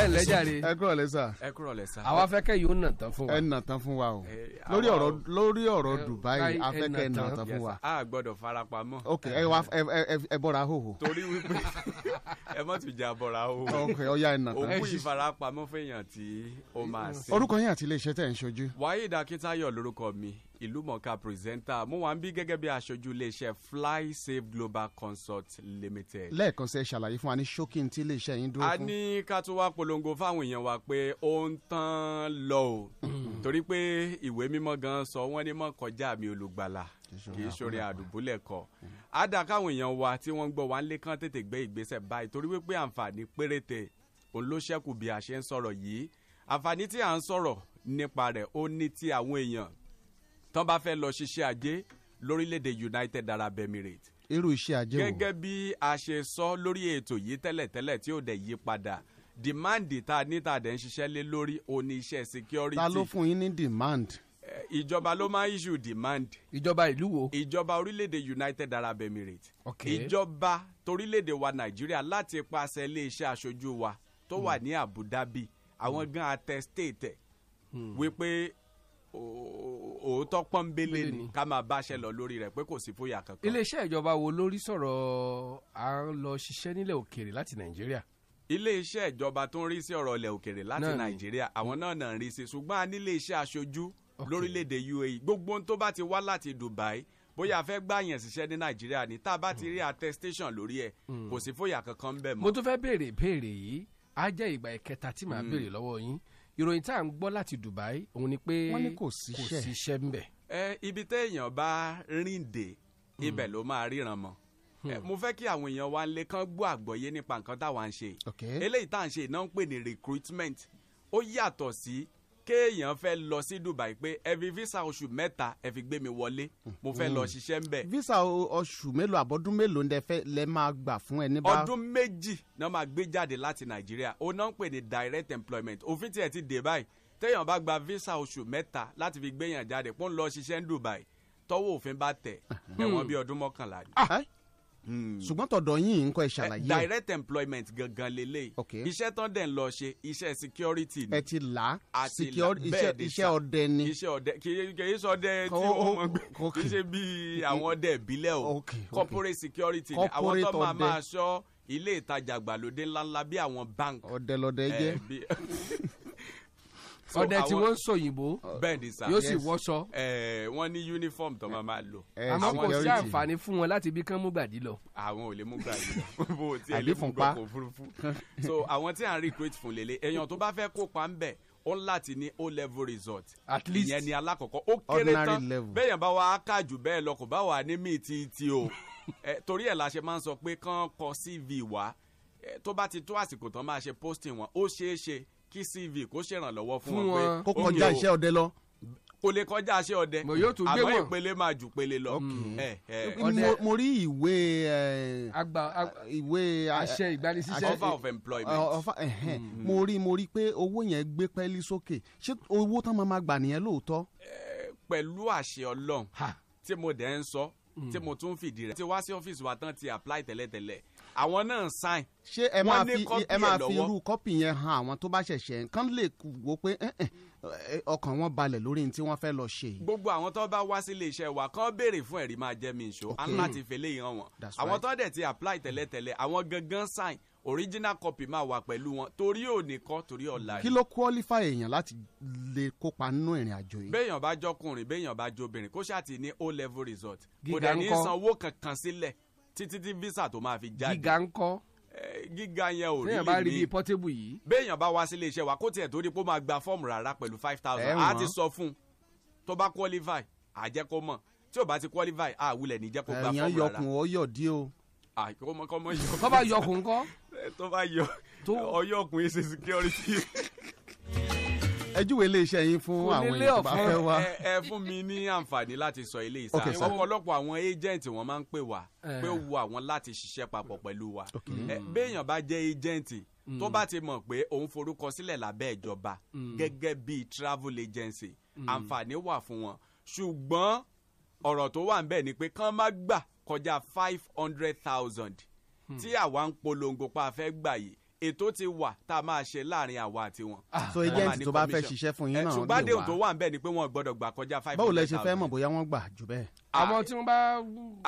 ẹ lẹ́jàre. ẹ kúrọ̀ lẹ́ sà. ẹ kúrọ̀ lẹ́ sà. àwa fẹ́kẹ́ yóò nà tán fún wa. ẹ nà tán fún wa o. lórí ọ̀rọ̀ lórí ọ̀rọ̀ Dubai afẹ́kẹ́ nà tán fún wa. a gbọ́dọ̀ farapamọ́. ok ẹ wa ẹ bọ́ra hóhó. torí wípé ẹ mọ̀ tún jà bọ́ra hóhó. ok ọya ẹ nà tán. òkú ìfarapamọ́ fẹ́yàn tí ó máa ṣe. orúkọ yín àti ilé iṣẹ́ tẹ̀ ń ṣojú. Waheed Akintayo lorúkọ mi ìlú mọ̀ọ́ká pírẹsẹ́ńtà mo wà ń bí gẹ́gẹ́ bí aṣojú iléeṣẹ́ flysafe global consult limited. lẹ́ẹ̀kan sí ẹ ṣàlàyé fún wa ní ṣókí tí iléeṣẹ́ yín dúró fún. a ní ká tún wá polongo fáwọn èèyàn wa pé ó ń tán lọ o hmm. torí pé ìwé mímọ́ gan sọ wọ́n ní mọ́ kọjá mi olùgbàlà kì í ṣorin hmm. àdùbúlẹ̀ kọ. á dà káwọn èèyàn wa tí wọ́n ń gbọ́ wa ń lé kán tètè gbé ìgbésẹ̀ báyìí torí wípé àǹfààní péréte òun ló ṣẹ́kù bí a ṣe ń sọ̀rọ̀ yìí àǹfààní tí à ń sọ̀rọ̀ nípa rẹ̀ ó ní ti àwọn èèyàn tán bá fẹ́ lọ ṣiṣẹ́ ajé lórílẹ̀‐èdè United Arab Emirates. irú iṣẹ́ ajé wo. gẹ́gẹ́ bí a ṣe sọ lórí ètò yìí tẹ́lẹ̀tẹ́lẹ̀ tí ò dẹ̀ yí padà dìmáàndì tá a ní tá a dẹ̀ ń ṣiṣẹ́ lé lórí òní iṣẹ́ security. ta ló fún yín ní dìmáàndì. Eh, ìjọba ló máa ń issue demand. ìjọba ìlú wo. ìjọba orílẹ̀-èdè United Arab Emirates. ok ìjọba torílẹ̀-èdè wa Nàìjíríà láti paṣẹ iléeṣẹ́ aṣojú wa tó wà hmm. ní Abu Dhabi àwọn hmm. gan attestate hmm. wípé òótọ́ pọ́nbélé ni ká máa báṣẹ lọ lórí rẹ̀ pé kò sí fòyà kankan. iléeṣẹ́ ìjọba wo lórí sọ̀rọ̀ à ń lọ ṣiṣẹ́ nílẹ̀ òkèèrè láti nàìjíríà. iléeṣẹ́ ìjọba tó ń rí sí ọ̀rọ̀ ilẹ̀ òkèèrè láti nàìjíríà àwọn náà náà ń rí sí ṣùgbọ́n a ní iléeṣẹ́ aṣojú lórílẹ̀‐èdè UAE gbogbo tó bá ti wá láti Dubai bóyá a fẹ́ gbàyàn ṣiṣẹ́ ní nàìjíríà ni tá a bá ti hmm. rí attestation lórí ẹ̀ hmm. kò sí fòyà kankan ń bẹ̀ mọ́. mo tún fẹ́ béèrè ìbéèrè yìí á jẹ́ ìgbà ìkẹta tí màá hmm. béèrè lọ́wọ́ yín ìròyìn tá à ń gbọ́ láti Dubai òun ni pé wọ́n ní kò síṣẹ́ ń bẹ̀. ẹ ibi téèyàn bá rìn dé hmm. ibẹ̀ ló máa ríran mọ́ hmm. mo fẹ́ kí àwọn èèyàn wa lè kàn gbọ́ àgbọ́yé nípa nǹkan táwa ń ṣe eléyìí tá à ń ṣe iná ń pè ní recruitment ó yàtọ̀ sí kéèyàn fẹ́ lọ sí Dubai pé ẹ fi visa oṣù mẹ́ta ẹ fi gbé mi wọlé mo fẹ́ lọ hmm. ṣiṣẹ́ ń bẹ̀. visa oṣù mélòó àbọ̀dún mélòó ni lẹ máa gbà fún ẹ níbà. ọdún méjì náà máa gbé jáde láti Nàìjíríà ó náà ń pè ní direct employment òfin tiẹ̀ ti dé báyìí téèyàn bá gba visa oṣù mẹ́ta láti fi gbéyàn jáde pọ́n lọ ṣiṣẹ́ ń Dubai tọ́wọ́ òfin bá tẹ̀ hmm. ẹ̀wọ̀n bíi ọdún mọ́kànlá ni. Ah! Hmm. ṣùgbọ́n tọ̀dọ̀ yín nǹkan ẹ̀ ṣàlàyé. Eh, direct employment gangan lélẹ̀ iṣẹ́ tán dẹ̀ ń lọ ṣe iṣẹ́ security ni. ẹ ti là á iṣẹ́ ọdẹ ni. iṣẹ́ ọdẹ kì í sọ ọdẹ tí ó mọ̀ gbé kì ṣe bí àwọn ọdẹ ìbílẹ̀ o corporate security ni àwọn tó máa máa ṣọ́ ilé ìtajà àgbàlódé ńláńlá bí àwọn bank. ọdẹ lọdẹ eh, jẹ. so ọdẹ tí wọ́n ń sòyìnbó oh, bẹ́ẹ̀ni sá yóò sì wọṣọ. wọ́n ní uniform tó máa máa lò. Eh, àmọ́ kò sí àǹfààní fún wọn láti bí kán mú gbàdí lọ. àwọn ò lè mú gbàdí lọ bó ti ẹ̀ lè mú gbọ́kọ̀ òfurufú. so àwọn tí à ń recruit fún lélẹ̀ èèyàn tó bá fẹ́ kópa ń bẹ̀ ó ń láti ní o level result. at least ìyẹn ni alákọ̀ọ́kọ́ ó kéré tán bẹ́ẹ̀ yẹn bá wa kájú bẹ́ẹ̀ lọ kò bá wa ní mí ti ti o torí ẹ̀ la ṣe máa ń sọ pé kán kọ CV wá tó bá ti tó àsìkò tán máa ṣe posting wọn ó ṣeé ṣe kí cv kó ṣèrànlọ́wọ́ fún wọn pé kó kọjá iṣẹ́ ọdẹ lọ kò lè kọjá aṣẹ ọdẹ àmọ́ ìpele máa jù pele lọ. Eh, mo rí ìwé eh, ìwé eh, àṣẹ ìgbanisíṣẹ́ offer of employment. Mm. mo rí mo rí pé owó yẹn gbé pẹ́ẹ́lí sókè ṣé owó tán máa ma gbà nìyẹn lóòótọ́. pẹ̀lú àṣẹ ọlọ́run tí mo dẹ̀ ń sọ tí mm. mo tún fìdí rẹ̀ ti wá sí ọ́fíìsì wa tán ti apply tẹ́lẹ̀tẹ́lẹ̀ àwọn náà sign. ṣé ẹ máa fi ẹ máa fi irú kọ́pì yẹn han àwọn tó bá ṣẹ̀ṣẹ̀ nǹkan lè wò pé eh, eh, eh, ọkàn wọn balẹ̀ lórí ní tí wọ́n fẹ́ lọ ṣe. gbogbo àwọn tó bá wá sílé iṣẹ́ wa kàn béèrè fún ẹ̀rí máa jẹ́ mi ìṣó a láti fèlè ìhàn wọn àwọn tó dẹ̀ ti apply tẹ́lẹ̀tẹ́lẹ̀ àwọn gangan sign original copy máa wà pẹ̀lú wọn torí òní kọ́ torí ọ̀la. kí ló qualify èèyàn láti lè kópa nínú ìrìn àjò yìí. béèyàn bá jọkùnrin béèyàn bá jọbìnrin kó ṣáà ti ní o level result kò dẹ̀ ní sanwó kankan sílẹ̀ títí tí visa tó máa fi jáde. gíga ńkọ́ gíga yẹn ò rí mi. téèyàn bá rí bíi portable yìí. béèyàn bá wá sílé iṣẹ́ wa kó tiẹ̀ torí pé ó máa gba fọ́ọ̀mù rárá pẹ̀lú five thousand á ti sọ fún tó bá qualify àjẹ́ kó mọ̀ tí ò bá ti qualify àwùlẹ̀ níjẹ́ kó gba fọ́ọ̀mù rárá. èèyàn yọkùn ó yọ̀ dí o. kọ́ bá yọkùn kọ́. tó bá yọ ọyọ ọkùnrin ṣe security. ẹ júwe iléeṣẹ́ yín fún àwọn èèyàn tó bá fẹ́ wá. ẹ fún mi ní àǹfààní láti sọ eléyìí sáà ọ̀pọ̀lọpọ̀ àwọn agent wọn máa ń pè wá eh. pé ó wù àwọn láti ṣiṣẹ́ papọ̀ pẹ̀lú wa eh, béèyàn bá jẹ́ agent mm. tó bá ti mọ̀ pé òun forúkọ sílẹ̀ lábẹ́ ìjọba mm. gẹ́gẹ́ bíi travel agency mm. àǹfààní wà fún wọn ṣùgbọ́n ọ̀rọ̀ tó wà ń bẹ̀ ni pé kán má gbà kọjá five hundred thousand Hmm. tí àwa ń polongo pa fẹ́ gbà yìí ètò ti wà tá a máa ṣe láàrin àwa àti wọn. Ah, so agent tó bá fẹ́ ṣiṣẹ́ fún yín náà lè wá ṣùgbọ́n àdéhùn tó wà ń bẹ̀ ni pé wọ́n gbọ́dọ̀ gbà kọjá five hundred thousand. báwo lẹ ṣe fẹ́ mọ̀ bóyá wọ́n gbà jù bẹ́ẹ̀. àwọn tí wọ́n bá.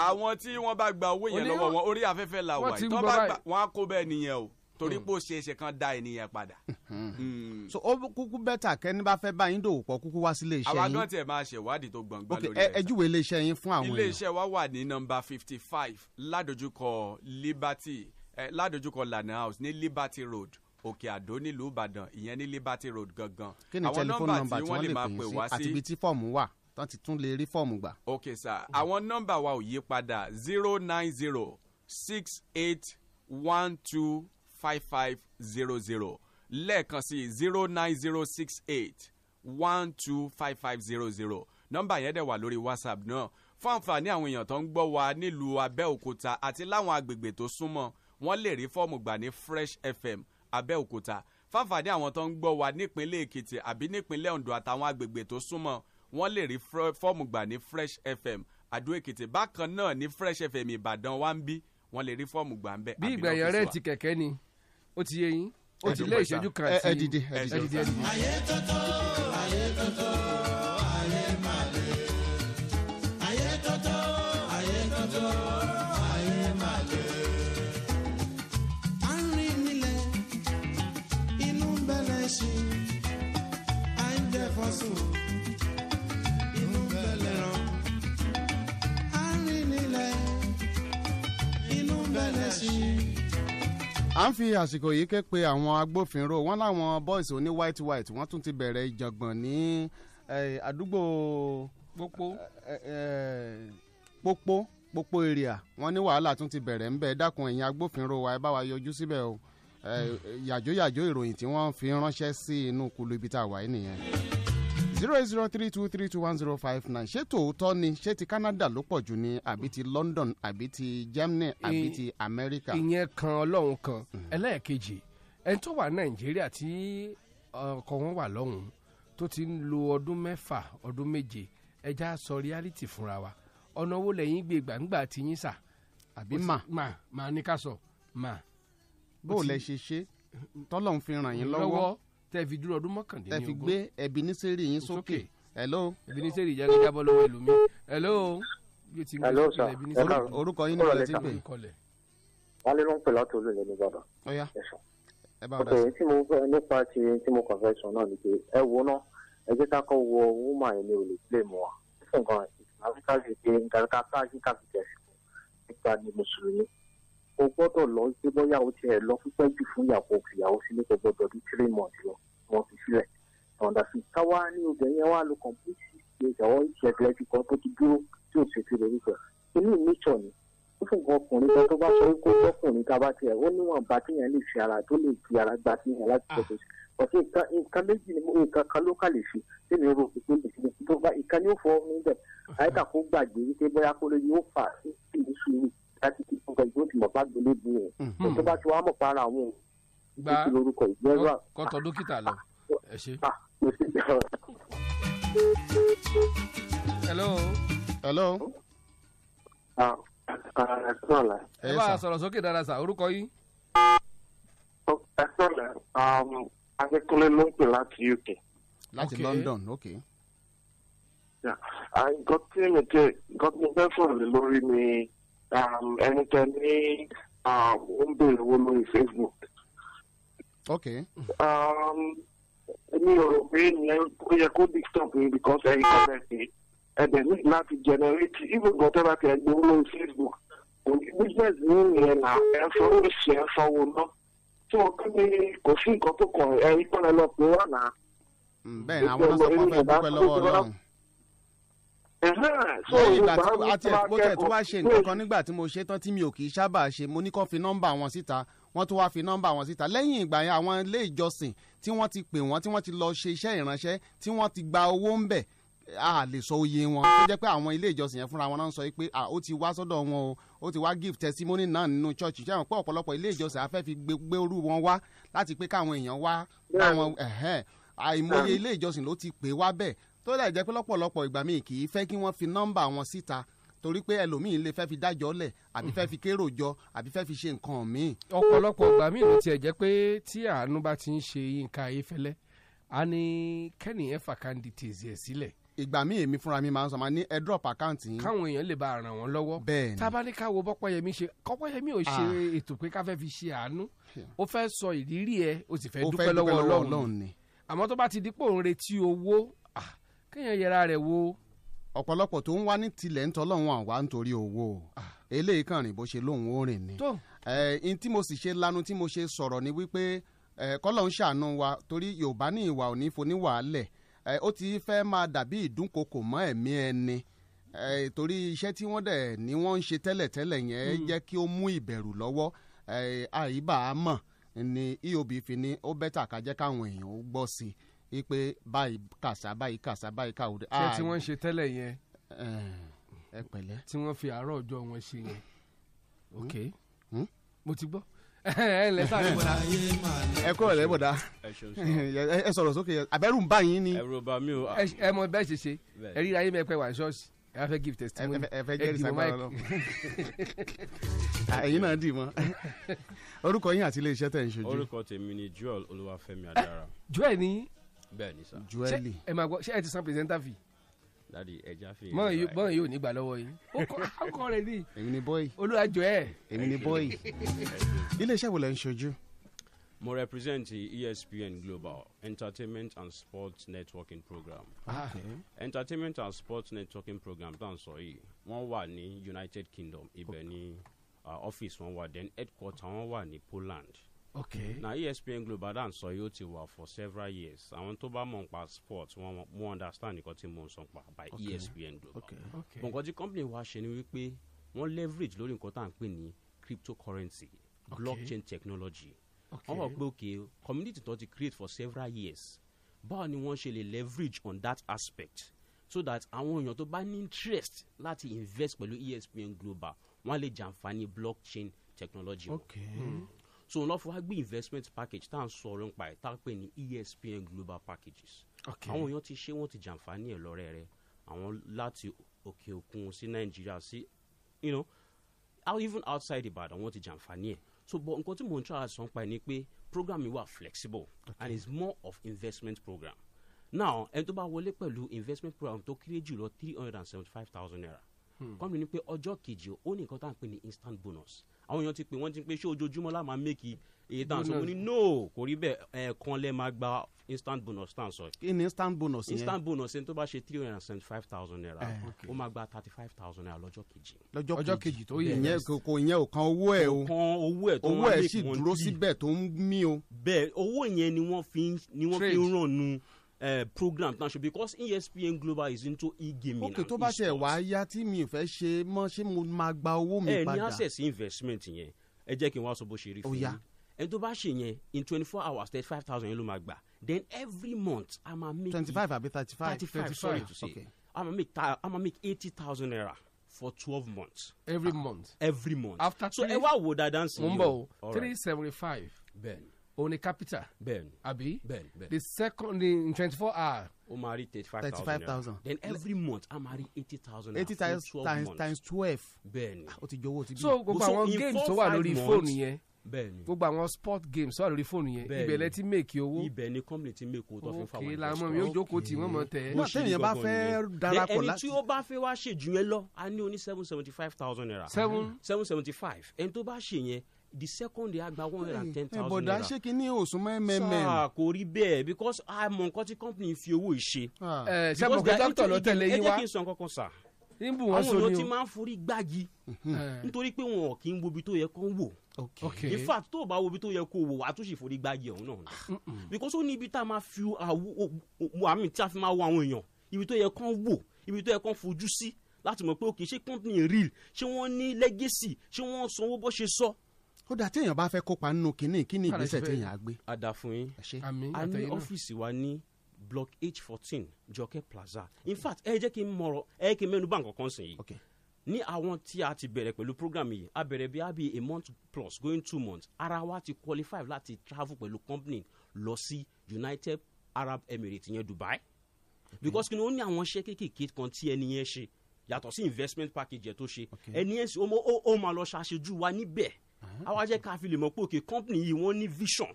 àwọn tí wọ́n bá gba owó yẹn lọ́wọ́ wọn orí afẹ́fẹ́ la wà yìí bá gbà wọ́n á kó bẹ́ẹ̀ nìyẹn o torí hmm. pé ó ṣe é ṣe kan da ènìyàn padà. Hmm. Hmm. so ó kúkú bẹ́tà kẹ́ni bá fẹ́ báyìí dòwò pọ̀ kúkú wá sí ilé yín. àwa gan tiẹ̀ máa ṣèwádìí tó gbọ̀ngbọ̀n lórí ẹ̀ka. ok ẹ júwe yín fún àwọn èèyàn. ilé wa wà ní nọ́mbà fifty five ládojúkọ liberty ládojúkọ lana house ní liberty road òkè àdó nílùú ìbàdàn ìyẹn ní liberty road gangan. kí ni tẹlifóònù nọ́mbà tí wọ́n lè pè yín sí àti tí fọ́ọ̀mù wà tán ti tún lè rí fọ́ọ̀mù gbà. ok sir àwọn nọ́mbà wa ò yí padà zero nine zero six eight one two five five zero zero lẹ́ẹ̀kan sí zero nine zero six eight one two five five zero zero nọ́mbà yẹn dẹ̀ wà lórí whatsapp náà fún àǹfààní àwọn èèyàn tó ń gbọ́ wa nílùú abẹ́òkúta àti láwọn agbègbè tó súnmọ́ wọ́n lè rí fọ́ọ̀mù gbà ní fresh fm abẹ́òkúta fáfàdé àwọn tó ń gbọ́ wa nípínlẹ̀ èkìtì àbí nípínlẹ̀ ondo àtàwọn agbègbè tó súnmọ́ wọ́n lè rí fọ́ọ̀mù gbà ní fresh fm àdó èkìtì bákan náà ní fresh fm ìbàdàn wa ń bí wọ́n lè rí fọ́ọ̀mù gbà ń bẹ́ àbí lọ́fíìsì wa. bí ìgbà yẹn rẹ̀ ti kẹ̀kẹ́ ni ó ti yé yín ó ti lé ìṣẹ́jú kan sí ẹ dìde ẹ dìde ẹ dìde. ayé tótó ayé à ń fi àsìkò yìí ké pe àwọn agbófinró wọn láwọn boys oní white white wọn tún ti bẹ̀rẹ̀ ìjàngbọ̀n ní àdúgbò pópó pópó pópó area wọn ní wàhálà tún ti bẹ̀rẹ̀ ńbẹ dákun ẹ̀yin agbófinró wa ẹ bá wa yọjú síbẹ̀ o yàjóyàjó ìròyìn tí wọ́n fi ránṣẹ́ sí inú kulu ibi tá a wà yìí nìyẹn zero zero three two three two one zero five nine ṣé tòótọ́ ni ṣé ti Canada ló pọ̀ jù ni àbí ti London àbí ti Germany àbí ti America. ìyẹn kan ọlọ́run kan mhm. ẹlẹ́ẹ̀kejì ẹni tó wà Nàìjíríà tí ọkọ wọn wà lọ́hùn-ún tó ti ń lo ọdún mẹ́fà ọdún méje ẹja sọ reality fúnra wa ọ̀nà wo lẹ́yìn gbé gbàǹgbà tí yín sà. àbí mà mà mà ní ká sọ mà. bó o lẹ ṣe ṣe tọ́lọ́hún fi ràn yín lọ́wọ́ tẹ́ fi dúró ọdún mọ́kàndínlógún. tẹ́ fi gbé Ebeneseri yín sókè. hello. Ebeneseri ìjàgbé jábọ́ lọ́wọ́ ẹlòmí. hello. hello sir ẹ kàrọ orúkọ yín nígbà tí pè. wálé ló ń pè látò olóyè ní bàbá. ọ̀ya ẹ bá wà sí. ọ̀tọ̀ nípa ti tí mo kàn sọ náà ni pé ẹ wo náà ẹ jẹ́ ká kọ́ wọ wúmà yẹn ní olè plé mu wa fún nǹkan àti àfikà sí pé nǹkan ká o gbọ́dọ̀ lọ sí bóyá o tiẹ̀ lọ púpọ̀ jù fún ìyàwó ìyàwó sílé kò gbọ́dọ̀ bí three months lọ wọ́n fi sílẹ̀ ọ̀dà sí káwá ní obìnrin yẹn wá lo complete six days àwọn ìṣẹ̀lẹ̀ ti kan tó ti dúró tí ò sì fi lè fẹ̀ inú nature ni ó fún nǹkan ọkùnrin kan tó bá sọ wípé ọkùnrin ká bá tiẹ̀ ó níwọ̀n bá tíyẹn lè fi ara tó lè fi ara gba tíyẹn láti tẹ̀sọ̀ sí ọ̀sẹ̀ nǹkan méjì ni nǹkan kan ló kà lè fi tèmi rò pé kí n lè fi tó bá ìkan ni ó fọ níbẹ̀ àyíká kó gbàgbé wípé bóyá kó lè yóò fà sí ìlú sùúrù láti fi fún kẹjọ tí mo bá gbélé bí rẹ tó bá ti wá mọ̀ para àwọn òṣìṣẹ́ lórúkọ ìjẹ́rọ. kọ́tọ̀ dókítà lọ ah, ẹ ṣe. hello. hello. Ah, ah, ẹ bá a sọ̀rọ̀ sókè dára sa orúkọ yìí. Oh, ẹ sọ̀rọ̀ um, akínkúnlé ló ń pè láti UK. láti London ok. nǹkan tí mi fẹ́ sọ̀rọ̀ lórí ni ẹni tẹ ní ó ń béèrè owó lórí Facebook. ok. mi ò rò pé ìyẹn ó yẹ kó disturb me because ẹ̀yin kan ẹ̀ pé ẹ̀bẹ̀ ní láti generate even gan tẹ́ bá ti ẹ̀ gbowó lórí Facebook kò business ní ìyẹn là ẹ̀ fọwọ́ sí ẹ̀ fọwọ́ náà tí wọn kí ni kò sí nǹkan tó kàn ẹ̀ eh, ìpínlẹ̀ lọ pé wà náà. Hmm, bẹ́ẹ̀ ni àwọn sọ pé wọ́n dúpẹ́ lọ́wọ́ Ọlọ́run lẹ́yìn ìgbà tí àti mo tẹ̀ tó wá ṣe nǹkan kan nígbà tí mo ṣe tán tí mi ò kì í sábà ṣe mo ní kó fi nọ́mbà wọn síta wọ́n tún wá fi nọ́mbà wọn síta lẹ́yìn ìgbà yẹn àwọn ilé ìjọsìn tí wọ́n ti pè wọ́n tí wọ́n ti lọ ṣe iṣẹ́ ìránṣẹ́ tí wọ́n ti gba owó ń bẹ̀ a lè sọ oyè wọn tó jẹ́ pé àwọn ilé ìjọsìn yẹn fúnra wọn náà ń sọ pé ó ti wá sọ́dọ̀ wọn o ó ti wá give testimony náà nínú church ṣé àwọn pé ọ̀pọ̀lọpọ̀ ilé ìjọsìn afẹ́ fi gbé orú wọn wá láti pé káwọn èèyàn wá káwọn àìmọye ilé ìjọsìn ló ti pè wá bẹ́ẹ̀ tó dà jẹ́ pé lọ́pọ̀lọpọ̀ ìgbà míì kì í fẹ́ kí wọ́n fi nọ́mbà wọn síta torí pé ẹlòmíín lè fẹ́ fi dájọ́ lẹ̀ àbí fẹ́ fi kérò jọ àbí fẹ́ fi ṣe nǹkan míì. ọ̀pọ̀lọpọ̀ ìgbà míì ló tiẹ̀ jẹ́ pé tí àánú bá ti ń ṣe Yínká Ayéfẹ́lẹ́ a ní kẹ́nìyàn fàkàndì tèzí ẹ̀ sílẹ̀ ìgbà míì èmi fúnra mi máa ń sọ ma ní ẹ drop account yín. káwọn èèyàn lè bá ràn wọ́n lọ́wọ́. bẹ́ẹ̀ni tábà ní káwo kéèyàn yẹra rẹ̀ wo. ọ̀pọ̀lọpọ̀ tó ń wá ní tilẹ̀ ń tọ́lọ́run àwọn wá nítorí owó ah. eléyìí kàn rìn bó ṣe lóun ó rìn ni. tó ẹ n tí mo sì ṣe lanu tí mo ṣe sọ̀rọ̀ ni wípé ẹ kọ́lọ́run ṣàánú wa torí yorùbá ní ìwà òní foníwàálẹ̀ ẹ ó ti fẹ́ máa dàbí ìdúnkokò mọ́ ẹ̀mí ẹni ẹ torí iṣẹ́ tí wọ́n dẹ̀ ni wọ́n ń ṣe tẹ́lẹ̀tẹ́lẹ̀ yẹn hmm. jẹ́ kí ó mú ìbẹ̀rù lọ́wọ́ ẹ àyíbá àmọ̀ ni eob fi ni ó bẹ́tà kájẹ́ káwọn èèyàn ó gbọ́ sí i ipe báyìí kàṣà báyìí kàṣà báyìí kàwòdì. ṣé tí wọ́n ń ṣe tẹ́lẹ̀ yẹn ẹ pẹ̀lẹ́. tí wọ́n fi àárọ̀ ọjọ́ wọn ṣe yẹn hmm? ok hmm? mo ti gbọ́ ẹ lẹ sáré bọ̀dá. ẹ kúrò lẹ bọ̀dá ẹ sọ̀rọ̀ sókè abẹ́rù ń bá yín ni. ẹ̀rù bá mi o. ẹ mọ bẹ́ẹ̀ ṣe ṣe ẹ ríra yín mẹ́pẹ́ wà ṣọ́ọ̀ṣì ẹ fẹ́ give testimony ẹ fẹ́ jẹ́rìí sagbara lọ. ẹ̀yin náà dì mọ́ orúkọ yín àti iléeṣẹ́ tẹ̀ ń ṣojú. orúkọ tèmi ni Joel Olúwafẹ́mi Adára. Joel ni bẹ́ẹ̀ni sá. juẹli ẹ máa gbọ́ ṣé ẹ ti san pírẹsẹńtà fi. dadi ẹja fi. mọ yìí mọ yìí ò ní yìí. ó kọ akọ rẹ ni. èmi ni bọ́ọ̀yì. olùwàjọ ẹ. èmi ni bọ́ọ̀yì. iléeṣẹ́ wo lẹ ń ṣojú. mo represent ESPN Global entertainment and sports networking program. Ah, okay. entertainment and sports networking program tá à ń sọ yìí wọ́n wà ní United Kingdom ibẹ̀ ni ọ́fíìsì uh, wọn wà then headquarter wọn wà ní Poland okay. na espn global dan sọ yóò ti wà for several years àwọn tó bá mọ̀ nípa sport wọn mọ̀ understand nǹkan tí mo ń sọ pa by okay. espn global okay. okay. nǹkan tí company wa ṣe ni wípé wọ́n leverage lórí nǹkan tá à ń pè ní cryptocurrency okay. blockchain technology wọ́n mọ̀ pé okay community tó ti create for several years báwo ni wọ́n ṣe lè leverage on that aspect so that àwọn èèyàn tó bá ní interest láti invest pẹ̀lú espn global wọ́n á lè jàǹfààní blockchain technology. Okay. Mm so wọn náà fún wa gbé investment package tá à ń sọ̀rọ̀ nípa ẹ̀ tá a pè ní ESPN global packages àwọn èèyàn ti ṣe wọn ti jàǹfààní ẹ̀ lọ́rẹ́ rẹ àwọn láti òkè òkun sí Nàìjíríà sí you know out, even outside Ìbàdàn wọn ti jàǹfààní ẹ̀ so but nǹkan tí mò ń try àṣọ ń pa ẹ̀ ni pé program mi wà flexible okay. and it's more of investment program now ẹni tó bá wọlé pẹ̀lú investment program tó kéré jùlọ three hundred and seventy five thousand naira hmm. kọ́mi ni pé ọjọ́ kejì ó ní nǹkan tá à ń pè ní instant bonus àwọn èèyàn ti pè wọ́n ti pé ṣé ojoojúmọ́ la máa mẹ́kì èyí tá à ń sọ mo ní no kò rí bẹ́ẹ̀ ẹ̀ẹ̀kan lẹ́ẹ̀ máa gba instant bonus tá à ń sọ. kí ni instant bonus yẹn instant bonus yẹn tó bá ṣe three hundred and seventy five thousand naira eh, ó máa gba thirty five thousand naira lọ́jọ́ kejì. lọ́jọ́ kejì tó yẹ ìyẹn kò yẹn ò kan owó ẹ̀ o kan owó ẹ̀ tó wọ́n lè kún un bí owó ẹ̀ sì dúró síbẹ̀ tó ń mí o. bẹ́ẹ̀ owó yẹn ni wọ́n fi ń ràn nu Uh, program tan ṣe because ESPN Global is into e-gaming okay, and e-sports. ok tó bá ṣe wá yá tí mi ò fẹ́ ṣe mọ́ ṣé mo máa gba owó mi eh, padà. ẹ ní access investment yẹn ẹ jẹ́ kí n wá sọ bó ṣe rí fún yín ẹni tó bá ṣe yẹn in twenty four hours thirty five thousand yẹn ló máa gbà then every month a máa make twenty five àbí thirty five thirty five sorry to say okay. a máa make a máa make eighty thousand naira for twelve months. every uh, month every month after so ẹ wá wo dáadáa sí i. mo ń bọ̀ three seventy five. bẹ́ẹ̀ni òun ni capital. bẹ́ẹ̀ni Abi, bẹ́ẹ̀ni bẹ́ẹ̀ni the second the twenty four hour. o ma rí thirty five thousand thirty five thousand then every month a ma rí eighty thousand. eighty times times twelve. bẹ́ẹ̀ni o ah, ti jọ̀wọ́ o ti bí. so gbogbo àwọn games tó wà lórí fóònù yẹn bẹ́ẹ̀ni gbogbo àwọn sport games wà lórí fóònù yẹn ibẹ̀ lẹ ti mèkì owó ibẹ̀ ni company ti mèkì owó tó fi fa wọn. ok lamọ mi ò jókòó tí wọn mọ tẹ. wọn àti ènìyàn bá fẹ́ darapọ̀ láti. ẹni tí ó bá fẹ́ wá ṣèjú yẹn lọ a ní oní seven seventy five thousand naira. seven seven seventy five ẹni tó bá ṣe yẹn the second day agba one hundred and ten thousand naira. bọ̀dà ṣé kí ní òsùn mẹ́mẹ́mẹ́. sáà kò rí bẹ́ẹ̀ because a mọ nǹkan tí company fi owó ìṣe. ẹ ṣe mọ̀ ah. pé eh, dókítà ló tẹ̀lé yín wá. ẹ jẹ́ kí n sọ nǹkan kan sà. níbù wọn sọ ni o. àwọn èèyàn ti máa ń forí gbági mm-hmm. nítorí pé wọn ò kí ń wo tó yẹ kó ń wò okay in fact tó o bá wo ibi tó yẹ kó o wò wá tó sì forí gbági ọ̀hún náà because ó ní ibi tá a máa fi àwọn àmì tí a fi máa wo àwọn èèyàn ibi tó yẹ kán wò ibi tó yẹ kán ó dà téèyàn bá fẹ́ kópa nínú kínní kínní ìgbésẹ̀ téèyàn á gbé. àdàfún yín a ní ọ́fíìsì wa ní block h fourteen jọkẹ́ plaza in fact ẹ jẹ́ kí n mọ̀rọ̀ ẹ kí n mẹ́nu bá nǹkan kan sìn yìí ní àwọn tí a ti bẹ̀rẹ̀ pẹ̀lú program yìí a bẹ̀rẹ̀ bí a bí a month plus going two months ara wa ti qualify láti travel pẹ̀lú company lọ sí United Arab Emirates yẹn Dubai because kí ni ó ní àwọn iṣẹ́ kéékèèké kan tí ẹni yẹn ṣe yàtọ̀ sí investment package yẹn tó ṣe ẹni yẹn ó máa lọ ṣàṣejú wa níbẹ̀ àwa jẹ́ ká fi lè mọ̀ pé òkè company yìí wọ́n ní vision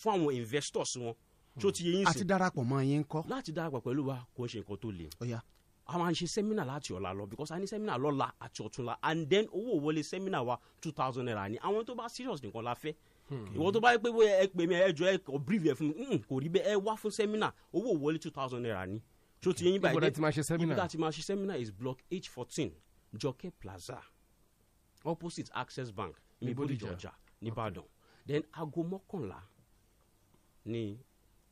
fún àwọn investors wọn tó ti yẹ yín sìn. àti darapọ̀ mọ́ yín kọ́. láti darapọ̀ pẹ̀lú wa kò ṣe nǹkan tó le. a máa ń ṣe sẹ́mínà láti ọ̀la lọ because a ní sẹ́mínà lọ́la àti ọ̀túnla and then owó wọlé sẹ́mínà wa two thousand naira ni àwọn tó bá serious nìkan la fẹ́ hmm. ìwọ tó bá yẹ pé bóyá ẹ pè mí ẹ jọ ẹ brief ẹ fún mi hmm, kò rí bẹ́ẹ̀ ẹ wá fún sẹ́mínà owó wọlé two thousand naira ni tó ti yẹ yín báyìí ibùdó ibùdó àti máa ṣe sẹ́mínà is block h fourteen jọkẹ́ plaza opposite access bank ní bódìjà ọjà nìbàdàn then aago mọ́kànlá ni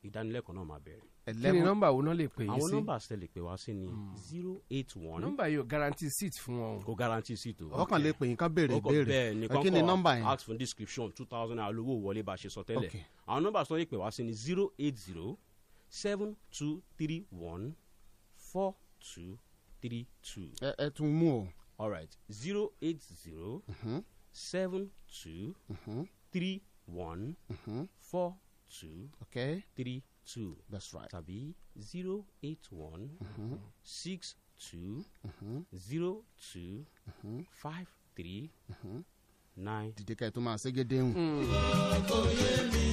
ìdánilẹ́kọ̀ọ́ náà máa bẹ̀rẹ̀. Kini ni nọ́mbà wo náà lè pè yín sí. àwọn nọ́mbà ṣe lè pè wá sí ni hmm. zero eight one. nọ́mbà yóò guarantee seat fún wọn. kò guarantee seat o. ọkàn lè pè yín ká béèrè ìbéèrè kí ni nọ́mbà yẹn. ask for description two thousand naira lówó wọlé bá a ṣe sọ tẹ́lẹ̀. àwọn nọ́mbà sọ lè pè wá sí ni zero eight zero seven two three one four two three two. ẹ ẹ tún mú o. all right zero eight zero. Mm-hmm. seven two mm-hmm. three one mm-hmm. four two okay three two. That's right. Tabi zero eight one mm-hmm. six two mm-hmm. zero two mm-hmm. five three mm-hmm. nine. Dìde ká ẹ tó ṣégede hùn. Kò yé mi,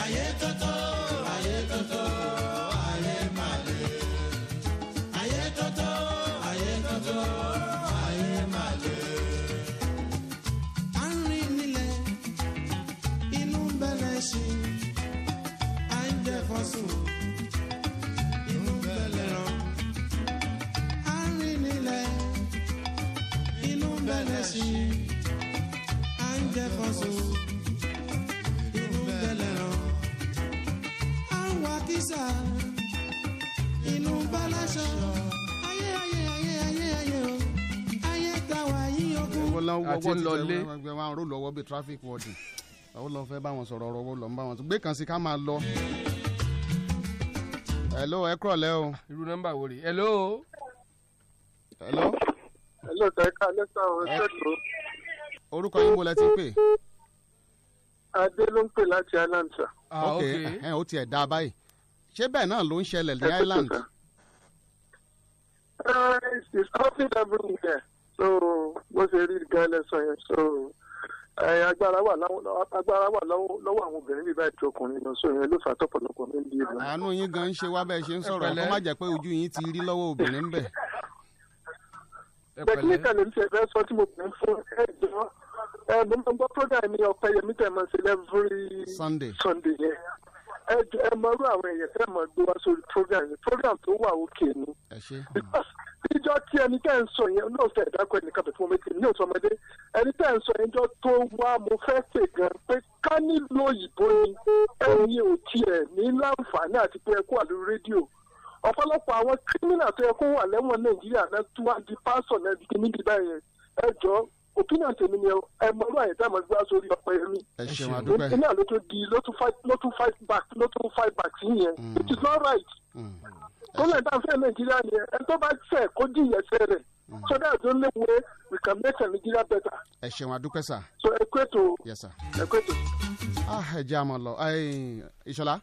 ayé ayé sà inú balaṣọ ayé ayé ayé ayé ayé o ayé ta wà yín ogún. ẹ̀wọ̀n lọ wọ́wọ́ lọlé ẹ̀wọ̀n àrò lọ́wọ́ bíi traffic warden àwọn lọ fẹ́ bá wọn sọ̀rọ̀ ọ̀rọ̀ wọ́n lọ ń bá wọn sọ gbé kan sí ká máa lọ. hello ẹ kúrọ̀ lẹ́ o. irú nọ́mbà wo rèé hello. hello. hello tẹ̀ka lẹ́sà ọ̀rọ̀ ṣètò. orúkọ yín wo lẹ ti pè. adé ló ń pè láti atlanta. Ah, ok ẹ ó tiẹ̀ dá a báyìí ṣé bẹ́ẹ̀ náà ló ń ṣẹlẹ̀ ní Ireland. Uh, it's happening everywhere so bó ṣe rí gẹ́lẹ́ sọ yẹn so agbára wà lọ́wọ́ àwọn obìnrin bíi báyìí tó ọkùnrin lọ sóyún ló fà tọ́pọ̀lọpọ̀ ní ìlú ìlú. àánú yín gan ń ṣe wá bẹ́ẹ̀ ṣe ń sọ̀rọ̀ ẹ̀ kó má jẹ́ pé ojú yín ti rí lọ́wọ́ obìnrin bẹ̀. tẹkiníkàlì ń tẹ̀lé sọ tí mo pè é fún ẹ̀jọ́ ẹ̀ mo máa ń gbọ́ program mi ọ̀pẹ yẹmi tẹ̀ mọ́ sí lẹ́fúrí Sunday yẹn ẹ mọ irú àwọn èèyàn tẹ́ mọ̀ gbé wá sórí program yìí program tó wà òkè ni. níjọ́ tí ẹni tẹ́ ń sọ yẹn ní òfin ẹ̀dákọ́ ẹnìkan tó fún mi kì ní òtún ọmọdé ẹni tẹ́ ń sọ yẹn jọ tó wá mo fẹ́ pè gan pé ká nílò òyìnbó ẹ̀yin ò tiẹ̀ ní láǹfààní àti pé ẹ kú àlú rédíò ọ̀pọ̀lọpọ̀ àwọn kírímìnà tó yẹ kó wà lẹ́wọ̀n nàìjíríà náà tún wá di pásọ̀ náà opinion tèmi ni ẹ mọ ọlọ́run ẹ̀dá máa gbá sórí ọpẹ mi. ẹ ṣeun adúpẹ́. iná ló tún di ló tún fight ló tún fight back ló tún fight back sí yẹn mm. which is not right. kólẹ̀ tá a fẹ́ nàìjíríà ni ẹ tó bá fẹ́ kó jí ìyẹsẹ̀ rẹ̀ mm. so that's the only way we can make nàìjíríà better. ẹ ṣeun adúpẹ́ sà. so ẹ kú ètò. yes sir. ẹ kú ètò. Ah, ẹ jẹ́ àmọ́ lọ ìṣọ̀lá.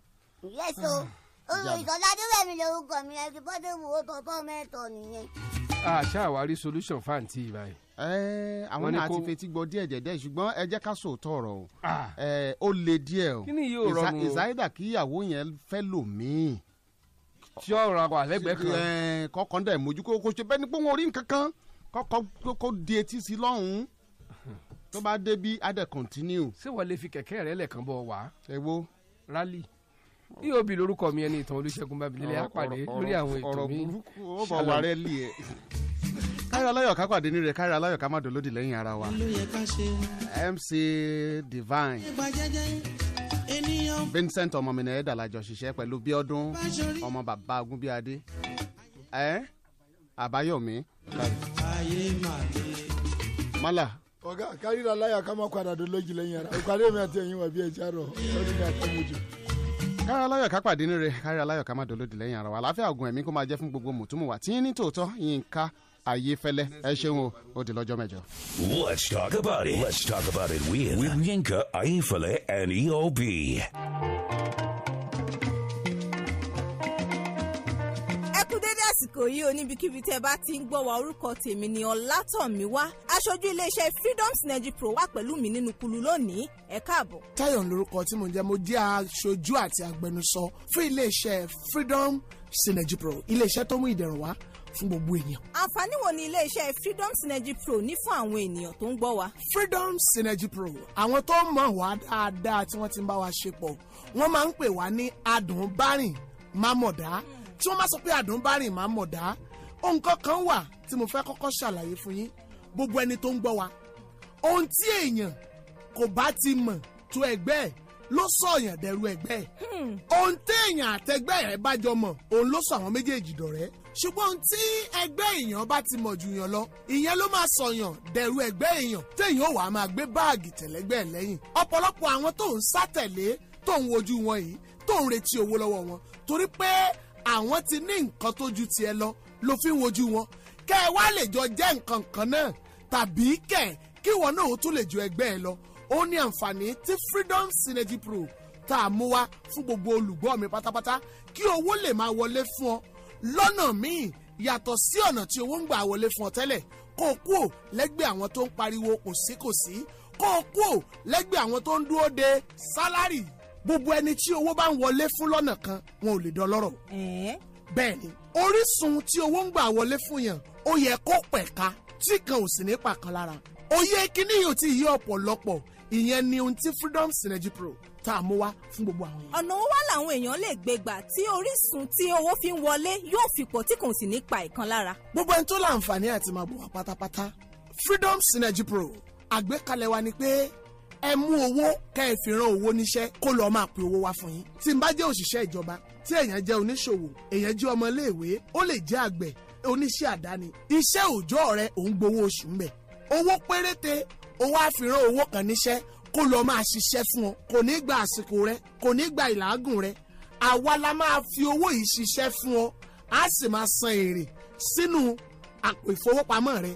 yes o. Olùsọ̀ládé rẹ̀ mi lorúkọ mi ẹ̀ ti bọ́dé wo bọ́bọ́ mẹ́tọ̀ nìyẹn. àṣà àwárí solution fáǹtì báyìí. ẹ àwọn náà ti fetí gbọ́ díẹ̀ díẹ̀ ṣùgbọ́n ẹ jẹ́ ká sòótọ́ ọ̀rọ̀ o eh, ó le díẹ̀ o ìsáyédà kíyàwó yẹn fẹ́ lò míì. tí ọ̀rọ̀ àwọn àlẹ́gbẹ̀ẹ́ kan. Eh, kọ́kọ́ dẹ̀ mójú kó kó ṣe bẹ́ẹ̀ ni pé wọn ò rí nǹkan kan kọ́kọ́ kó di etí sí lọ́hùn-ún tó bá dé bí adẹ̀ continue. ṣé wọ́n lè fi kẹ̀kẹ́ rẹ̀ lẹ̀ kan bọ̀ wá. ẹ wo rally eob lórúkọ mi ẹni ìtàn olùṣègùn bábílẹ̀ àpàdé lórí àwọn ètò mi. ọ̀rọ̀ káyọ̀ aláyọ̀ ká pàdé ní rẹ̀ káyọ̀ aláyọ̀ ká má dolódì lẹ́yìn ara wa. MC Divine Vincent ọmọmìnà ẹ̀dà làjọ ṣiṣẹ́ pẹ̀lú Bíọ́dún ọmọ bàbá Agúnbíadé ẹ̀ Àbáyọ̀mí. mọ́là ọ̀gá káyọ̀ aláyọ̀ ká má padà dolódì lẹ́yìn ara ìpàdé mi àti ẹ̀yin wà bí ẹja rọ̀ ọdún ní àtẹ̀mójú kárí aláyọ̀ ká pàdé nírè kárí aláyọ̀ ká má dolódì lẹ́yìn ara wa àlàáfíà ogun ẹ̀mí kó máa jẹ́ fún gbogbo mùtúmùwà tí ní tòótọ́ Yínká Ayéfẹ́lẹ́ ẹ ṣeun o ó di lọ́jọ́ mẹ́jọ. Let's talk about it. Let's talk about it with, with Yinka Ayéfẹ́lẹ́ and EOB. àsìkò yìí o níbikíbi tẹ́ bá ti ń gbọ́ wa orúkọ tèmi ni ọlátọ̀míwá aṣojú iléeṣẹ́ freedom synergy pro wà pẹ̀lú mi nínú kulu lónìí ẹ káàbọ̀. táyọ̀ ń lorúkọ tí mo jẹ́ mo jẹ́ aṣojú àti agbẹnusọ fún iléeṣẹ́ freedom synergy pro iléeṣẹ́ tó mú ìdẹ̀rùn wá fún gbogbo ènìyàn. àǹfààní wo ni iléeṣẹ́ freedom synergy pro ní fún àwọn ènìyàn tó ń gbọ́ wa. freedom synergy pro àwọn tó mọ̀ wá dáadáa tí wọ́n ti ń bá wa ṣe pọ̀ wọ́n máa ń pè wá ní adùn bárìn mámọ̀dá. Mm tí wọ́n bá sọ pé àdùn bá rìn máa mọ̀ dá ohun kankan wà tí mo fẹ́ kọ́kọ́ ṣàlàyé fún yín gbogbo ẹni tó ń gbọ́ wa ohun tí èèyàn kò bá ti mọ̀ tó ẹgbẹ́ ẹ̀ ló sọ èèyàn dẹrú ẹgbẹ́ ẹ̀ hmm. ohun tí èèyàn àtẹgbẹ́ ẹ̀ bá jọ mọ̀ òun ló sọ àwọn méjèèjì dọ̀rẹ́ ṣùgbọ́n ohun tí ẹgbẹ́ èèyàn bá ti mọ̀ jù yàn lọ ìyẹn ló máa sọ̀yàn dẹ̀rù ẹgbẹ́ èèyàn téèyàn ò wá máa gbé báàgì tẹ̀lẹ́gbẹ́ lẹ́yìn ọ̀pọ̀lọpọ̀ àwọn tó ń sátẹ̀lé tó ń wojú wọn yìí tó ń retí owó lọ́wọ́ wọn torí pé àwọn ti ní nǹkan tó ju tiẹ̀ lọ ló fi ń wojú wọn kẹ́ ẹ wá lè jọ jẹ́ nǹkan kan náà tàbí kẹ̀ kí wọn náà ó tún lè ju ẹgbẹ́ ẹ lọ ó ní àǹfààní tí Freedom Synergy Pro tá a mú wá fún gbogbo olùgbọ́ mi pátápátá kí owó lè máa wọlé fún ọ lọ́nà míì yàtọ̀ sí ọ̀nà tí owó ń gbà wọlé fún ọ tẹ́lẹ̀ kó o kúò lẹ́gbẹ̀ẹ́ àwọn tó ń pariwo kòsíkòsí kó o kúò lẹ́gbẹ̀ẹ́ àwọn tó ń dúró de sálárì gbogbo ẹni tí owó bá ń wọlé fún lọ́nà kan wọn ò lè dọlọ́rọ̀. bẹ́ẹ̀ ni orísun tí owó ń gbà wọlé fún yàn ó yẹ kó pẹ̀ka tí kan ò sì ní pàkan lára. òye kíní yóò ti yí ọ̀pọ̀lọpọ̀ ìyẹn ni ohun tí Freedom Synergy Pro tá a mú wá fún gbogbo àwọn èèyàn. ọ̀nà wa làwọn èèyàn lè gbé gbà tí orísun tí owó fi ń wọlé yóò fi pọ̀ tí kò sì ní pa ìkan lára. gbogbo ẹni tó láǹfààní àti máa bọ̀ wá pátápátá Freedom Synergy Pro àgbékalẹ̀ wa ni pé ẹ mú owó kẹ́ ẹ fi rán owó níṣẹ́ kó lọ́ọ́ máa pe owó wá fún yín tí n bá jẹ́ òṣìṣẹ́ ìjọba tí èèyàn jẹ́ oníṣòwò èèyàn jẹ́ ọmọléèwé ó lè jẹ́ àgbẹ̀ oníṣẹ́ àdáni iṣẹ́ òòjọ́ rẹ òun gbowó oṣù ń bẹ̀ owó péréte owó àfihàn owó kan níṣẹ́ kó lọ́ọ́ máa ṣiṣẹ́ fún ọ kò ní gba àsìkò rẹ kò ní gba ìlàágùn rẹ àwa la máa fi owó yìí ṣiṣẹ́ fún ọ a sì máa san èrè sínú àpò ìfowópamọ́ rẹ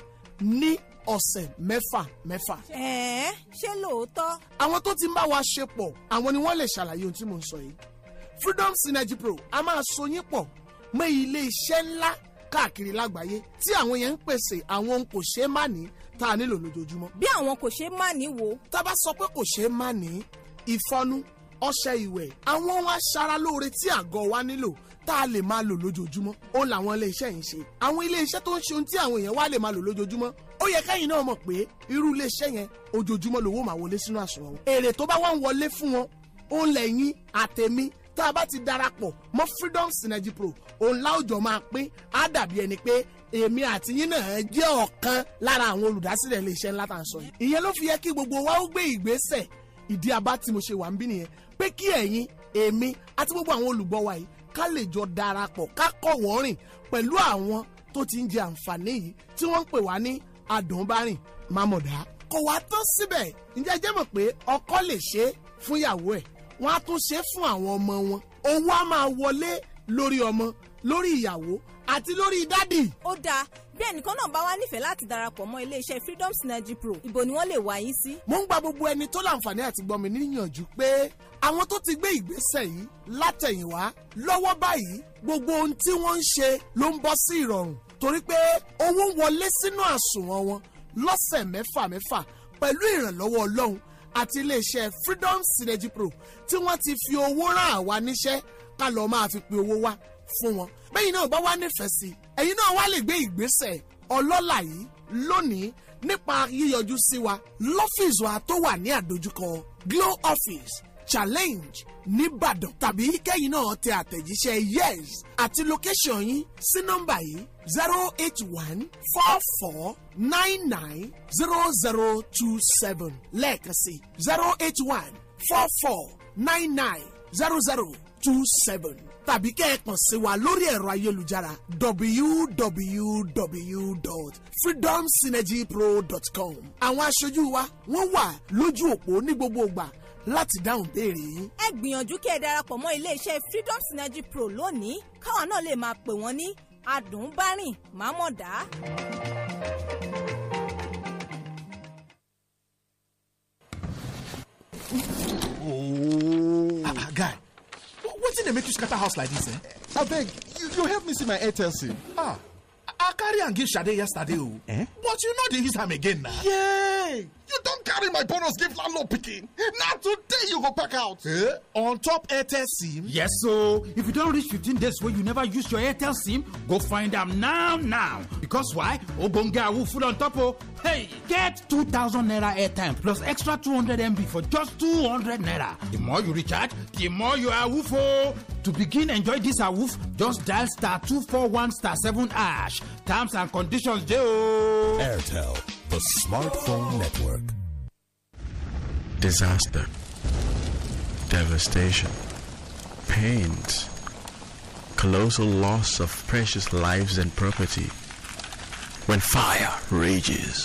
ní ọ̀sẹ̀ mẹ́fà mẹ́fà. ẹ̀ẹ́ ṣé lóòótọ́. àwọn tó ti ń bá wa ṣe pọ̀ àwọn ni wọ́n lè ṣàlàyé ohun tí mò ń sọ yìí. Freedom Synergy Pro a máa so yín pọ̀ mọ́ ilé iṣẹ́ ńlá káàkiri lágbàáyé tí àwọn yẹn ń pèsè àwọn ohun kò ṣeé má ní tá a nílò lójoojúmọ́. bí àwọn kò ṣeé má ní wo. tá a bá sọ pé kò ṣeé má ní ìfọnu ọṣẹ ìwẹ̀ àwọn ohun aṣaralóore tí àgọ́ wa nílò tá a lè máa lò lójoojúmọ́ ó làwọn iléeṣẹ́ yìí ṣe àwọn iléeṣẹ́ tó ń ṣe ohun tí àwọn èèyàn wá lè máa lò lójoojúmọ́ ó yẹ kẹ́yìn náà mọ̀ pé irú iléeṣẹ́ yẹn ojoojúmọ́ lówó máa wọlé sínú àsùnwọ̀n wọn èrè tó bá wà ń wọlé fún wọn ó ń lẹ́yìn àtẹ̀mí tá a bá ti darapọ̀ mọ́ freedom synergy pro òun láwùjọ máa pín á dàbí ẹni pé èmi àti yín náà jẹ́ ọ̀kan lára àwọn olùdásílẹ̀ iléeṣẹ́ ńlá tá ká lè jọ darapọ̀ ká kọ̀ wọ́rìn pẹ̀lú àwọn tó ti ń jẹ àǹfààní yìí tí wọ́n ń pè wá ní àdùnbárìn mamọ̀dá. kò wá tán síbẹ̀ ǹjẹ́ jẹ́ mọ̀ pé ọkọ lè ṣe é fún ìyàwó ẹ̀ wọ́n á tún ṣe é fún àwọn ọmọ wọn owó á máa wọlé lórí ọmọ lórí ìyàwó àti lórí dádì. ó dáa bí ẹnìkan náà bá wá nífẹ̀ẹ́ láti darapọ̀ mọ́ iléeṣẹ́ Freedom Synergy Pro ibo ni wọ́n lè wá yín sí. mo ń gba gbogbo ẹni tó láǹfààní àti gbọ́ mi níyànjú pé àwọn tó ti gbé ìgbésẹ̀ yìí látẹ̀yìnwá lọ́wọ́ báyìí gbogbo ohun tí wọ́n ń ṣe ló ń bọ́ sí ìrọ̀rùn torí pé owó ń wọlé sínú àsùnwọ̀n wọn lọ́sẹ̀ mẹ́fà mẹ́fà pẹ̀lú ìrànlọ́wọ́ Ọlọ́run àti iléeṣẹ́ Freedom Synergy Pro tí wọ́n ti fi owó rán àwa níṣẹ́ ká lọ́ọ́ máa fi pe owó wá fún wọn bẹ́yìn náà bá wá nífẹ̀ẹ́ sí ẹ̀yin náà wá lè gbé ìgbésẹ̀ ọlọ́lá yìí lónìí nípa yíyọjú sí wa lọ́fíìsì wa tó wà ní àdójúkọ Glow Office Challenge nìbàdàn tàbí kẹ́yìn náà tẹ àtẹ̀jíṣẹ́ yes àti location yín sí nọ́mbà yìí zero eight one four four nine nine zero zero two seven lẹ́ẹ̀kan zero eight one four four nine nine zero zero two seven tàbí kẹ́ ẹ kàn sí wa lórí ẹ̀rọ ayélujára www.freedomsynergypro.com. àwọn aṣojú wa wọ́n wà lójú òpó ní gbogbo ìgbà láti dáhùn béèrè yín. ẹ gbìyànjú kí ẹ darapọ̀ mọ́ iléeṣẹ́ Freedom Synergy Pro lónìí káwọn náà lè máa pè wọ́n ní adùnbárìn mámọ̀dá. Oh. Ah, ah guy wetin dey make you scatter house like dis eh abeg you help me see my airtel sim ah i carry am give sade yesterday o oh. eh? but you no dey use am again na yeah You don't carry my bonus give landlord picking. Now today you go pack out. Eh? On top Airtel SIM? Yes so If you don't reach 15 days where you never use your Airtel SIM, go find them now now. Because why? Obonga awoof full on top o. Oh. Hey! Get 2000 naira airtime plus extra 200 MB for just 200 naira. The more you recharge, the more you awoof o. Oh. To begin enjoy this awoof, just dial star 241 star 7 ash. Terms and conditions dey Airtel. The Smartphone Network. Disaster. Devastation. Pains. Colossal loss of precious lives and property. When fire rages.